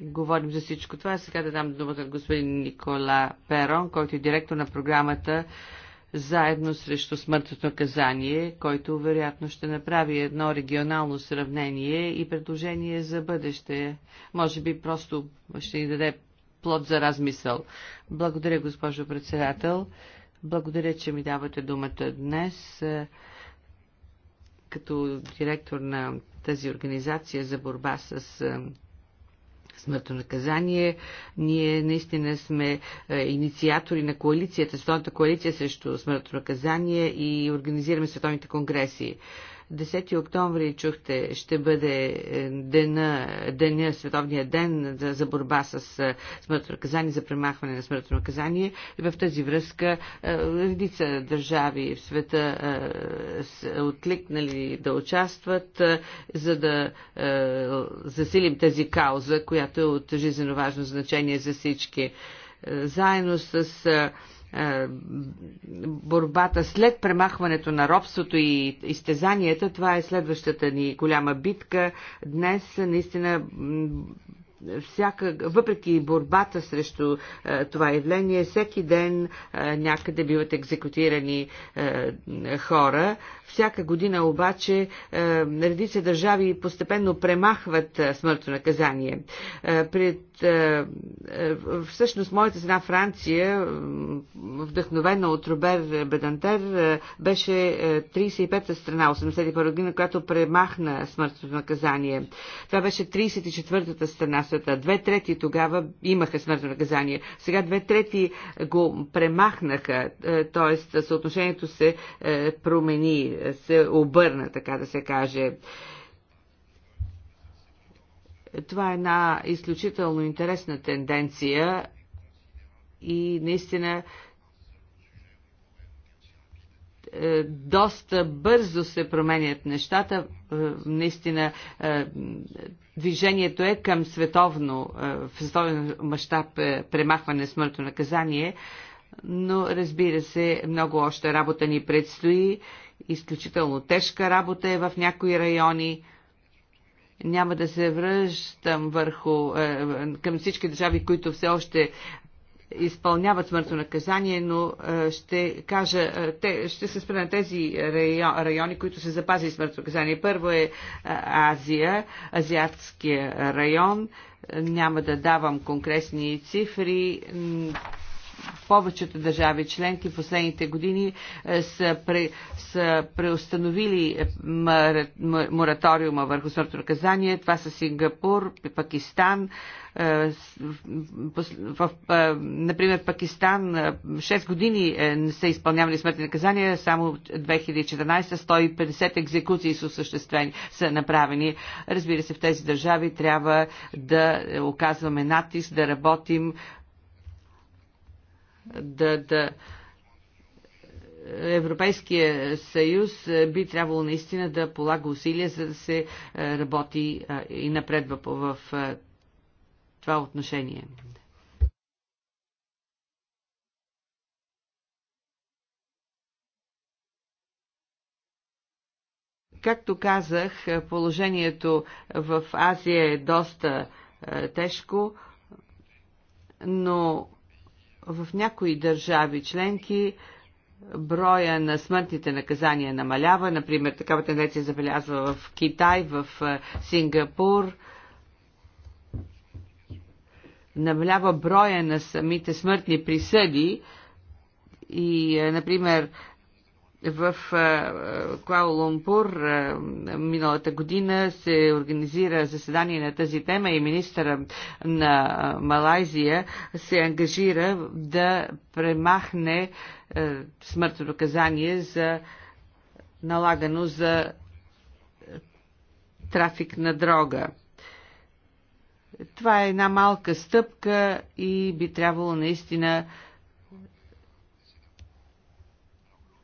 говорим за всичко това. Сега да дам думата на господин Никола Перон, който е директор на програмата заедно срещу смъртното наказание, който вероятно ще направи едно регионално сравнение и предложение за бъдеще. Може би просто ще ни даде плод за размисъл. Благодаря, госпожо председател. Благодаря, че ми давате думата днес. Е, като директор на тази организация за борба с е, смъртно наказание. Ние наистина сме е, инициатори на коалицията, Световната коалиция срещу смъртно наказание и организираме световните конгреси 10 октомври чухте, ще бъде е, дена, деня, световния ден за, за борба с е, смъртно наказание, за премахване на смъртно наказание. И в тази връзка е, редица държави в света са откликнали да участват, за да засилим тази кауза, която е от жизненно важно значение за всички. Заедно с е, борбата след премахването на робството и изтезанията, това е следващата ни голяма битка. Днес наистина всяка, въпреки борбата срещу а, е, това явление, всеки ден а, е, някъде биват екзекутирани а, хора. Всяка година обаче а, редица държави постепенно премахват смъртно наказание. А, пред е, е, всъщност моята зна, Франция, вдъхновена от Робер Бедантер, е, беше 35-та страна, 81 година, която премахна смъртното наказание. Това беше 34-та страна света. Две трети тогава имаха смъртно наказание. Сега две трети го премахнаха, т.е. съотношението се промени, се обърна, така да се каже. Това е една изключително интересна тенденция и наистина е, доста бързо се променят нещата. Е, наистина е, движението е към световно, в световен мащаб премахване смъртно наказание, но разбира се, много още работа ни предстои. Изключително тежка работа е в някои райони. Няма да се връщам върху, е, към всички държави, които все още изпълняват смъртно наказание, но е, ще кажа, е, те, ще се спра на тези райони, райони които се запази смъртно наказание. Първо е Азия, Азиатския район. Няма да давам конкретни цифри повечето държави членки в последните години е, са, пре, са преустановили е, мораториума върху смъртно наказание. Това са Сингапур, Пакистан. Е, в, например, в Пакистан 6 години не са изпълнявали смъртни наказания, само 2014 150 екзекуции са осъществени, са направени. Разбира се, в тези държави трябва да оказваме натиск, да работим да, да Европейския съюз е, би трябвало наистина да полага усилия, за да се е, работи е, и напредва в това отношение. Както казах, положението в Азия е доста тежко, но в някои държави членки броя на смъртните наказания намалява. Например, такава тенденция забелязва в Китай, в е, Сингапур. Намалява броя на самите смъртни присъди и, е, например, в Куала Лумпур миналата година се организира заседание на тази тема и министъра на Малайзия се ангажира да премахне смъртно доказание за налагано за трафик на дрога. Това е една малка стъпка и би трябвало наистина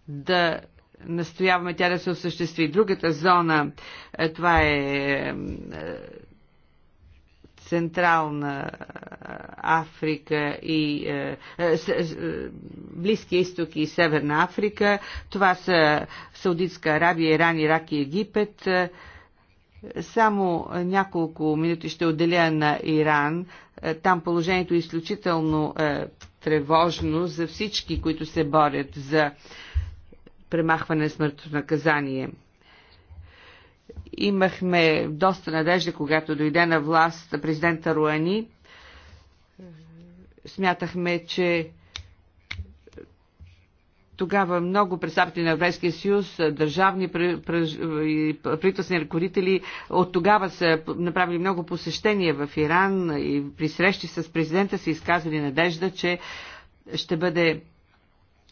да настояваме тя да се осъществи. Другата зона, е, това е, е Централна Африка и е, е, Близкия изток и Северна Африка. Това са Саудитска Арабия, Иран, Ирак и Египет. Само няколко минути ще отделя на Иран. Там положението е изключително е, тревожно за всички, които се борят за премахване на смъртното наказание. Имахме доста надежда, когато дойде на власт президента Руани. Смятахме, че тогава много представители на Европейския съюз, държавни правителствени ръководители от тогава са направили много посещения в Иран и при срещи с президента са изказали надежда, че ще бъде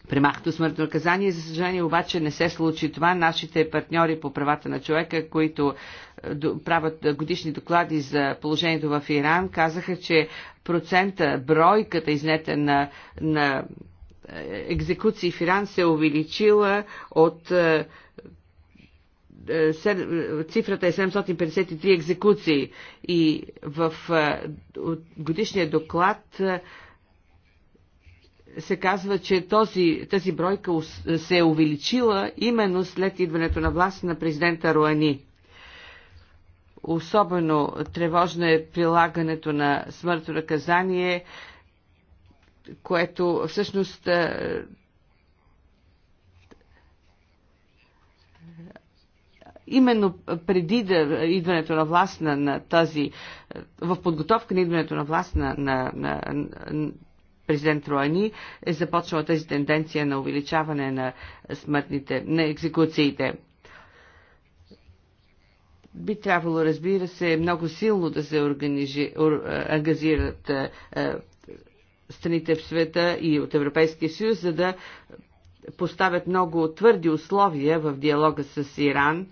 Премахто смъртно наказание. За съжаление обаче не се случи това. Нашите партньори по правата на човека, които е, правят годишни доклади за положението в Иран, казаха, че процента, бройката изнета на, на е, екзекуции в Иран се е увеличила от цифрата е 753 екзекуции и в годишния доклад се казва, че този, тази бройка се е увеличила именно след идването на власт на президента Руани. Особено тревожно е прилагането на смъртно наказание, което всъщност е, именно преди да идването на власт на, на тази, е, в подготовка на идването на власт на, на, на, президент Руани е започнал тази тенденция на увеличаване на смъртните, на екзекуциите. Би трябвало, разбира се, много силно да се ангазират страните в света и от Европейския съюз, за да поставят много твърди условия в диалога с Иран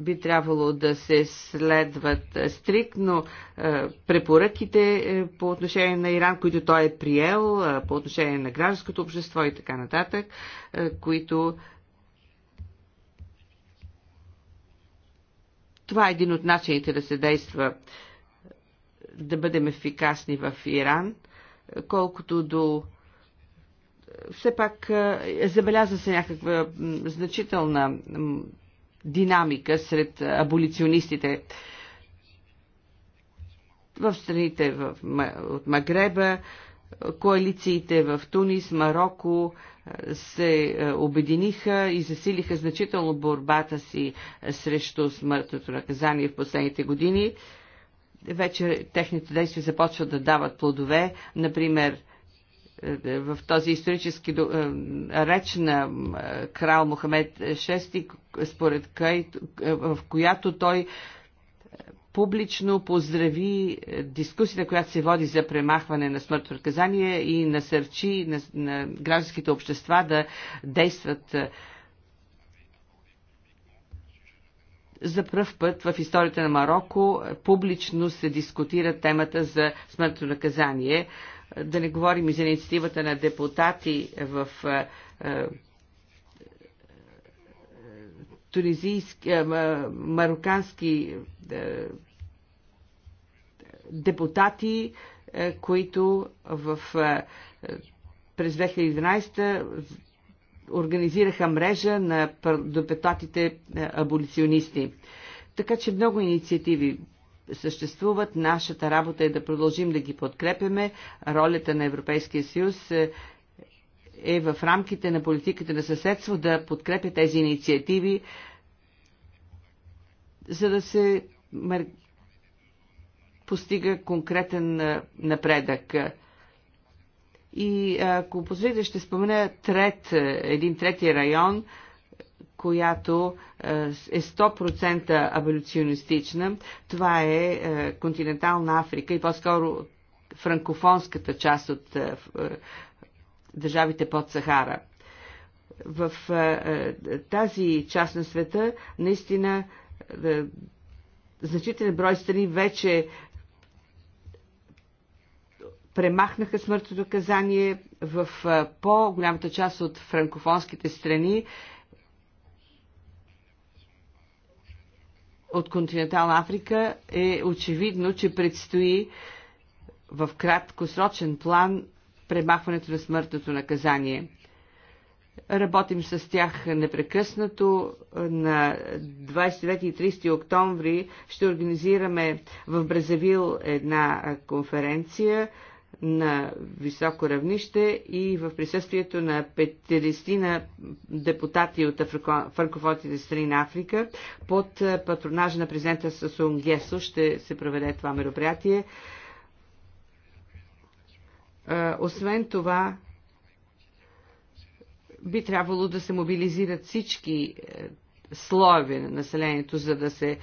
би трябвало да се следват е, стриктно е, препоръките е, по отношение на Иран, които той е приел, по отношение на гражданското общество и така нататък, които Това е един от начините да се действа, да бъдем ефикасни в Иран, колкото до все пак забеляза се някаква значителна динамика сред аболиционистите в страните в, от Магреба, коалициите в Тунис, Марокко е, се е, обединиха и засилиха значително борбата си е, срещу смъртното наказание в последните години. Вече техните действия започват да дават плодове. Например, е, в този исторически е, реч на е, крал Мохамед VI, според кой, в която той публично поздрави дискусията, която се води за премахване на смъртно наказание и насърчи на, на гражданските общества да действат за пръв път в историята на Марокко публично се дискутира темата за смъртно наказание. Да не говорим и за инициативата на депутати в тунизийски, марокански депутати, които в, през 2012 организираха мрежа на депутатите аболиционисти. Така че много инициативи съществуват. Нашата работа е да продължим да ги подкрепяме. Ролята на Европейския съюз е, е в рамките на политиката на съседство да подкрепя тези инициативи, за да се постига конкретен е, напредък. И ако позволите, ще спомена трет, е, един трети район, която е 100% е аболюционистична. Това е, е континентална Африка и по-скоро франкофонската част от е, държавите под Сахара. В тази част на света наистина значителен брой страни вече премахнаха смъртното казание в по-голямата част от франкофонските страни от континентална Африка е очевидно, че предстои в краткосрочен план премахването на смъртното наказание. Работим с тях непрекъснато. На 29 и 30 октомври ще организираме в Бразавил една конференция на високо равнище и в присъствието на 50 на депутати от франкофотите страни на Африка под патронажа на президента Сасун Гесо ще се проведе това мероприятие. Освен това, би трябвало да се мобилизират всички е, слоеве на населението, за да се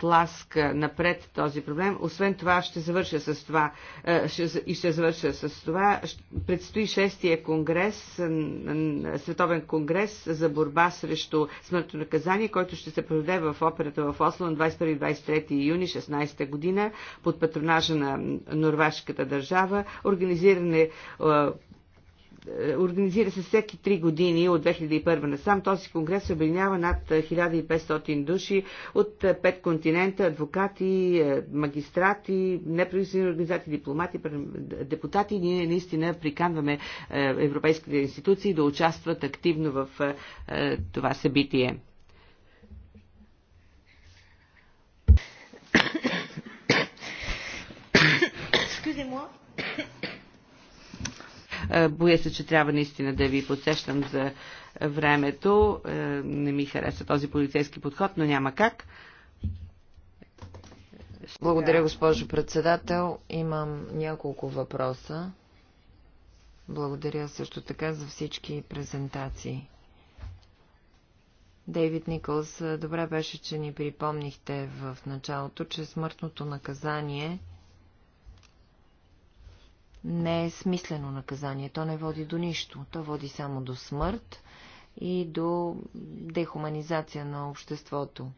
тласка напред този проблем. Освен това, ще завърша с това е, ще, и ще завърша с това. Предстои шестия конгрес, е, световен конгрес за борба срещу смъртно наказание, който ще се проведе в операта в Осло на 21-23 юни 16 година под патронажа на норвежката държава. Организиране е, е, организира се всеки три години от 2001 насам. Този конгрес обединява над 1500 е, души от е, пет континента, адвокати, магистрати, неправителствени организации, дипломати, депутати. Ние наистина приканваме европейските институции да участват активно в това събитие.
Excusez-moi.
Е, боя се, че трябва наистина да ви подсещам за времето. Е, не ми хареса този полицейски подход, но няма как.
Благодаря, госпожо председател. Имам няколко въпроса. Благодаря също така за всички презентации. Дейвид Никълс, добре беше, че ни припомнихте в началото, че смъртното наказание не е смислено наказание. То не води до нищо. То води само до смърт и до дехуманизация на обществото.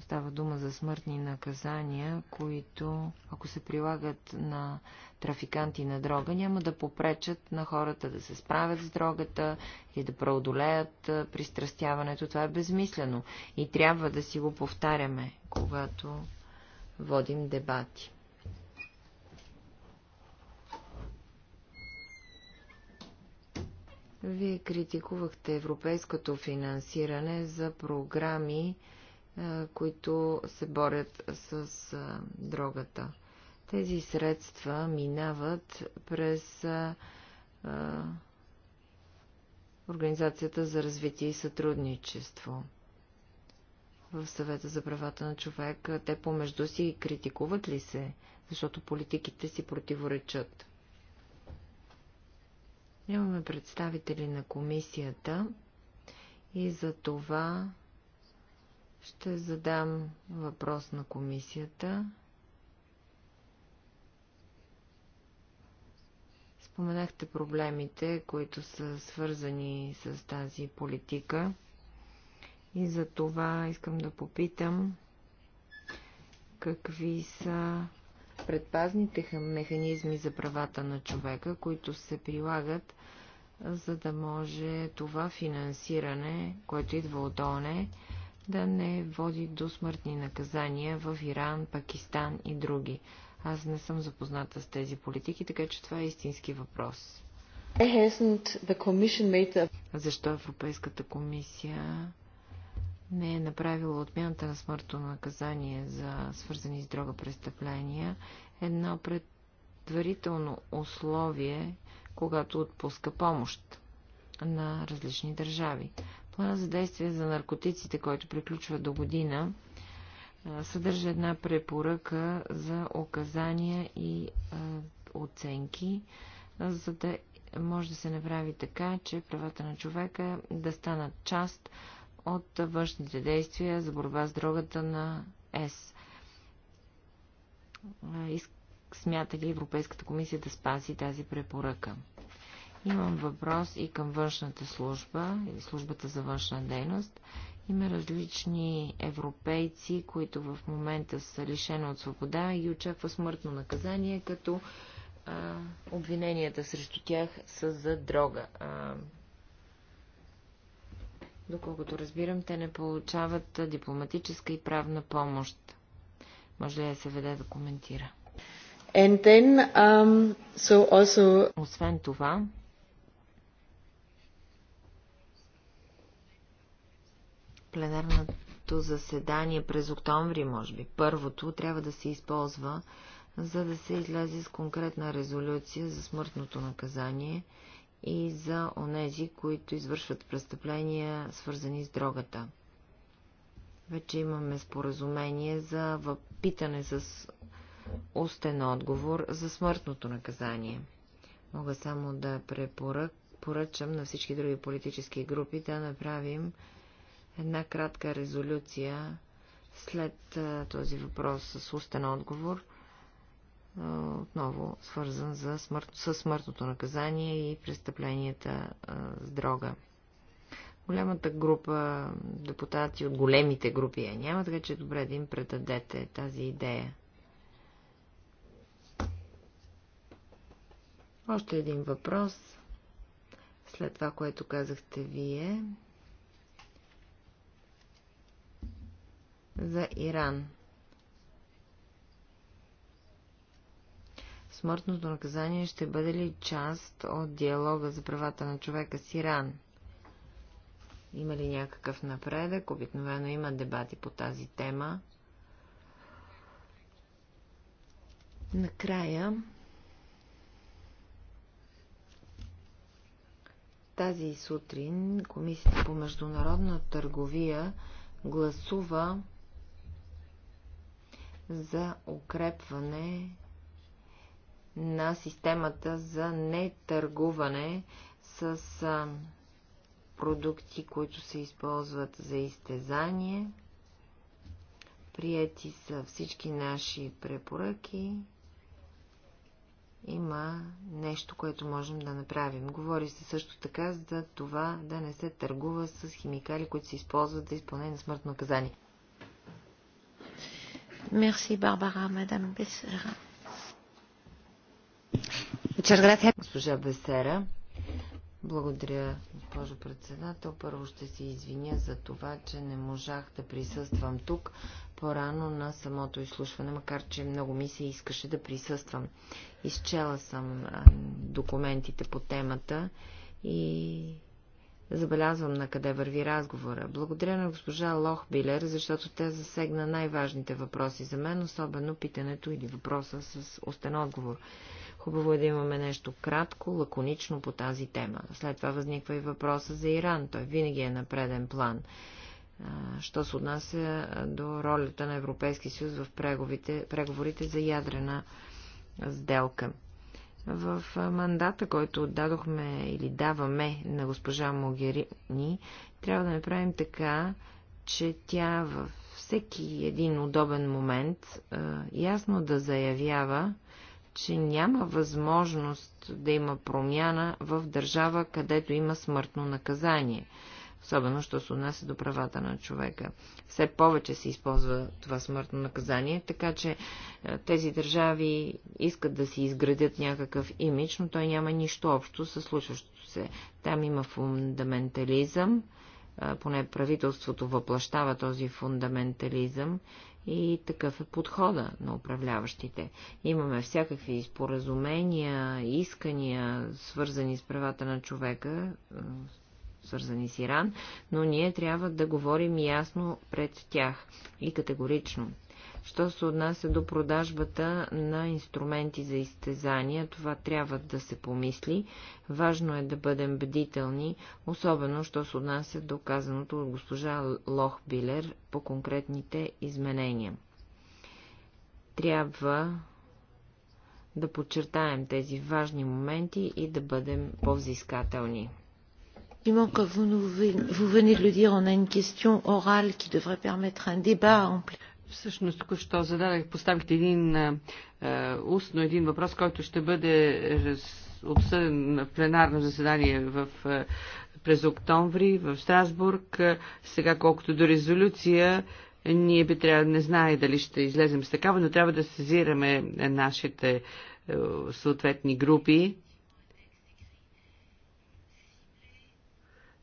Става дума за смъртни наказания, които, ако се прилагат на трафиканти на дрога, няма да попречат на хората да се справят с дрогата и да преодолеят пристрастяването. Това е безмислено и трябва да си го повтаряме, когато водим дебати. Вие критикувахте европейското финансиране за програми, които се борят с дрогата. Тези средства минават през Организацията за развитие и сътрудничество. В съвета за правата на човека те помежду си критикуват ли се, защото политиките си противоречат? Нямаме представители на комисията и за това ще задам въпрос на комисията. Споменахте проблемите, които са свързани с тази политика. И за това искам да попитам какви са предпазните механизми за правата на човека, които се прилагат, за да може това финансиране, което идва от ОНЕ, да не води до смъртни наказания в Иран, Пакистан и други. Аз не съм запозната с тези политики, така че това е истински въпрос. Защо Европейската комисия не е направила отмяната на смъртно наказание за свързани с дрога престъпления, едно предварително условие, когато отпуска помощ на различни държави. Плана за действие за наркотиците, който приключва до година, съдържа една препоръка за оказания и оценки, за да може да се направи така, че правата на човека да станат част от външните действия за борба с дрогата на ЕС. Смята ли Европейската комисия да спаси тази препоръка? Имам въпрос и към външната служба, или службата за външна дейност. Има различни европейци, които в момента са лишени от свобода и очаква смъртно наказание, като а, обвиненията срещу тях са за дрога. А, Доколкото разбирам, те не получават дипломатическа и правна помощ. Може ли да се веде да коментира? And then, um, so also... Освен това, пленарното заседание през октомври, може би, първото, трябва да се използва, за да се излезе с конкретна резолюция за смъртното наказание – и за онези, които извършват престъпления, свързани с дрогата. Вече имаме споразумение за питане с устен отговор за смъртното наказание. Мога само да препоръчам на всички други политически групи да направим една кратка резолюция след този въпрос с устен отговор – отново свързан за смърт, с смъртното наказание и престъпленията с дрога. Голямата група депутати от големите групи я няма, така че е добре да им предадете тази идея. Още един въпрос. След това, което казахте вие. За Иран. смъртното наказание ще бъде ли част от диалога за правата на човека с Иран? Има ли някакъв напредък? Обикновено има дебати по тази тема. Накрая тази сутрин Комисията по международна търговия гласува за укрепване на системата за нетъргуване с продукти, които се използват за изтезание. Прияти са всички наши препоръки. Има нещо, което можем да направим. Говори се също така за това да не се търгува с химикали, които се използват за изпълнение на смъртно наказание.
Мерси, Барбара, мадам Бесера.
Госпожа Бесера. Благодаря, госпожо председател. Първо ще се извиня за това, че не можах да присъствам тук по-рано на самото изслушване, макар че много ми се искаше да присъствам. Изчела съм документите по темата и забелязвам на къде върви разговора. Благодаря на госпожа Лохбилер, защото тя засегна най-важните въпроси за мен, особено питането или въпроса с остен отговор. Хубаво е да имаме нещо кратко, лаконично по тази тема. След това възниква и въпроса за Иран. Той винаги е на преден план. Що се отнася до ролята на Европейски съюз в преговорите, преговорите за ядрена сделка. В мандата, който дадохме или даваме на госпожа Могерини, трябва да направим така, че тя във всеки един удобен момент ясно да заявява, че няма възможност да има промяна в държава, където има смъртно наказание, особено, що се отнася до правата на човека. Все повече се използва това смъртно наказание, така че е, тези държави искат да си изградят някакъв имидж, но той няма нищо общо с случващото се. Там има фундаментализъм, е, поне правителството въплащава този фундаментализъм и такъв е подхода на управляващите. Имаме всякакви споразумения, искания, свързани с правата на човека, свързани с Иран, но ние трябва да говорим ясно пред тях и категорично. Що се отнася до продажбата на инструменти за изтезания, това трябва да се помисли. Важно е да бъдем бдителни, особено, що се отнася до казаното от госпожа Лох Билер по конкретните изменения. Трябва да подчертаем тези важни моменти и да бъдем по-взискателни.
Quand vous, nous,
vous venez de le dire, on a une question orale qui devrait permettre un débat
Всъщност, тук що зададах, поставихте един а, устно един въпрос, който ще бъде раз, обсъден в пленарно заседание в, а, през октомври в Страсбург. Сега, колкото до резолюция, ние би трябва, не знае дали ще излезем с такава, но трябва да сезираме нашите а, съответни групи.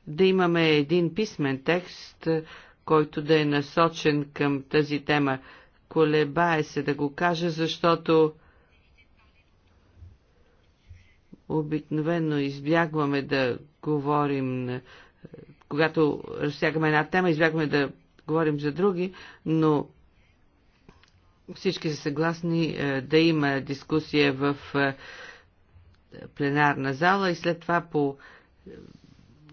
Да имаме един писмен текст, който да е насочен към тази тема. Колебае се да го кажа, защото обикновено избягваме да говорим, е, когато разсягаме една тема, избягваме да говорим за други, но всички са съгласни е, да има дискусия в е, пленарна зала и след това по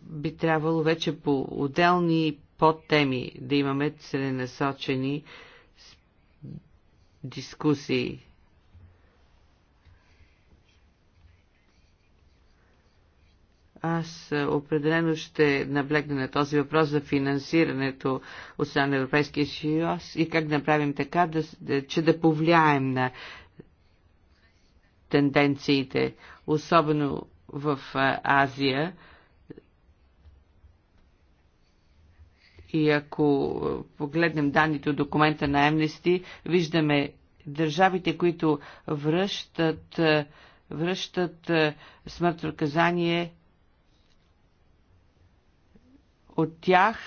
би трябвало вече по отделни подтеми, да имаме целенасочени дискусии. Аз е, определено ще наблегна на този въпрос за финансирането от страна на Европейския съюз и как да направим така, да, че да повлияем на тенденциите, особено в е, Азия, И ако е, погледнем данните от документа на Amnesty, виждаме държавите, които връщат, е, връщат е, смъртно наказание от тях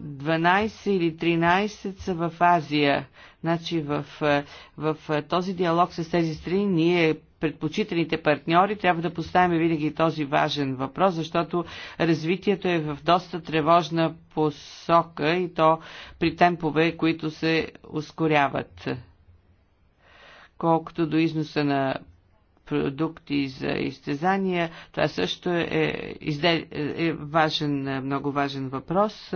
12 или 13 са в Азия. Значи в, е, в е, този диалог с тези страни ние предпочитаните партньори трябва да поставим винаги този важен въпрос, защото развитието е в доста тревожна посока и то при темпове, които се ускоряват. Колкото до износа на продукти за изтезания. Това също е, е, е, е важен, много важен въпрос.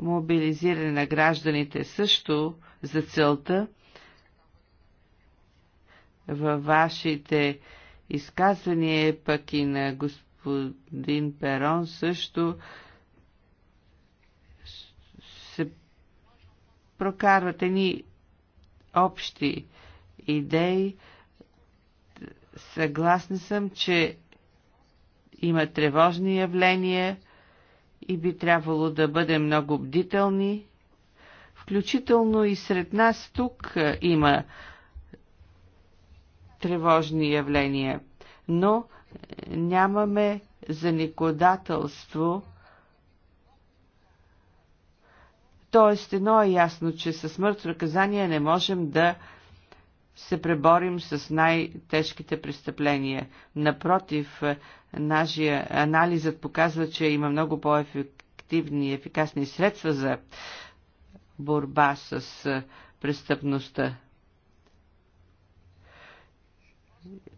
мобилизиране на гражданите също за целта. Във вашите изказвания, пък и на господин Перон също се прокарват едни общи идеи. Съгласна съм, че има тревожни явления – и би трябвало да бъдем много бдителни. Включително и сред нас тук е, има тревожни явления, но е, нямаме заникодателство. Тоест, едно е ясно, че със смърт в не можем да се преборим с най-тежките престъпления. Напротив, е, нашия анализът показва, че има много по-ефективни и ефикасни средства за борба с е, престъпността.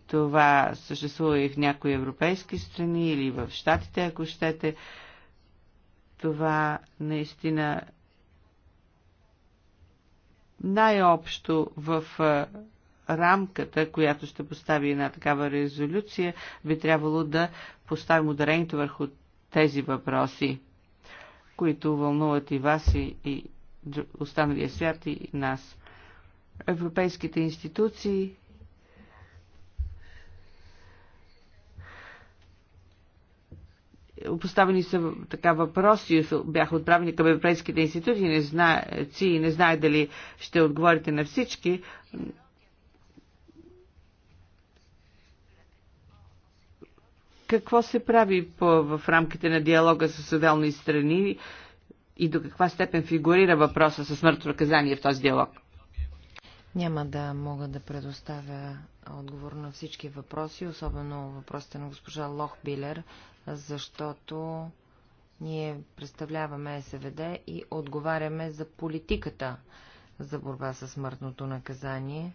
Това съществува и в някои европейски страни или в Штатите, ако щете. Това наистина най-общо в рамката, която ще постави една такава резолюция, би трябвало да поставим ударението върху тези въпроси, които вълнуват и вас, и, и останалия свят, и нас. Европейските институции Поставени са така въпроси, бяха отправени към европейските институти, не знае, не знае дали ще отговорите на всички. Какво се прави по, в рамките на диалога с отделни страни и до каква степен фигурира въпроса със смъртно наказание в този диалог?
Няма да мога да предоставя отговор на всички въпроси, особено въпросите на госпожа Лохбилер, защото ние представляваме СВД и отговаряме за политиката за борба с смъртното наказание.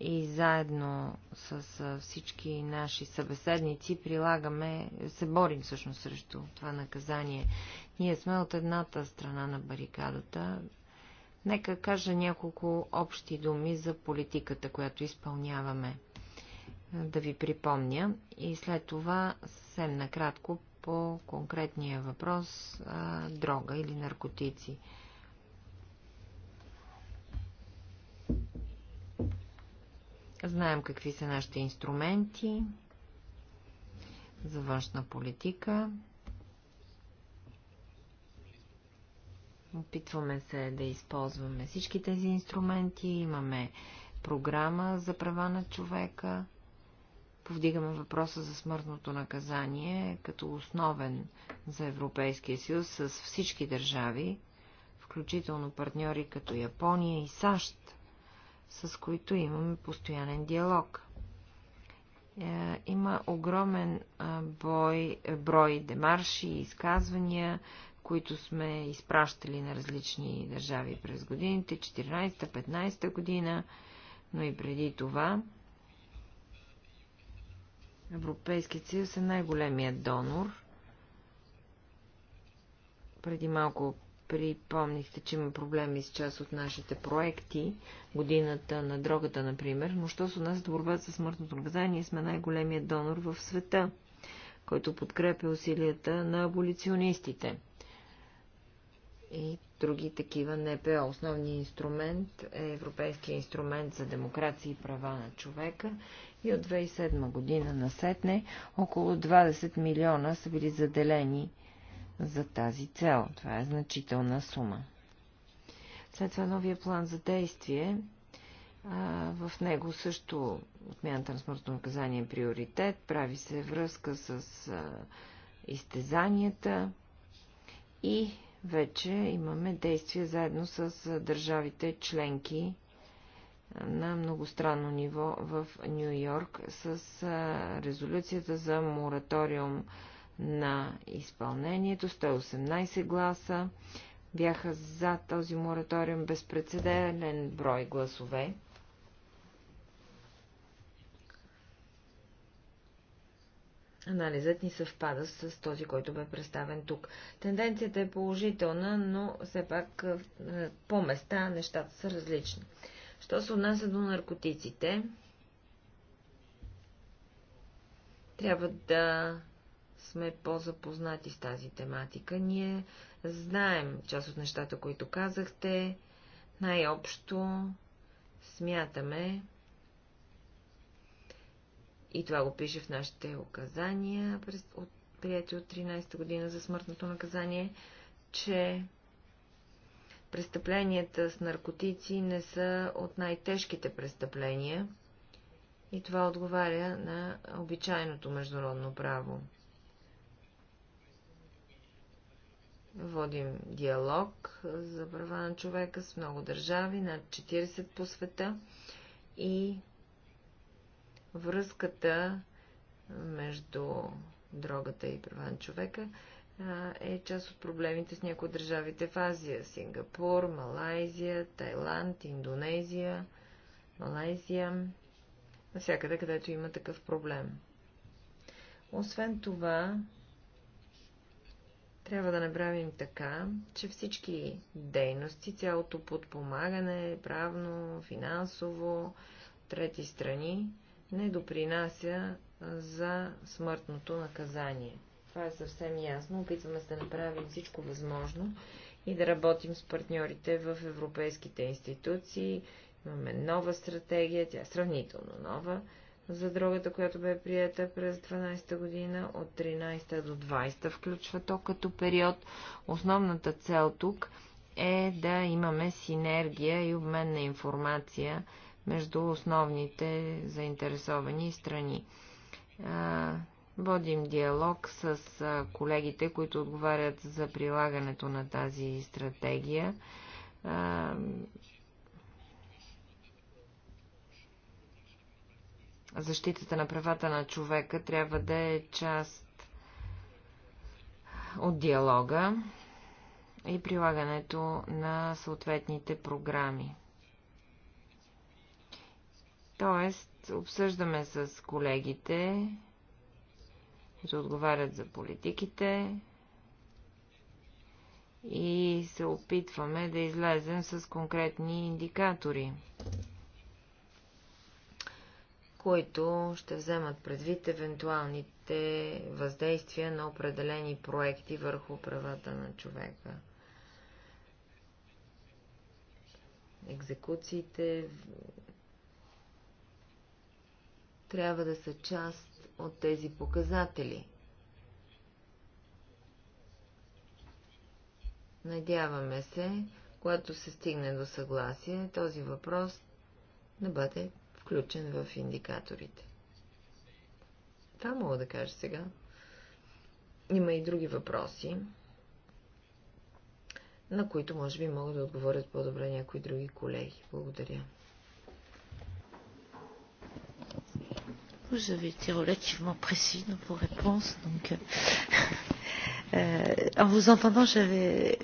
И заедно с всички наши събеседници прилагаме, се борим всъщност срещу това наказание. Ние сме от едната страна на барикадата, Нека кажа няколко общи думи за политиката, която изпълняваме. Да ви припомня и след това съвсем накратко по конкретния въпрос а, дрога или наркотици. Знаем какви са нашите инструменти за външна политика. Опитваме се да използваме всички тези инструменти. Имаме програма за права на човека. Повдигаме въпроса за смъртното наказание като основен за Европейския съюз с всички държави, включително партньори като Япония и САЩ, с които имаме постоянен диалог. Е, има огромен бой, брой демарши и изказвания, които сме изпращали на различни държави през годините, 14-15 година, но и преди това. Европейският съюз е най-големият донор. Преди малко припомнихте, че има проблеми с част от нашите проекти, годината на дрогата, например, но що се отнася до борбата с смъртното наказание, сме най-големият донор в света, който подкрепя усилията на аболиционистите и други такива НПО. Основният инструмент е Европейския инструмент за демокрация и права на човека и от 2007 година насетне около 20 милиона са били заделени за тази цел. Това е значителна сума. След това новия план за действие. А, в него също отмяната на смъртно наказание е приоритет. Прави се връзка с а, изтезанията и вече имаме действия заедно с държавите членки на многостранно ниво в Нью Йорк с резолюцията за мораториум на изпълнението. 118 гласа бяха за този мораториум безпредседелен брой гласове. Анализът ни съвпада с този, който бе представен тук. Тенденцията е положителна, но все пак е, по места нещата са различни. Що се отнася до наркотиците, трябва да сме по-запознати с тази тематика. Ние знаем част от нещата, които казахте. Най-общо смятаме, и това го пише в нашите указания, през, от, прияти от 13-та година за смъртното наказание, че престъпленията с наркотици не са от най-тежките престъпления. И това отговаря на обичайното международно право. Водим диалог за права на човека с много държави, над 40 по света и връзката между дрогата и права на човека е част от проблемите с някои от държавите в Азия. Сингапур, Малайзия, Тайланд, Индонезия, Малайзия, навсякъде, където има такъв проблем. Освен това, трябва да направим така, че всички дейности, цялото подпомагане, правно, финансово, трети страни, не допринася за смъртното наказание. Това е съвсем ясно. Опитваме се да направим всичко възможно и да работим с партньорите в европейските институции. Имаме нова стратегия, тя е сравнително нова, за другата, която бе прията през 12-та година, от 13-та до 20-та включва то като период. Основната цел тук е да имаме синергия и обмен на информация между основните заинтересовани страни. Водим диалог с колегите, които отговарят за прилагането на тази стратегия. Защитата на правата на човека трябва да е част от диалога и прилагането на съответните програми. Тоест, обсъждаме с колегите, които отговарят за политиките и се опитваме да излезем с конкретни индикатори, които ще вземат предвид евентуалните въздействия на определени проекти върху правата на човека. екзекуциите, трябва да са част от тези показатели. Надяваме се, когато се стигне до съгласие, този въпрос да бъде включен в индикаторите. Това мога да кажа сега. Има и други въпроси, на които може би могат да отговорят по-добре някои други колеги. Благодаря.
Vous avez été relativement précis dans vos réponses. Donc, euh, en vous entendant, j'avais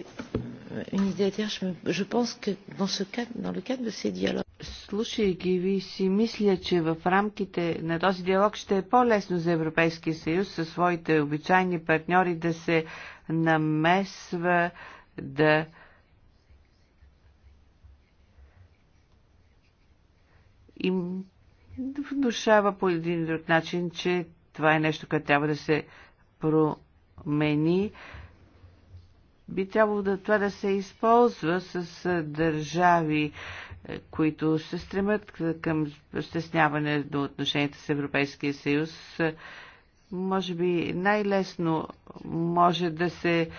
une idée à dire. Je, me, je pense que
dans, ce cadre, dans le cadre de ces dialogues, Слушайки ви си, мисля, че в рамките на този диалог ще е по-лесно за Европейския съюз със своите обичайни партньори да се намесва, да им внушава по един или друг начин, че това е нещо, което трябва да се промени. Би трябвало да, това да се използва с държави, които се стремят към стесняване до отношенията с Европейския съюз. Може би най-лесно може да се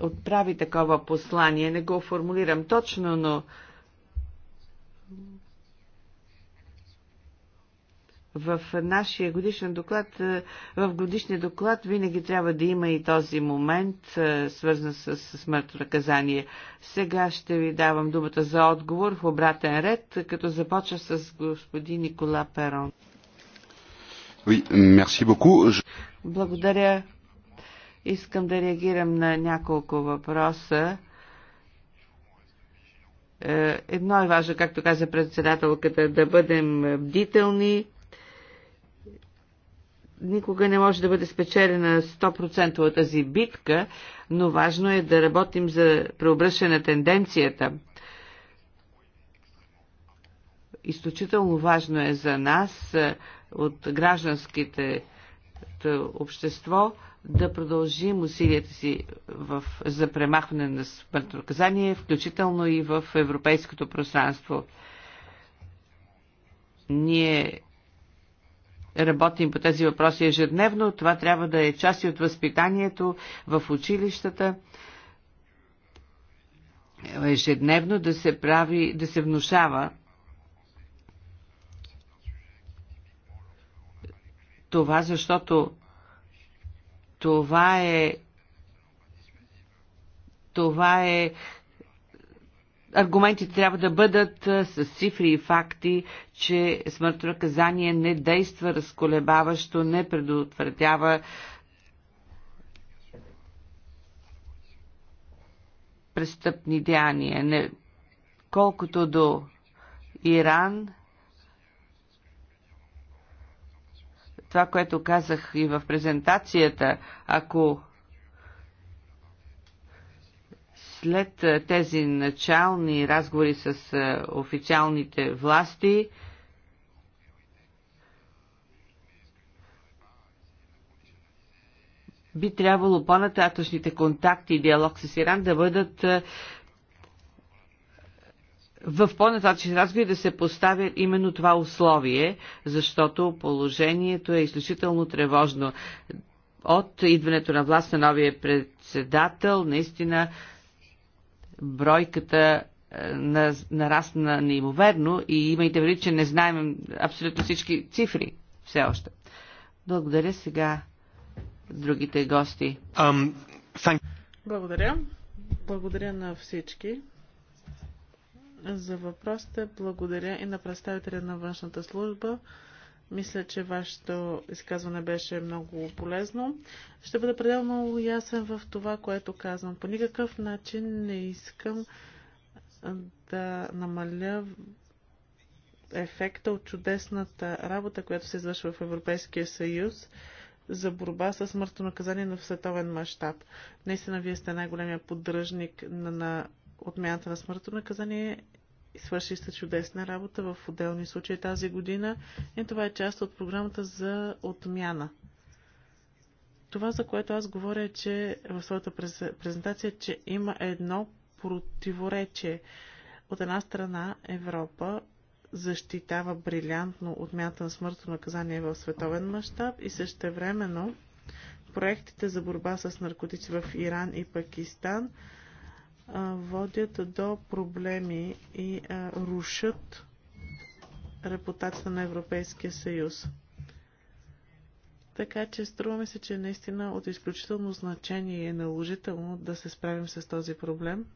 отправи такова послание. Не го формулирам точно, но в нашия годишен доклад, е, в годишния доклад винаги трябва да има и този момент, е, свързан с смъртно наказание. Сега ще ви давам думата за отговор в обратен ред, като започва с господин Никола Перон.
Oui, merci
Благодаря. Искам да реагирам на няколко въпроса. Е, едно е важно, както каза председателката, да бъдем бдителни никога не може да бъде спечелена 100% тази битка, но важно е да работим за преобръщане на тенденцията. Изключително важно е за нас е, от гражданските общество да продължим усилията си в, за премахване на смъртно наказание, включително и в европейското пространство. Ние работим по тези въпроси ежедневно. Това трябва да е част и от възпитанието в училищата. Ежедневно да се прави, да се внушава това, защото това е това е аргументите трябва да бъдат с цифри и факти, че смъртно наказание не действа разколебаващо, не предотвратява престъпни деяния. Не... Колкото до Иран, това, което казах и в презентацията, ако След тези начални разговори с официалните власти, би трябвало по-нататъчните контакти и диалог с Иран да бъдат в по-нататъчни разговори да се поставя именно това условие, защото положението е изключително тревожно. От идването на власт на новия председател, наистина бройката е, на, нарасна неимоверно и имайте предвид, че не знаем абсолютно всички цифри все още. Благодаря сега другите
гости. Um, thank...
Благодаря. Благодаря на всички за въпросите. Благодаря и на представителя на външната служба. Мисля, че вашето изказване беше много полезно. Ще бъда пределно ясен в това, което казвам. По никакъв начин не искам да намаля ефекта от чудесната работа, която се извършва в Европейския съюз за борба с смъртно наказание на световен мащаб. Наистина, вие сте най-големия поддръжник на, на отмяната на смъртно наказание Свърши сте чудесна работа в отделни случаи тази година и това е част от програмата за отмяна. Това, за което аз говоря, е, че в своята презентация, че има едно противоречие. От една страна Европа защитава брилянтно отмята на смъртно наказание в световен мащаб и същевременно проектите за борба с наркотици в Иран и Пакистан – водят до проблеми и рушат репутацията на Европейския съюз. Така че струваме се, че наистина от изключително значение е наложително да се справим с този проблем.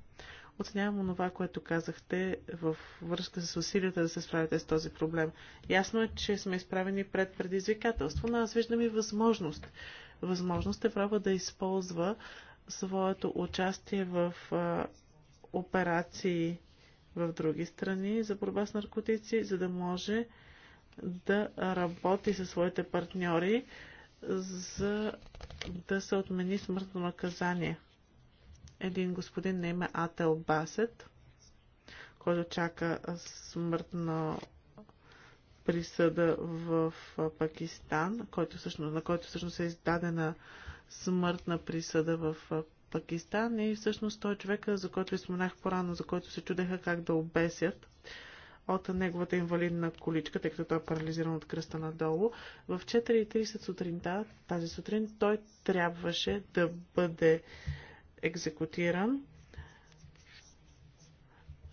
Оценявам това, което казахте в връзка с усилията да се справите с този проблем. Ясно е, че сме изправени пред предизвикателство, но аз виждам и възможност. Възможност Европа да използва своето участие в операции в други страни за борба с наркотици, за да може да работи със своите партньори, за да се отмени смъртно наказание. Един господин на име Ател Басет, който чака смъртна присъда в Пакистан, който всъщност, на който всъщност е издадена смъртна присъда в Пакистан и всъщност той е човека, за който ви споменах по-рано, за който се чудеха как да обесят от неговата инвалидна количка, тъй като той е парализиран от кръста надолу. В 4.30 сутринта, тази сутрин, той трябваше да бъде екзекутиран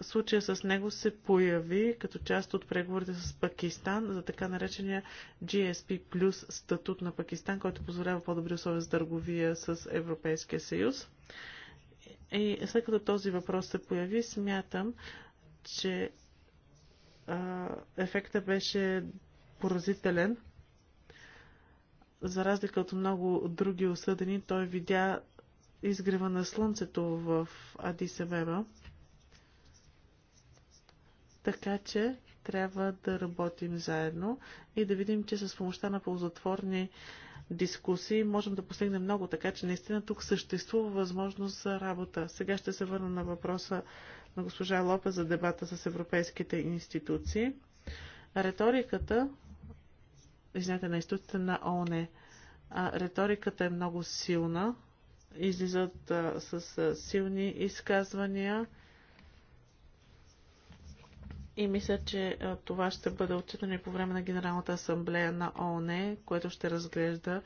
случая с него се появи като част от преговорите с Пакистан за така наречения GSP плюс статут на Пакистан, който позволява по-добри условия за търговия с Европейския съюз. И след като този въпрос се появи, смятам, че а, ефектът беше поразителен. За разлика от много други осъдени, той видя изгрева на слънцето в Адисабеба. Така че трябва да работим заедно и да видим, че с помощта на ползотворни дискусии можем да постигнем много, така че наистина тук съществува възможност за работа. Сега ще се върна на въпроса на госпожа Лопе за дебата с европейските институции. Реториката, извинете, на институцията на ООН, реториката е много силна, излизат а, с а, силни изказвания, и мисля, че това ще бъде отчитано и по време на Генералната асамблея на ООН, което ще разглежда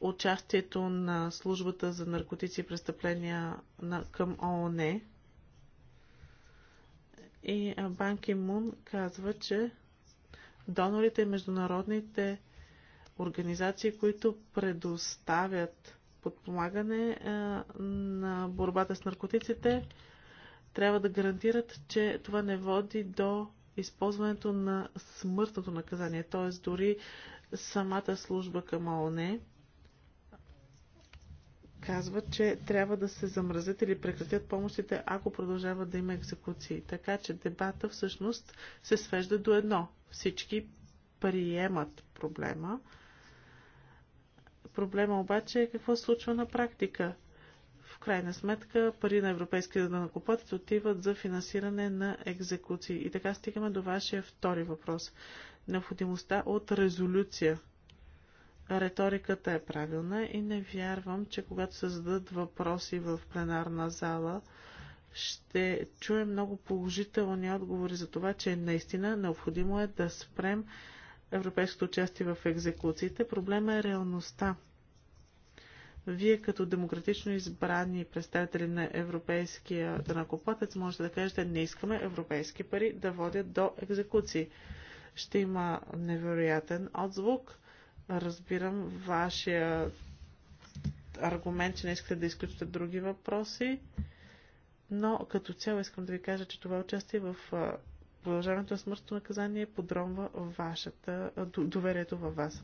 участието на службата за наркотици и престъпления на, към ООН. И Банки Мун казва, че донорите и международните организации, които предоставят подпомагане на борбата с наркотиците, трябва да гарантират, че това не води до използването на смъртното наказание, т.е. дори самата служба към ООН казва, че трябва да се замразят или прекратят помощите, ако продължава да има екзекуции. Така че дебата всъщност се свежда до едно. Всички приемат проблема. Проблема обаче е какво случва на практика. В крайна сметка пари на европейския данъкоплатец отиват за финансиране на екзекуции. И така стигаме до вашия втори въпрос. Необходимостта от резолюция. Реториката е правилна и не вярвам, че когато се зададат въпроси в пленарна зала, ще чуем много положителни отговори за това, че наистина необходимо е да спрем европейското участие в екзекуциите. Проблема е реалността. Вие като демократично избрани представители на европейския данакоплатец можете да кажете, не искаме европейски пари да водят до екзекуции. Ще има невероятен отзвук. Разбирам вашия аргумент, че не искате да изключите други въпроси, но като цяло искам да ви кажа, че това участие в продължаването на смъртното наказание подромва вашата, доверието във вас.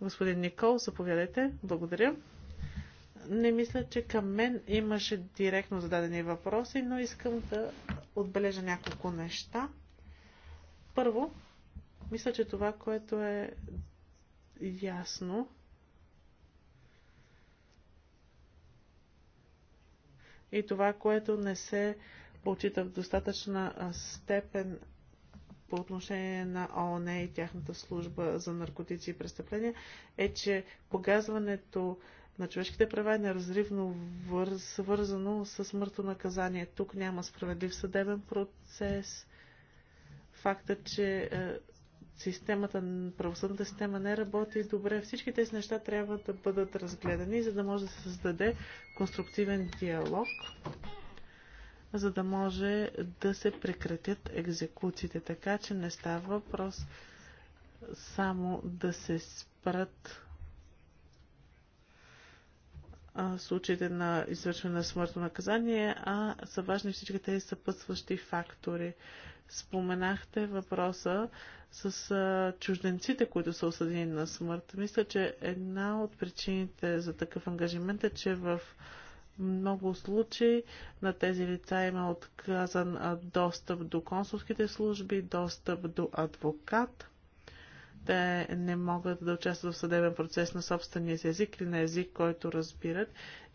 Господин Никол, заповядайте. Благодаря. Не мисля, че към мен имаше директно зададени въпроси, но искам да отбележа няколко неща. Първо, мисля, че това, което е ясно, и това, което не се отчита в достатъчна степен по отношение на ООН и тяхната служба за наркотици и престъпления е, че погазването на човешките права е неразривно свързано с смъртно наказание. Тук няма справедлив съдебен процес. Факта, че е, системата, правосъдната система не работи добре. Всички тези неща трябва да бъдат разгледани, за да може да се създаде конструктивен диалог за да може да се прекратят екзекуциите. Така че не става въпрос само да се спрат случаите на извършване на смъртно наказание, а са важни всички тези съпътстващи фактори. Споменахте въпроса с а, чужденците, които са осъдени на смърт. Мисля, че една от причините за такъв ангажимент е, че в много случаи на тези лица има отказан достъп до консулските служби, достъп до адвокат. Те не могат да участват в съдебен процес на собствения си език или на език, който разбират.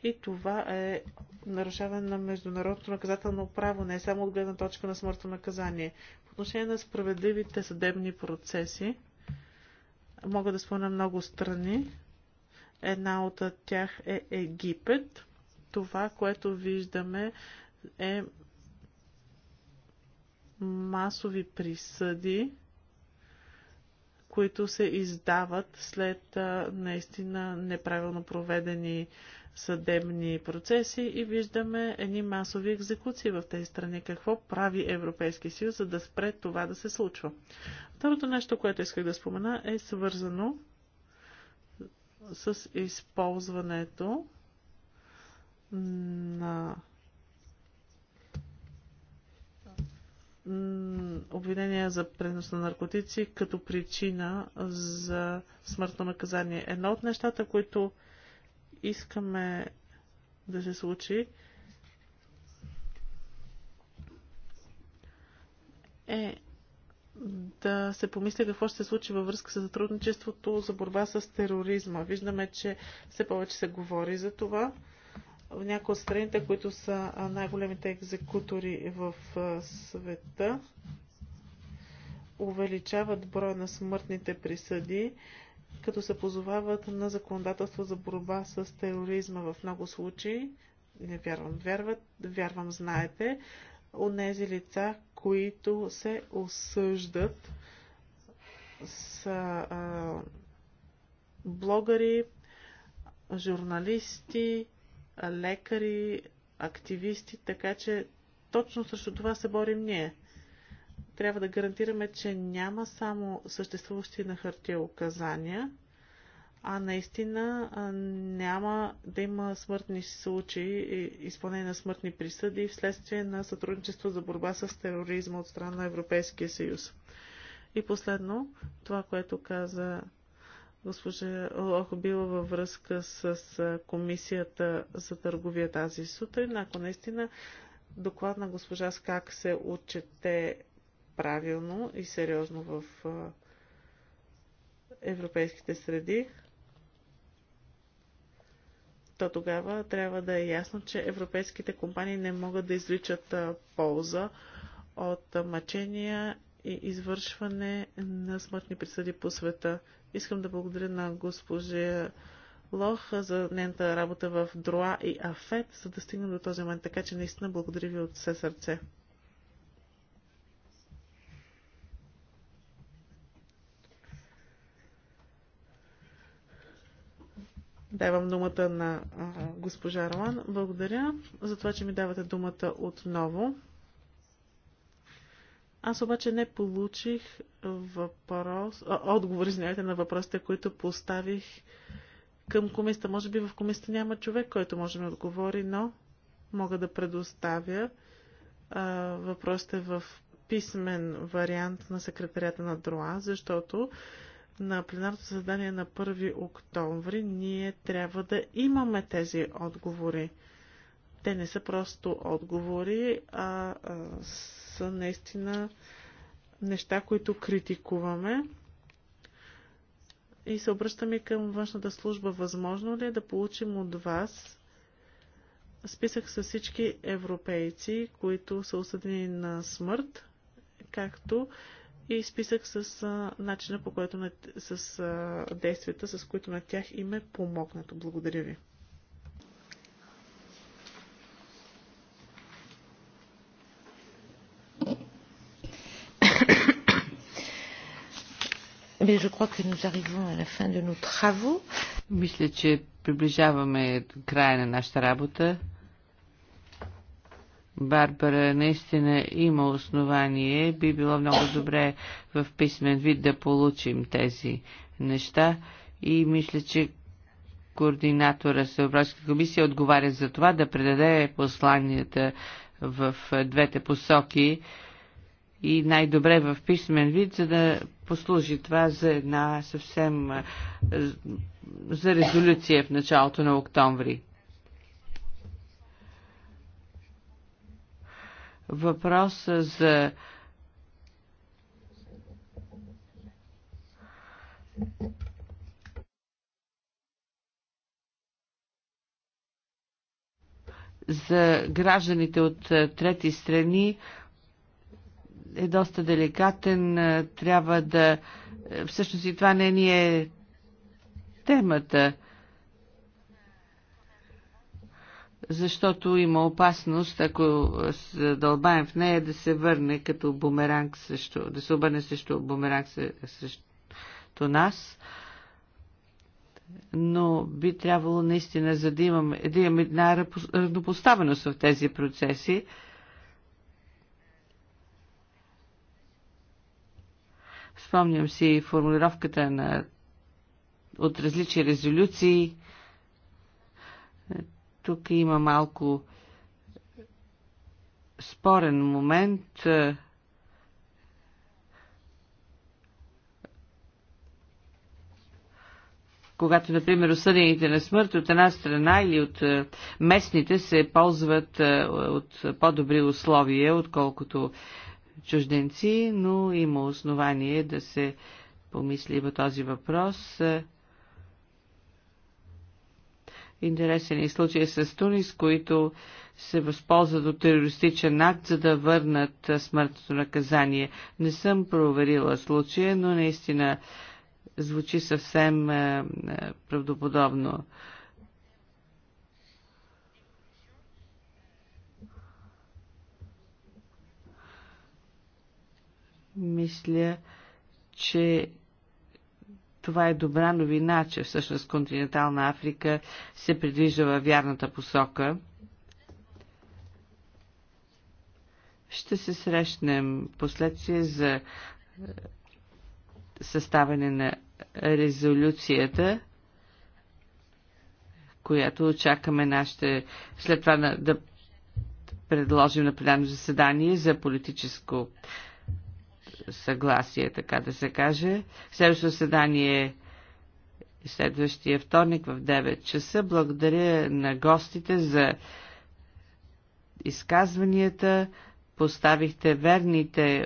И това е нарушаване на международното наказателно право, не само от гледна точка на смъртно наказание. По отношение на справедливите съдебни процеси, мога да спомена много страни. Една от тях е Египет това, което виждаме е масови присъди, които се издават след наистина неправилно проведени съдебни процеси и виждаме едни масови екзекуции в тези страни. Какво прави Европейски съюз, за да спре това да се случва? Второто нещо, което исках да спомена, е свързано с използването на обвинения за пренос на наркотици като причина за смъртно наказание. Едно от нещата, които искаме да се случи, е да се помисли какво ще се случи във връзка с сътрудничеството за борба с тероризма. Виждаме, че все повече се говори за това някои от страните, които са най-големите екзекутори в света, увеличават броя на смъртните присъди, като се позовават на законодателство за борба с тероризма в много случаи. Не вярвам, вярват, вярвам, знаете, от тези лица, които се осъждат с а, блогъри, журналисти, лекари, активисти, така че точно срещу това се борим ние. Трябва да гарантираме, че няма само съществуващи на хартия указания, а наистина няма да има смъртни случаи изпълнение на смъртни присъди вследствие на сътрудничество за борба с тероризма от страна на Европейския съюз. И последно, това, което каза госпожа Лохо била във връзка с комисията за търговия тази сутрин. Ако наистина доклад на госпожа Скак се отчете правилно и сериозно в европейските среди, то тогава трябва да е ясно, че европейските компании не могат да изличат полза от мъчения и извършване на смъртни присъди по света. Искам да благодаря на госпожа Лох за нейната работа в Дроа и Афет, за да стигнем до този момент. Така че наистина благодаря ви от все сърце. Давам думата на госпожа Роман. Благодаря за това, че ми давате думата отново. Аз обаче не получих въпрос, а, отговор, извинявайте, на въпросите, които поставих към комисията. Може би в комисията няма човек, който може да ми отговори, но мога да предоставя а, въпросите в писмен вариант на секретарията на ДРОА, защото на пленарното заседание на 1 октомври ние трябва да имаме тези отговори. Те не са просто отговори, а, а са наистина неща, които критикуваме. И се обръщаме към външната служба. Възможно ли е да получим от вас списък с всички европейци, които са осъдени на смърт, както и списък с а, начина по който на, с а, действията, с които на тях им е помогнато. Благодаря ви.
je crois que nous arrivons à la fin de nos travaux.
Мисля, че приближаваме края на нашата работа. Барбара, наистина има основание. Би било много добре в писмен вид да получим тези неща и мисля, че координатора с Европейската комисия отговаря за това да предаде посланията в двете посоки и най-добре в писмен вид, за да послужи това за една съвсем за резолюция в началото на октомври. Въпроса за за гражданите от трети страни е доста деликатен. Трябва да. Е, всъщност и това не ни е темата. Защото има опасност, ако се дълбаем в нея, да се върне като бумеранг също, да се обърне също бумеранг срещу нас но би трябвало наистина, за да имаме, да имаме една равнопоставеност в тези процеси, Спомням си формулировката на, от различни резолюции. Тук има малко спорен момент. когато, например, осъдените на смърт от една страна или от е, местните се ползват е, от по-добри условия, отколкото чужденци, но има основание да се помисли по този въпрос. Интересен е случай с Тунис, които се възползват от терористичен акт, за да върнат смъртното наказание. Не съм проверила случая, но наистина звучи съвсем е, е, правдоподобно. Мисля, че това е добра новина, че всъщност континентална Африка се придвижва във вярната посока. Ще се срещнем последствие за е, съставане на резолюцията, която очакаме нашите, след това да предложим на пленарно заседание за политическо съгласие, така да се каже. Следващото заседание е следващия вторник в 9 часа. Благодаря на гостите за изказванията. Поставихте верните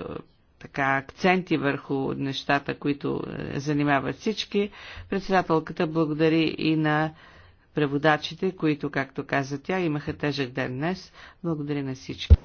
така акценти върху нещата, които е, занимават всички. Председателката благодари и на преводачите, които, както каза тя, имаха тежък ден днес. Благодаря на всички.